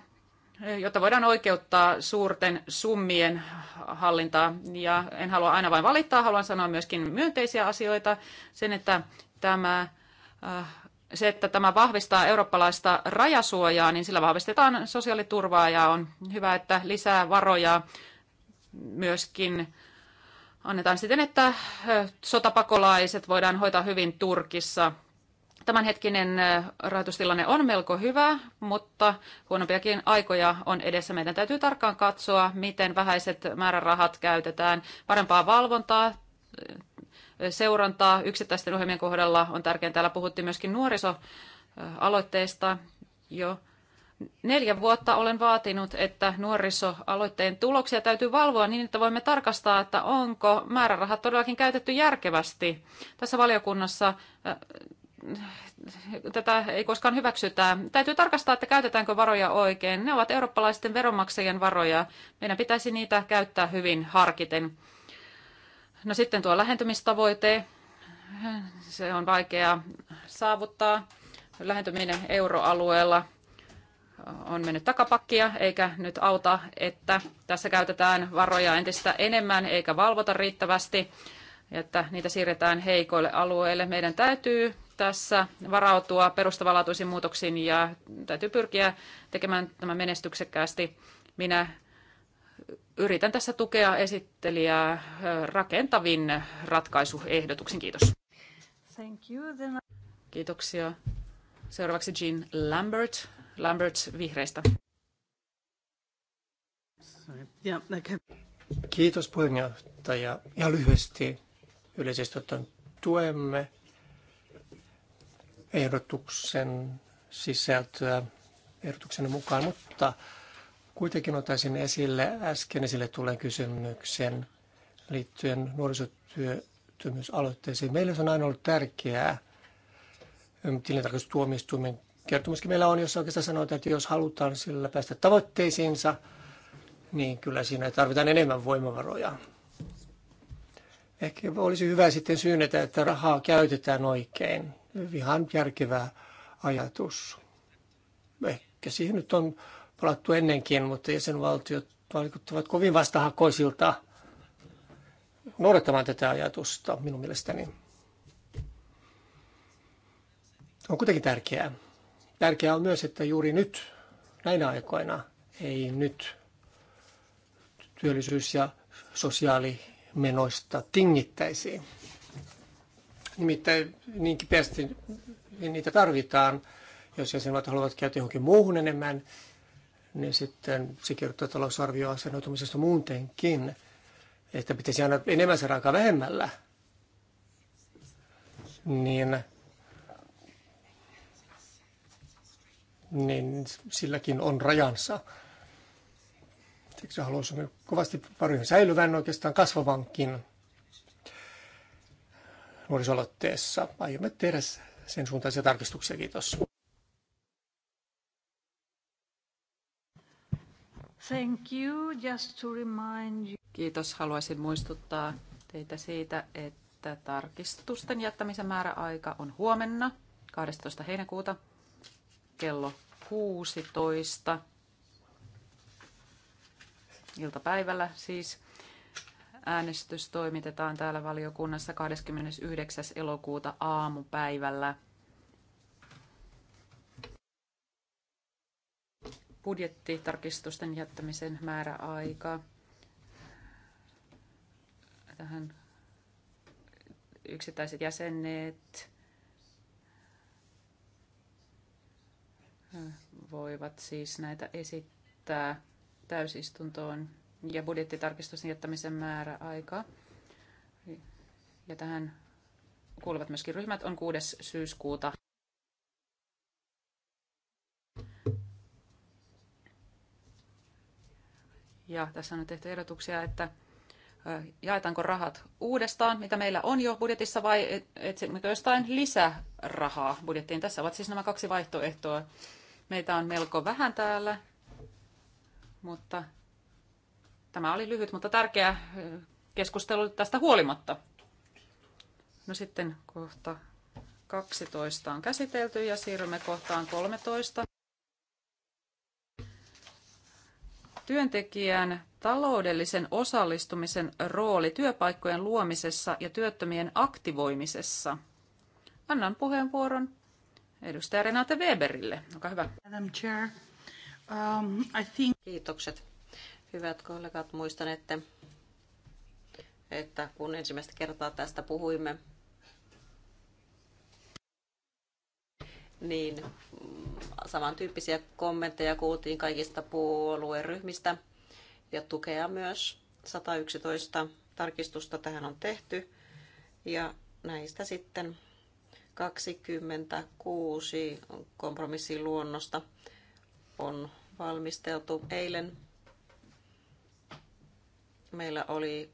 jotta voidaan oikeuttaa suurten summien hallintaa. Ja en halua aina vain valittaa, haluan sanoa myöskin myönteisiä asioita. Sen, että tämä äh, se, että tämä vahvistaa eurooppalaista rajasuojaa, niin sillä vahvistetaan sosiaaliturvaa ja on hyvä, että lisää varoja myöskin annetaan siten, että äh, sotapakolaiset voidaan hoitaa hyvin Turkissa – Tämänhetkinen rahoitustilanne on melko hyvä, mutta huonompiakin aikoja on edessä. Meidän täytyy tarkkaan katsoa, miten vähäiset määrärahat käytetään. Parempaa valvontaa, seurantaa yksittäisten ohjelmien kohdalla on tärkeää. Täällä puhuttiin myöskin nuorisoaloitteesta jo neljä vuotta olen vaatinut, että nuorisoaloitteen tuloksia täytyy valvoa niin, että voimme tarkastaa, että onko määrärahat todellakin käytetty järkevästi. Tässä valiokunnassa tätä ei koskaan hyväksytä. Täytyy tarkastaa, että käytetäänkö varoja oikein. Ne ovat eurooppalaisten veronmaksajien varoja. Meidän pitäisi niitä käyttää hyvin harkiten. No sitten tuo lähentymistavoite, se on vaikea saavuttaa. Lähentyminen euroalueella on mennyt takapakkia, eikä nyt auta, että tässä käytetään varoja entistä enemmän eikä valvota riittävästi, että niitä siirretään heikoille alueille. Meidän täytyy tässä varautua perustavanlaatuisiin muutoksiin ja täytyy pyrkiä tekemään tämä menestyksekkäästi. Minä yritän tässä tukea esittelijää rakentavin ratkaisuehdotuksen. Kiitos. Thank you. Then... Kiitoksia. Seuraavaksi Jean Lambert, Lambert vihreistä. Kiitos puheenjohtaja. Ja lyhyesti yleisesti ottaen tuemme ehdotuksen sisältöä ehdotuksen mukaan, mutta kuitenkin otaisin esille äsken esille tulleen kysymyksen liittyen nuorisotyöttömyysaloitteeseen. Meillä se on aina ollut tärkeää tilintarkastustuomioistuimen kertomuskin meillä on, jossa oikeastaan sanotaan, että jos halutaan sillä päästä tavoitteisiinsa, niin kyllä siinä tarvitaan enemmän voimavaroja. Ehkä olisi hyvä sitten syynnetä, että rahaa käytetään oikein ihan järkevä ajatus. Ehkä siihen nyt on palattu ennenkin, mutta jäsenvaltiot vaikuttavat kovin vastahakoisilta noudattamaan tätä ajatusta minun mielestäni. On kuitenkin tärkeää. Tärkeää on myös, että juuri nyt, näinä aikoina, ei nyt työllisyys- ja sosiaalimenoista tingittäisiin. Nimittäin niin kipeästi niin niitä tarvitaan. Jos jäsenvaltiot haluavat käyttää johonkin muuhun enemmän, niin sitten se kertoo talousarvioasennoitumisesta muutenkin, että pitäisi aina enemmän saada aikaa vähemmällä. Niin, niin silläkin on rajansa. Siksi haluaisimme kovasti varojen säilyvän oikeastaan kasvavankin nuorisoaloitteessa Aiomme tehdä sen suuntaisia tarkistuksia. Kiitos. Thank you. Just to remind you. Kiitos. Haluaisin muistuttaa teitä siitä, että tarkistusten jättämisen määräaika on huomenna 12. heinäkuuta kello 16 iltapäivällä siis. Äänestys toimitetaan täällä valiokunnassa 29. elokuuta aamupäivällä. Budjettitarkistusten jättämisen määräaika. Tähän yksittäiset jäsenet voivat siis näitä esittää täysistuntoon ja budjettitarkistusten jättämisen määräaika. Ja tähän kuuluvat myöskin ryhmät on 6. syyskuuta. Ja tässä on nyt tehty ehdotuksia, että jaetaanko rahat uudestaan, mitä meillä on jo budjetissa, vai etsimmekö jostain lisärahaa budjettiin. Tässä ovat siis nämä kaksi vaihtoehtoa. Meitä on melko vähän täällä, mutta Tämä oli lyhyt, mutta tärkeä keskustelu tästä huolimatta. No sitten kohta 12 on käsitelty ja siirrymme kohtaan 13. Työntekijän taloudellisen osallistumisen rooli työpaikkojen luomisessa ja työttömien aktivoimisessa. Annan puheenvuoron edustaja Renate Weberille. Olkaa hyvä. Madam Chair, um, I think... Kiitokset Hyvät kollegat, muistan, että, että kun ensimmäistä kertaa tästä puhuimme, niin mm, samantyyppisiä kommentteja kuultiin kaikista puolueryhmistä ja tukea myös 111 tarkistusta tähän on tehty ja näistä sitten 26 kompromissiluonnosta on valmisteltu eilen Meillä oli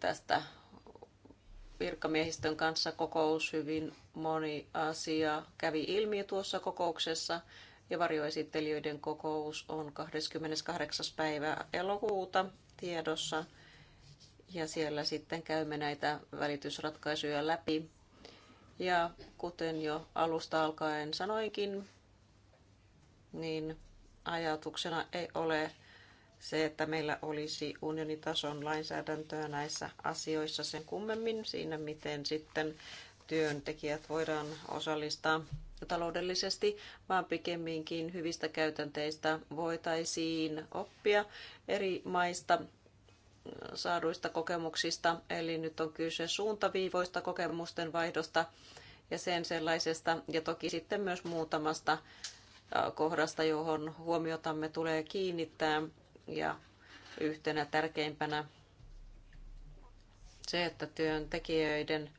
tästä virkamiehistön kanssa kokous hyvin moni asia kävi ilmi tuossa kokouksessa ja varjoesittelijöiden kokous on 28. päivä elokuuta tiedossa ja siellä sitten käymme näitä välitysratkaisuja läpi. Ja kuten jo alusta alkaen sanoinkin, niin ajatuksena ei ole se, että meillä olisi unionitason lainsäädäntöä näissä asioissa sen kummemmin siinä, miten sitten työntekijät voidaan osallistaa taloudellisesti, vaan pikemminkin hyvistä käytänteistä voitaisiin oppia eri maista saaduista kokemuksista. Eli nyt on kyse suuntaviivoista, kokemusten vaihdosta ja sen sellaisesta, ja toki sitten myös muutamasta äh, kohdasta, johon huomiotamme tulee kiinnittää ja yhtenä tärkeimpänä se, että työntekijöiden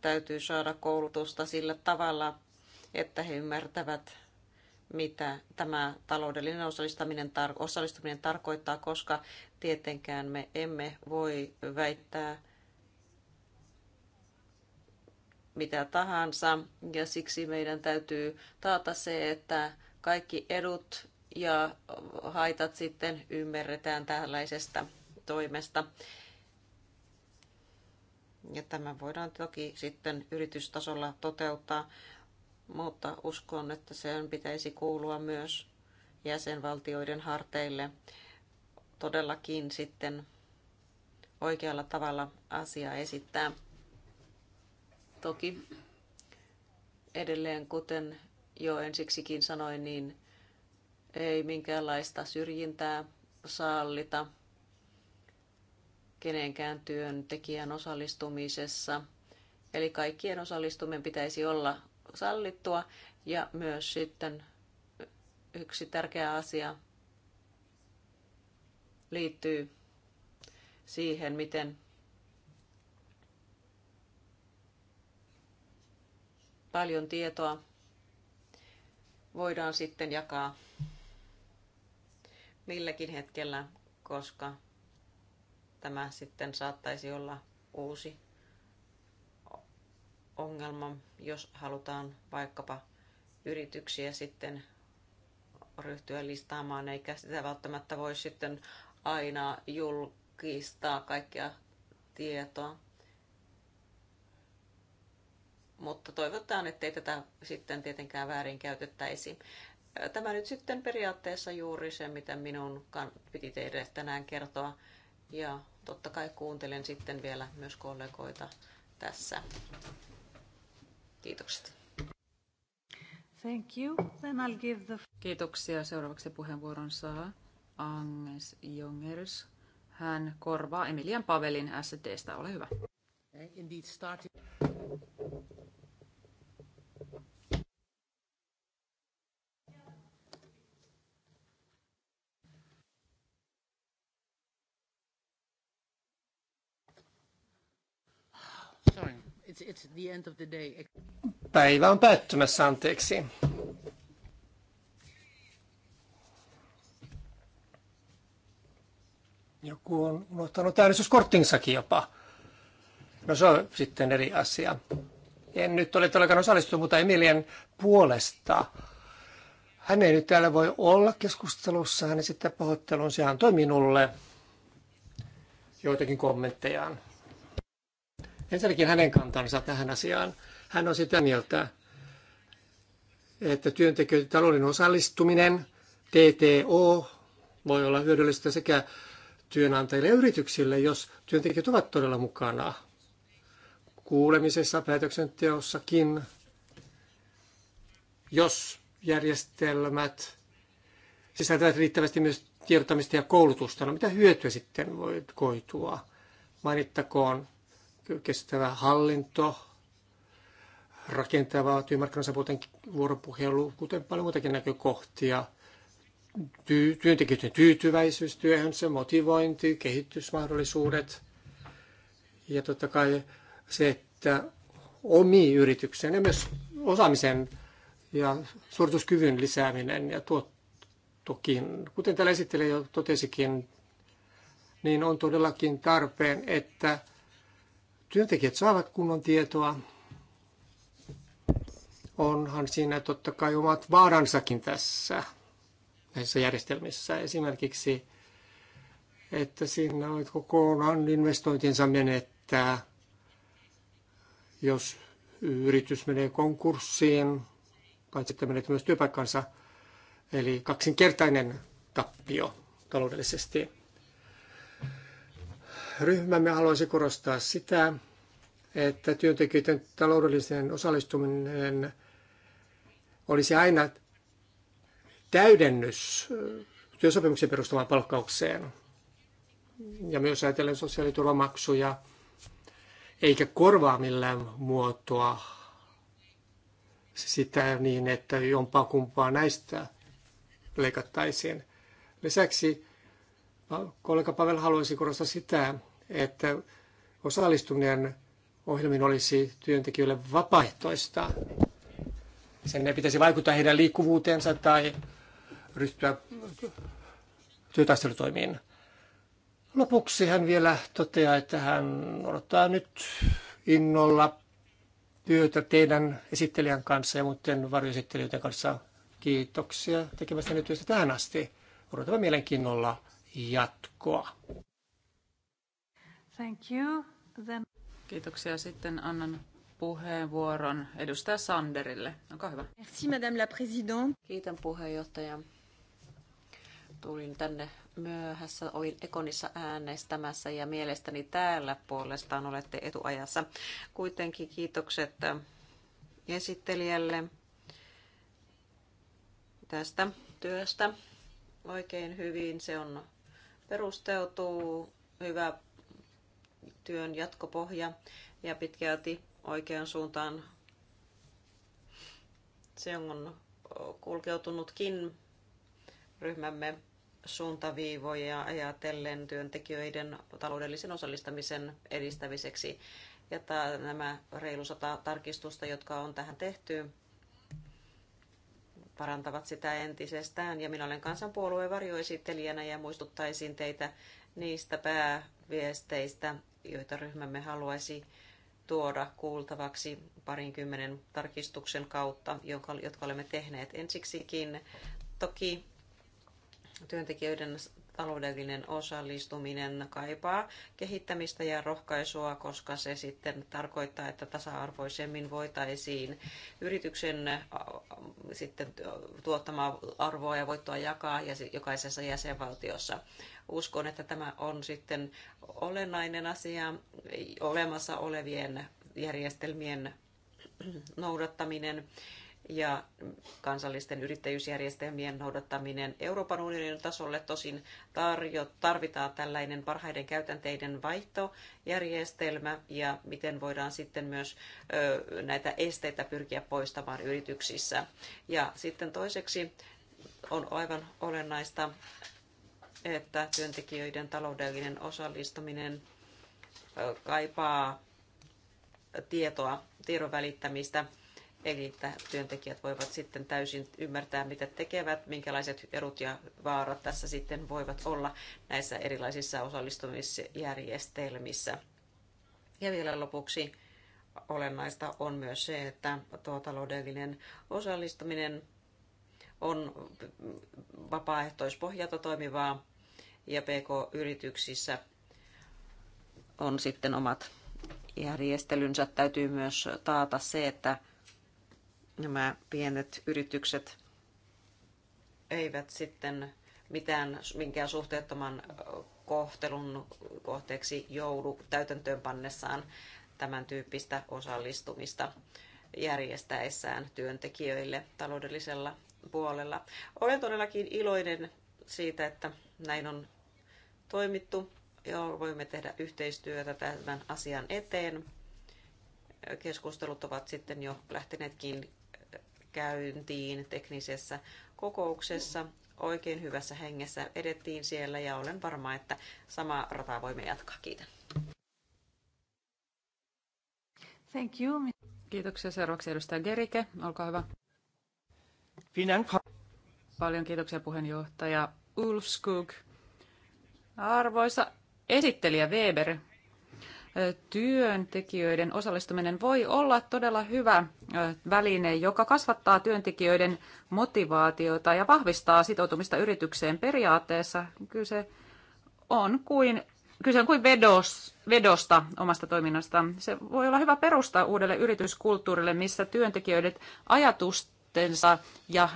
täytyy saada koulutusta sillä tavalla, että he ymmärtävät, mitä tämä taloudellinen osallistaminen, tar- osallistuminen tarkoittaa, koska tietenkään me emme voi väittää mitä tahansa, ja siksi meidän täytyy taata se, että kaikki edut ja haitat sitten ymmärretään tällaisesta toimesta. Ja tämä voidaan toki sitten yritystasolla toteuttaa, mutta uskon, että sen pitäisi kuulua myös jäsenvaltioiden harteille todellakin sitten oikealla tavalla asia esittää. Toki edelleen, kuten jo ensiksikin sanoin, niin ei minkäänlaista syrjintää sallita kenenkään työntekijän osallistumisessa. Eli kaikkien osallistuminen pitäisi olla sallittua ja myös sitten yksi tärkeä asia liittyy siihen, miten paljon tietoa voidaan sitten jakaa milläkin hetkellä, koska tämä sitten saattaisi olla uusi ongelma, jos halutaan vaikkapa yrityksiä sitten ryhtyä listaamaan, eikä sitä välttämättä voi sitten aina julkistaa kaikkia tietoa. Mutta toivotaan, ettei tätä sitten tietenkään väärin käytettäisi tämä nyt sitten periaatteessa juuri se, mitä minun piti teille tänään kertoa. Ja totta kai kuuntelen sitten vielä myös kollegoita tässä. Kiitokset. Thank you. Then I'll give the... Kiitoksia. Seuraavaksi puheenvuoron saa Angus Jongers. Hän korvaa Emilian Pavelin SDstä. Ole hyvä. Indeed starting. the end of the day. Päivä on päättymässä, anteeksi. Joku on unohtanut äänestyskorttinsakin jopa. No se on sitten eri asia. En nyt ole todellakaan osallistunut, mutta Emilien puolesta. Hän ei nyt täällä voi olla keskustelussa, hän sitten pahoittelun, se antoi minulle joitakin kommenttejaan. Ensinnäkin hänen kantansa tähän asiaan. Hän on sitä mieltä, että työntekijöiden talouden osallistuminen, TTO, voi olla hyödyllistä sekä työnantajille ja yrityksille, jos työntekijät ovat todella mukana kuulemisessa, päätöksenteossakin, jos järjestelmät sisältävät riittävästi myös tiedottamista ja koulutusta. No mitä hyötyä sitten voi koitua? Mainittakoon kestävä hallinto, rakentavaa työmarkkinasapuolten vuoropuhelu, kuten paljon muitakin näkökohtia. Ty- työntekijöiden tyytyväisyys työhön, se motivointi, kehitysmahdollisuudet ja totta kai se, että omi yritykseen ja myös osaamisen ja suorituskyvyn lisääminen ja tuottokin, kuten täällä esittelijä jo totesikin, niin on todellakin tarpeen, että työntekijät saavat kunnon tietoa. Onhan siinä totta kai omat vaaransakin tässä näissä järjestelmissä. Esimerkiksi, että siinä voit kokonaan investointinsa menettää, jos yritys menee konkurssiin, paitsi että menet myös työpaikkansa, eli kaksinkertainen tappio taloudellisesti. Ryhmämme haluaisi korostaa sitä, että työntekijöiden taloudellisen osallistuminen olisi aina täydennys työsopimuksen perustuvaan palkkaukseen ja myös ajatellen sosiaaliturvamaksuja, eikä korvaa millään muotoa sitä niin, että jompaa kumpaa näistä leikattaisiin. Lisäksi kollega Pavel haluaisi korostaa sitä, että osallistuminen ohjelmiin olisi työntekijöille vapaaehtoista. Sen ei pitäisi vaikuttaa heidän liikkuvuuteensa tai ryhtyä työtaistelutoimiin. Lopuksi hän vielä toteaa, että hän odottaa nyt innolla työtä teidän esittelijän kanssa ja muiden varjoesittelijöiden kanssa. Kiitoksia nyt työstä tähän asti. Odotamme mielenkiinnolla jatkoa. Thank you. Then... Kiitoksia. Sitten annan puheenvuoron edustaja Sanderille. Onko hyvä. Merci, Madame la Présidente. Kiitän puheenjohtaja. Tulin tänne myöhässä, olin Ekonissa äänestämässä ja mielestäni täällä puolestaan olette etuajassa. Kuitenkin kiitokset esittelijälle tästä työstä. Oikein hyvin se on perusteutuu hyvä työn jatkopohja ja pitkälti oikean suuntaan se on kulkeutunutkin ryhmämme suuntaviivoja ajatellen työntekijöiden taloudellisen osallistamisen edistämiseksi. Ja tämä, nämä reilu sata tarkistusta, jotka on tähän tehty, parantavat sitä entisestään. Ja minä olen kansanpuolueen varjoesittelijänä ja muistuttaisin teitä niistä pääviesteistä, joita ryhmämme haluaisi tuoda kuultavaksi parinkymmenen tarkistuksen kautta, jotka olemme tehneet ensiksikin. Toki työntekijöiden taloudellinen osallistuminen kaipaa kehittämistä ja rohkaisua, koska se sitten tarkoittaa, että tasa-arvoisemmin voitaisiin yrityksen sitten tuottamaa arvoa ja voittoa jakaa ja jokaisessa jäsenvaltiossa. Uskon, että tämä on sitten olennainen asia olemassa olevien järjestelmien noudattaminen ja kansallisten yrittäjyysjärjestelmien noudattaminen Euroopan unionin tasolle tosin tarjo, tarvitaan tällainen parhaiden käytänteiden vaihtojärjestelmä ja miten voidaan sitten myös ö, näitä esteitä pyrkiä poistamaan yrityksissä. Ja sitten toiseksi on aivan olennaista, että työntekijöiden taloudellinen osallistuminen kaipaa tietoa, tiedon välittämistä Eli että työntekijät voivat sitten täysin ymmärtää, mitä tekevät, minkälaiset erot ja vaarat tässä sitten voivat olla näissä erilaisissa osallistumisjärjestelmissä. Ja vielä lopuksi olennaista on myös se, että tuo taloudellinen osallistuminen on vapaaehtoispohjalta toimivaa ja PK-yrityksissä on sitten omat järjestelynsä. Täytyy myös taata se, että nämä pienet yritykset eivät sitten mitään, minkään suhteettoman kohtelun kohteeksi joudu täytäntöönpannessaan tämän tyyppistä osallistumista järjestäessään työntekijöille taloudellisella puolella. Olen todellakin iloinen siitä, että näin on toimittu ja voimme tehdä yhteistyötä tämän asian eteen. Keskustelut ovat sitten jo lähteneetkin käyntiin teknisessä kokouksessa. Oikein hyvässä hengessä edettiin siellä ja olen varma, että sama rata voimme jatkaa. Kiitän. Thank you. Kiitoksia. Seuraavaksi edustaja Gerike. Olkaa hyvä. Paljon kiitoksia puheenjohtaja Ulfskug, Arvoisa esittelijä Weber, työntekijöiden osallistuminen voi olla todella hyvä väline, joka kasvattaa työntekijöiden motivaatiota ja vahvistaa sitoutumista yritykseen periaatteessa. Kyse on kuin, kyse on kuin vedos, vedosta omasta toiminnasta. Se voi olla hyvä perusta uudelle yrityskulttuurille, missä työntekijöiden ajatustensa ja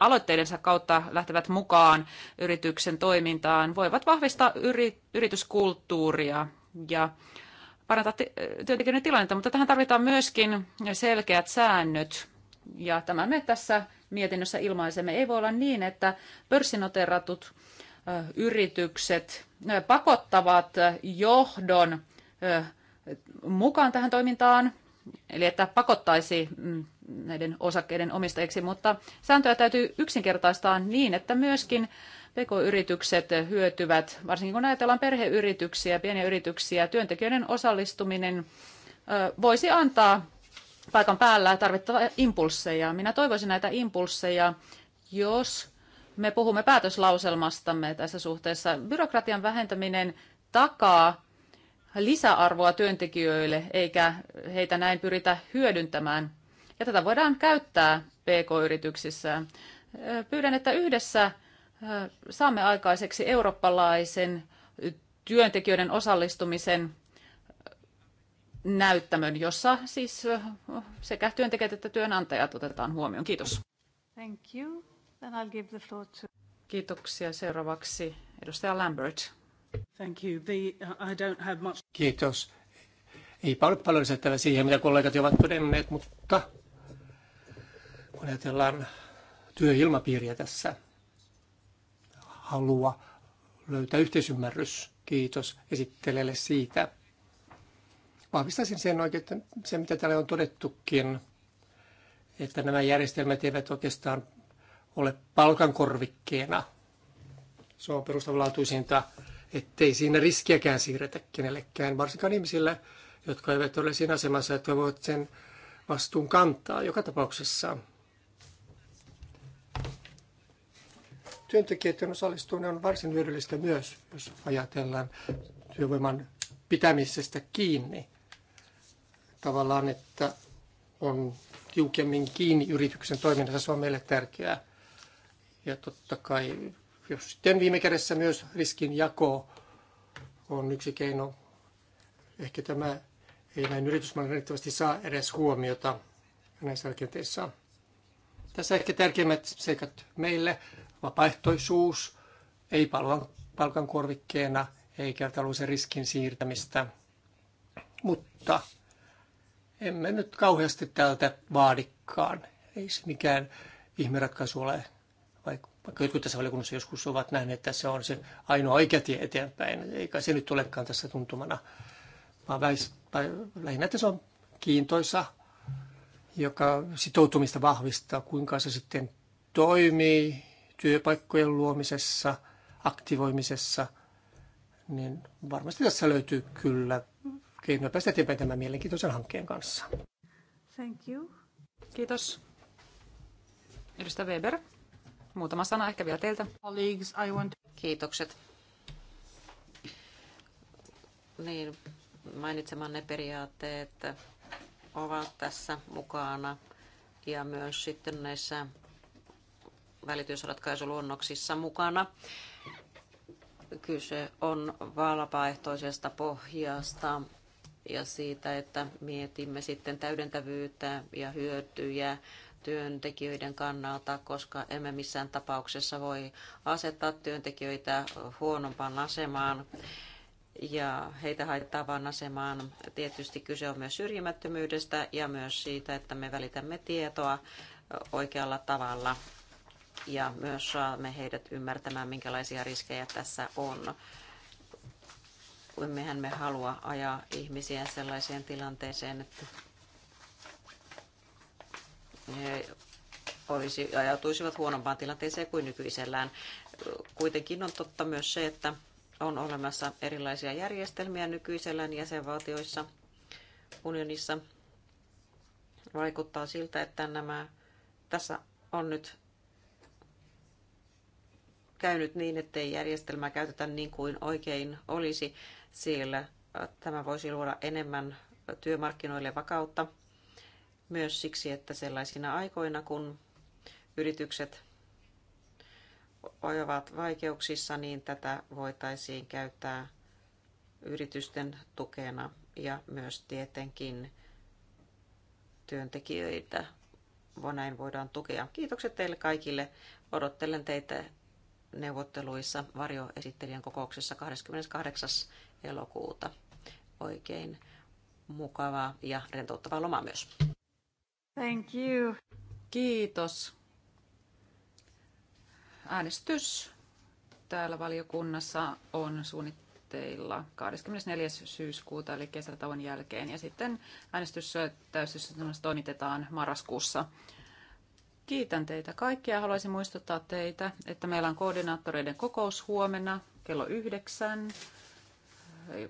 aloitteidensa kautta lähtevät mukaan yrityksen toimintaan, voivat vahvistaa yri, yrityskulttuuria ja parantaa työntekijöiden tilannetta, mutta tähän tarvitaan myöskin selkeät säännöt. Ja tämä me tässä mietinnössä ilmaisemme. Ei voi olla niin, että pörssinoteratut yritykset pakottavat johdon mukaan tähän toimintaan, eli että pakottaisi mm, näiden osakkeiden omistajiksi, mutta sääntöä täytyy yksinkertaistaa niin, että myöskin pk-yritykset hyötyvät, varsinkin kun ajatellaan perheyrityksiä, pieniä yrityksiä, työntekijöiden osallistuminen voisi antaa paikan päällä tarvittavia impulsseja. Minä toivoisin näitä impulsseja, jos me puhumme päätöslauselmastamme tässä suhteessa. Byrokratian vähentäminen takaa lisäarvoa työntekijöille, eikä heitä näin pyritä hyödyntämään – ja tätä voidaan käyttää PK-yrityksissä. Pyydän, että yhdessä saamme aikaiseksi eurooppalaisen työntekijöiden osallistumisen näyttämön, jossa siis sekä työntekijät että työnantajat otetaan huomioon. Kiitos. Thank you. Then I'll give the floor to... Kiitoksia. Seuraavaksi edustaja Lambert. Thank you. The, uh, I don't have much... Kiitos. Ei paljon, paljon lisättävä siihen, mitä kollegat ovat todenneet, mutta kun ajatellaan työilmapiiriä tässä, halua löytää yhteisymmärrys. Kiitos esittelijälle siitä. Vahvistaisin sen oikein, että se mitä täällä on todettukin, että nämä järjestelmät eivät oikeastaan ole palkankorvikkeena. Se on perustavanlaatuisinta, ettei siinä riskiäkään siirretä kenellekään, varsinkaan ihmisille, jotka eivät ole siinä asemassa, että voivat sen vastuun kantaa joka tapauksessa. työntekijöiden osallistuminen on varsin hyödyllistä myös, jos ajatellaan työvoiman pitämisestä kiinni. Tavallaan, että on tiukemmin kiinni yrityksen toiminnassa, se on meille tärkeää. Ja totta kai, jos sitten viime kädessä myös riskin jako on yksi keino, ehkä tämä ei näin yritysmaailma riittävästi saa edes huomiota näissä rakenteissa. Tässä ehkä tärkeimmät seikat meille. Vapaaehtoisuus ei palkan, palkan korvikkeena eikä taloudellisen riskin siirtämistä. Mutta emme nyt kauheasti tältä vaadikaan. Ei se mikään ihmeratkaisu ole, vaikka jotkut tässä valiokunnassa joskus ovat nähneet, että se on se ainoa oikea tie eteenpäin. Eikä se nyt olekaan tässä tuntumana, vaan väis, tai lähinnä, että se on kiintoisa, joka sitoutumista vahvistaa, kuinka se sitten toimii työpaikkojen luomisessa, aktivoimisessa, niin varmasti tässä löytyy kyllä keinoja päästä eteenpäin tämän mielenkiintoisen hankkeen kanssa. Thank you. Kiitos. Edustaja Weber, muutama sana ehkä vielä teiltä. Colleagues, I want... Kiitokset. Niin, mainitsemanne periaatteet ovat tässä mukana ja myös sitten näissä välitysratkaisuluonnoksissa mukana. Kyse on vapaaehtoisesta pohjasta ja siitä, että mietimme sitten täydentävyyttä ja hyötyjä työntekijöiden kannalta, koska emme missään tapauksessa voi asettaa työntekijöitä huonompaan asemaan ja heitä haittaavaan asemaan. Tietysti kyse on myös syrjimättömyydestä ja myös siitä, että me välitämme tietoa oikealla tavalla ja myös saamme heidät ymmärtämään, minkälaisia riskejä tässä on. Mehän me halua ajaa ihmisiä sellaiseen tilanteeseen, että he olisi, ajautuisivat huonompaan tilanteeseen kuin nykyisellään. Kuitenkin on totta myös se, että on olemassa erilaisia järjestelmiä nykyisellään jäsenvaltioissa, unionissa. Vaikuttaa siltä, että nämä, tässä on nyt käynyt niin, ettei järjestelmää käytetä niin kuin oikein olisi, sillä tämä voisi luoda enemmän työmarkkinoille vakautta myös siksi, että sellaisina aikoina, kun yritykset ovat vaikeuksissa, niin tätä voitaisiin käyttää yritysten tukena ja myös tietenkin työntekijöitä näin voidaan tukea. Kiitokset teille kaikille. Odottelen teitä neuvotteluissa varjoesittelijän kokouksessa 28. elokuuta. Oikein mukava ja rentouttava loma myös. Thank you. Kiitos. Äänestys täällä valiokunnassa on suunnitteilla 24. syyskuuta eli kesätauon jälkeen ja sitten äänestys toimitetaan marraskuussa Kiitän teitä kaikkia. Haluaisin muistuttaa teitä, että meillä on koordinaattoreiden kokous huomenna kello 9.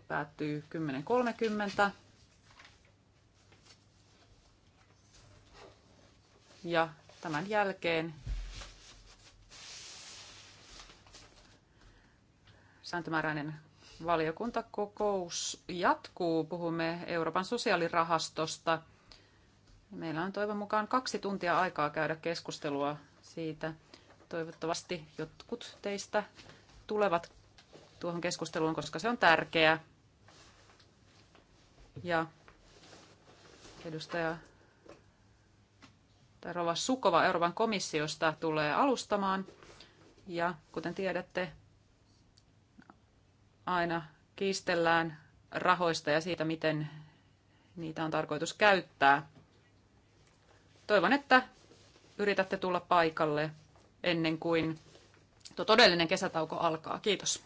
Päättyy 10.30. Ja tämän jälkeen sääntömääräinen valiokuntakokous jatkuu. Puhumme Euroopan sosiaalirahastosta. Meillä on toivon mukaan kaksi tuntia aikaa käydä keskustelua siitä. Toivottavasti jotkut teistä tulevat tuohon keskusteluun, koska se on tärkeää. Ja edustaja Rova Sukova Euroopan komissiosta tulee alustamaan. Ja kuten tiedätte, aina kiistellään rahoista ja siitä, miten niitä on tarkoitus käyttää toivon, että yritätte tulla paikalle ennen kuin tuo todellinen kesätauko alkaa. Kiitos.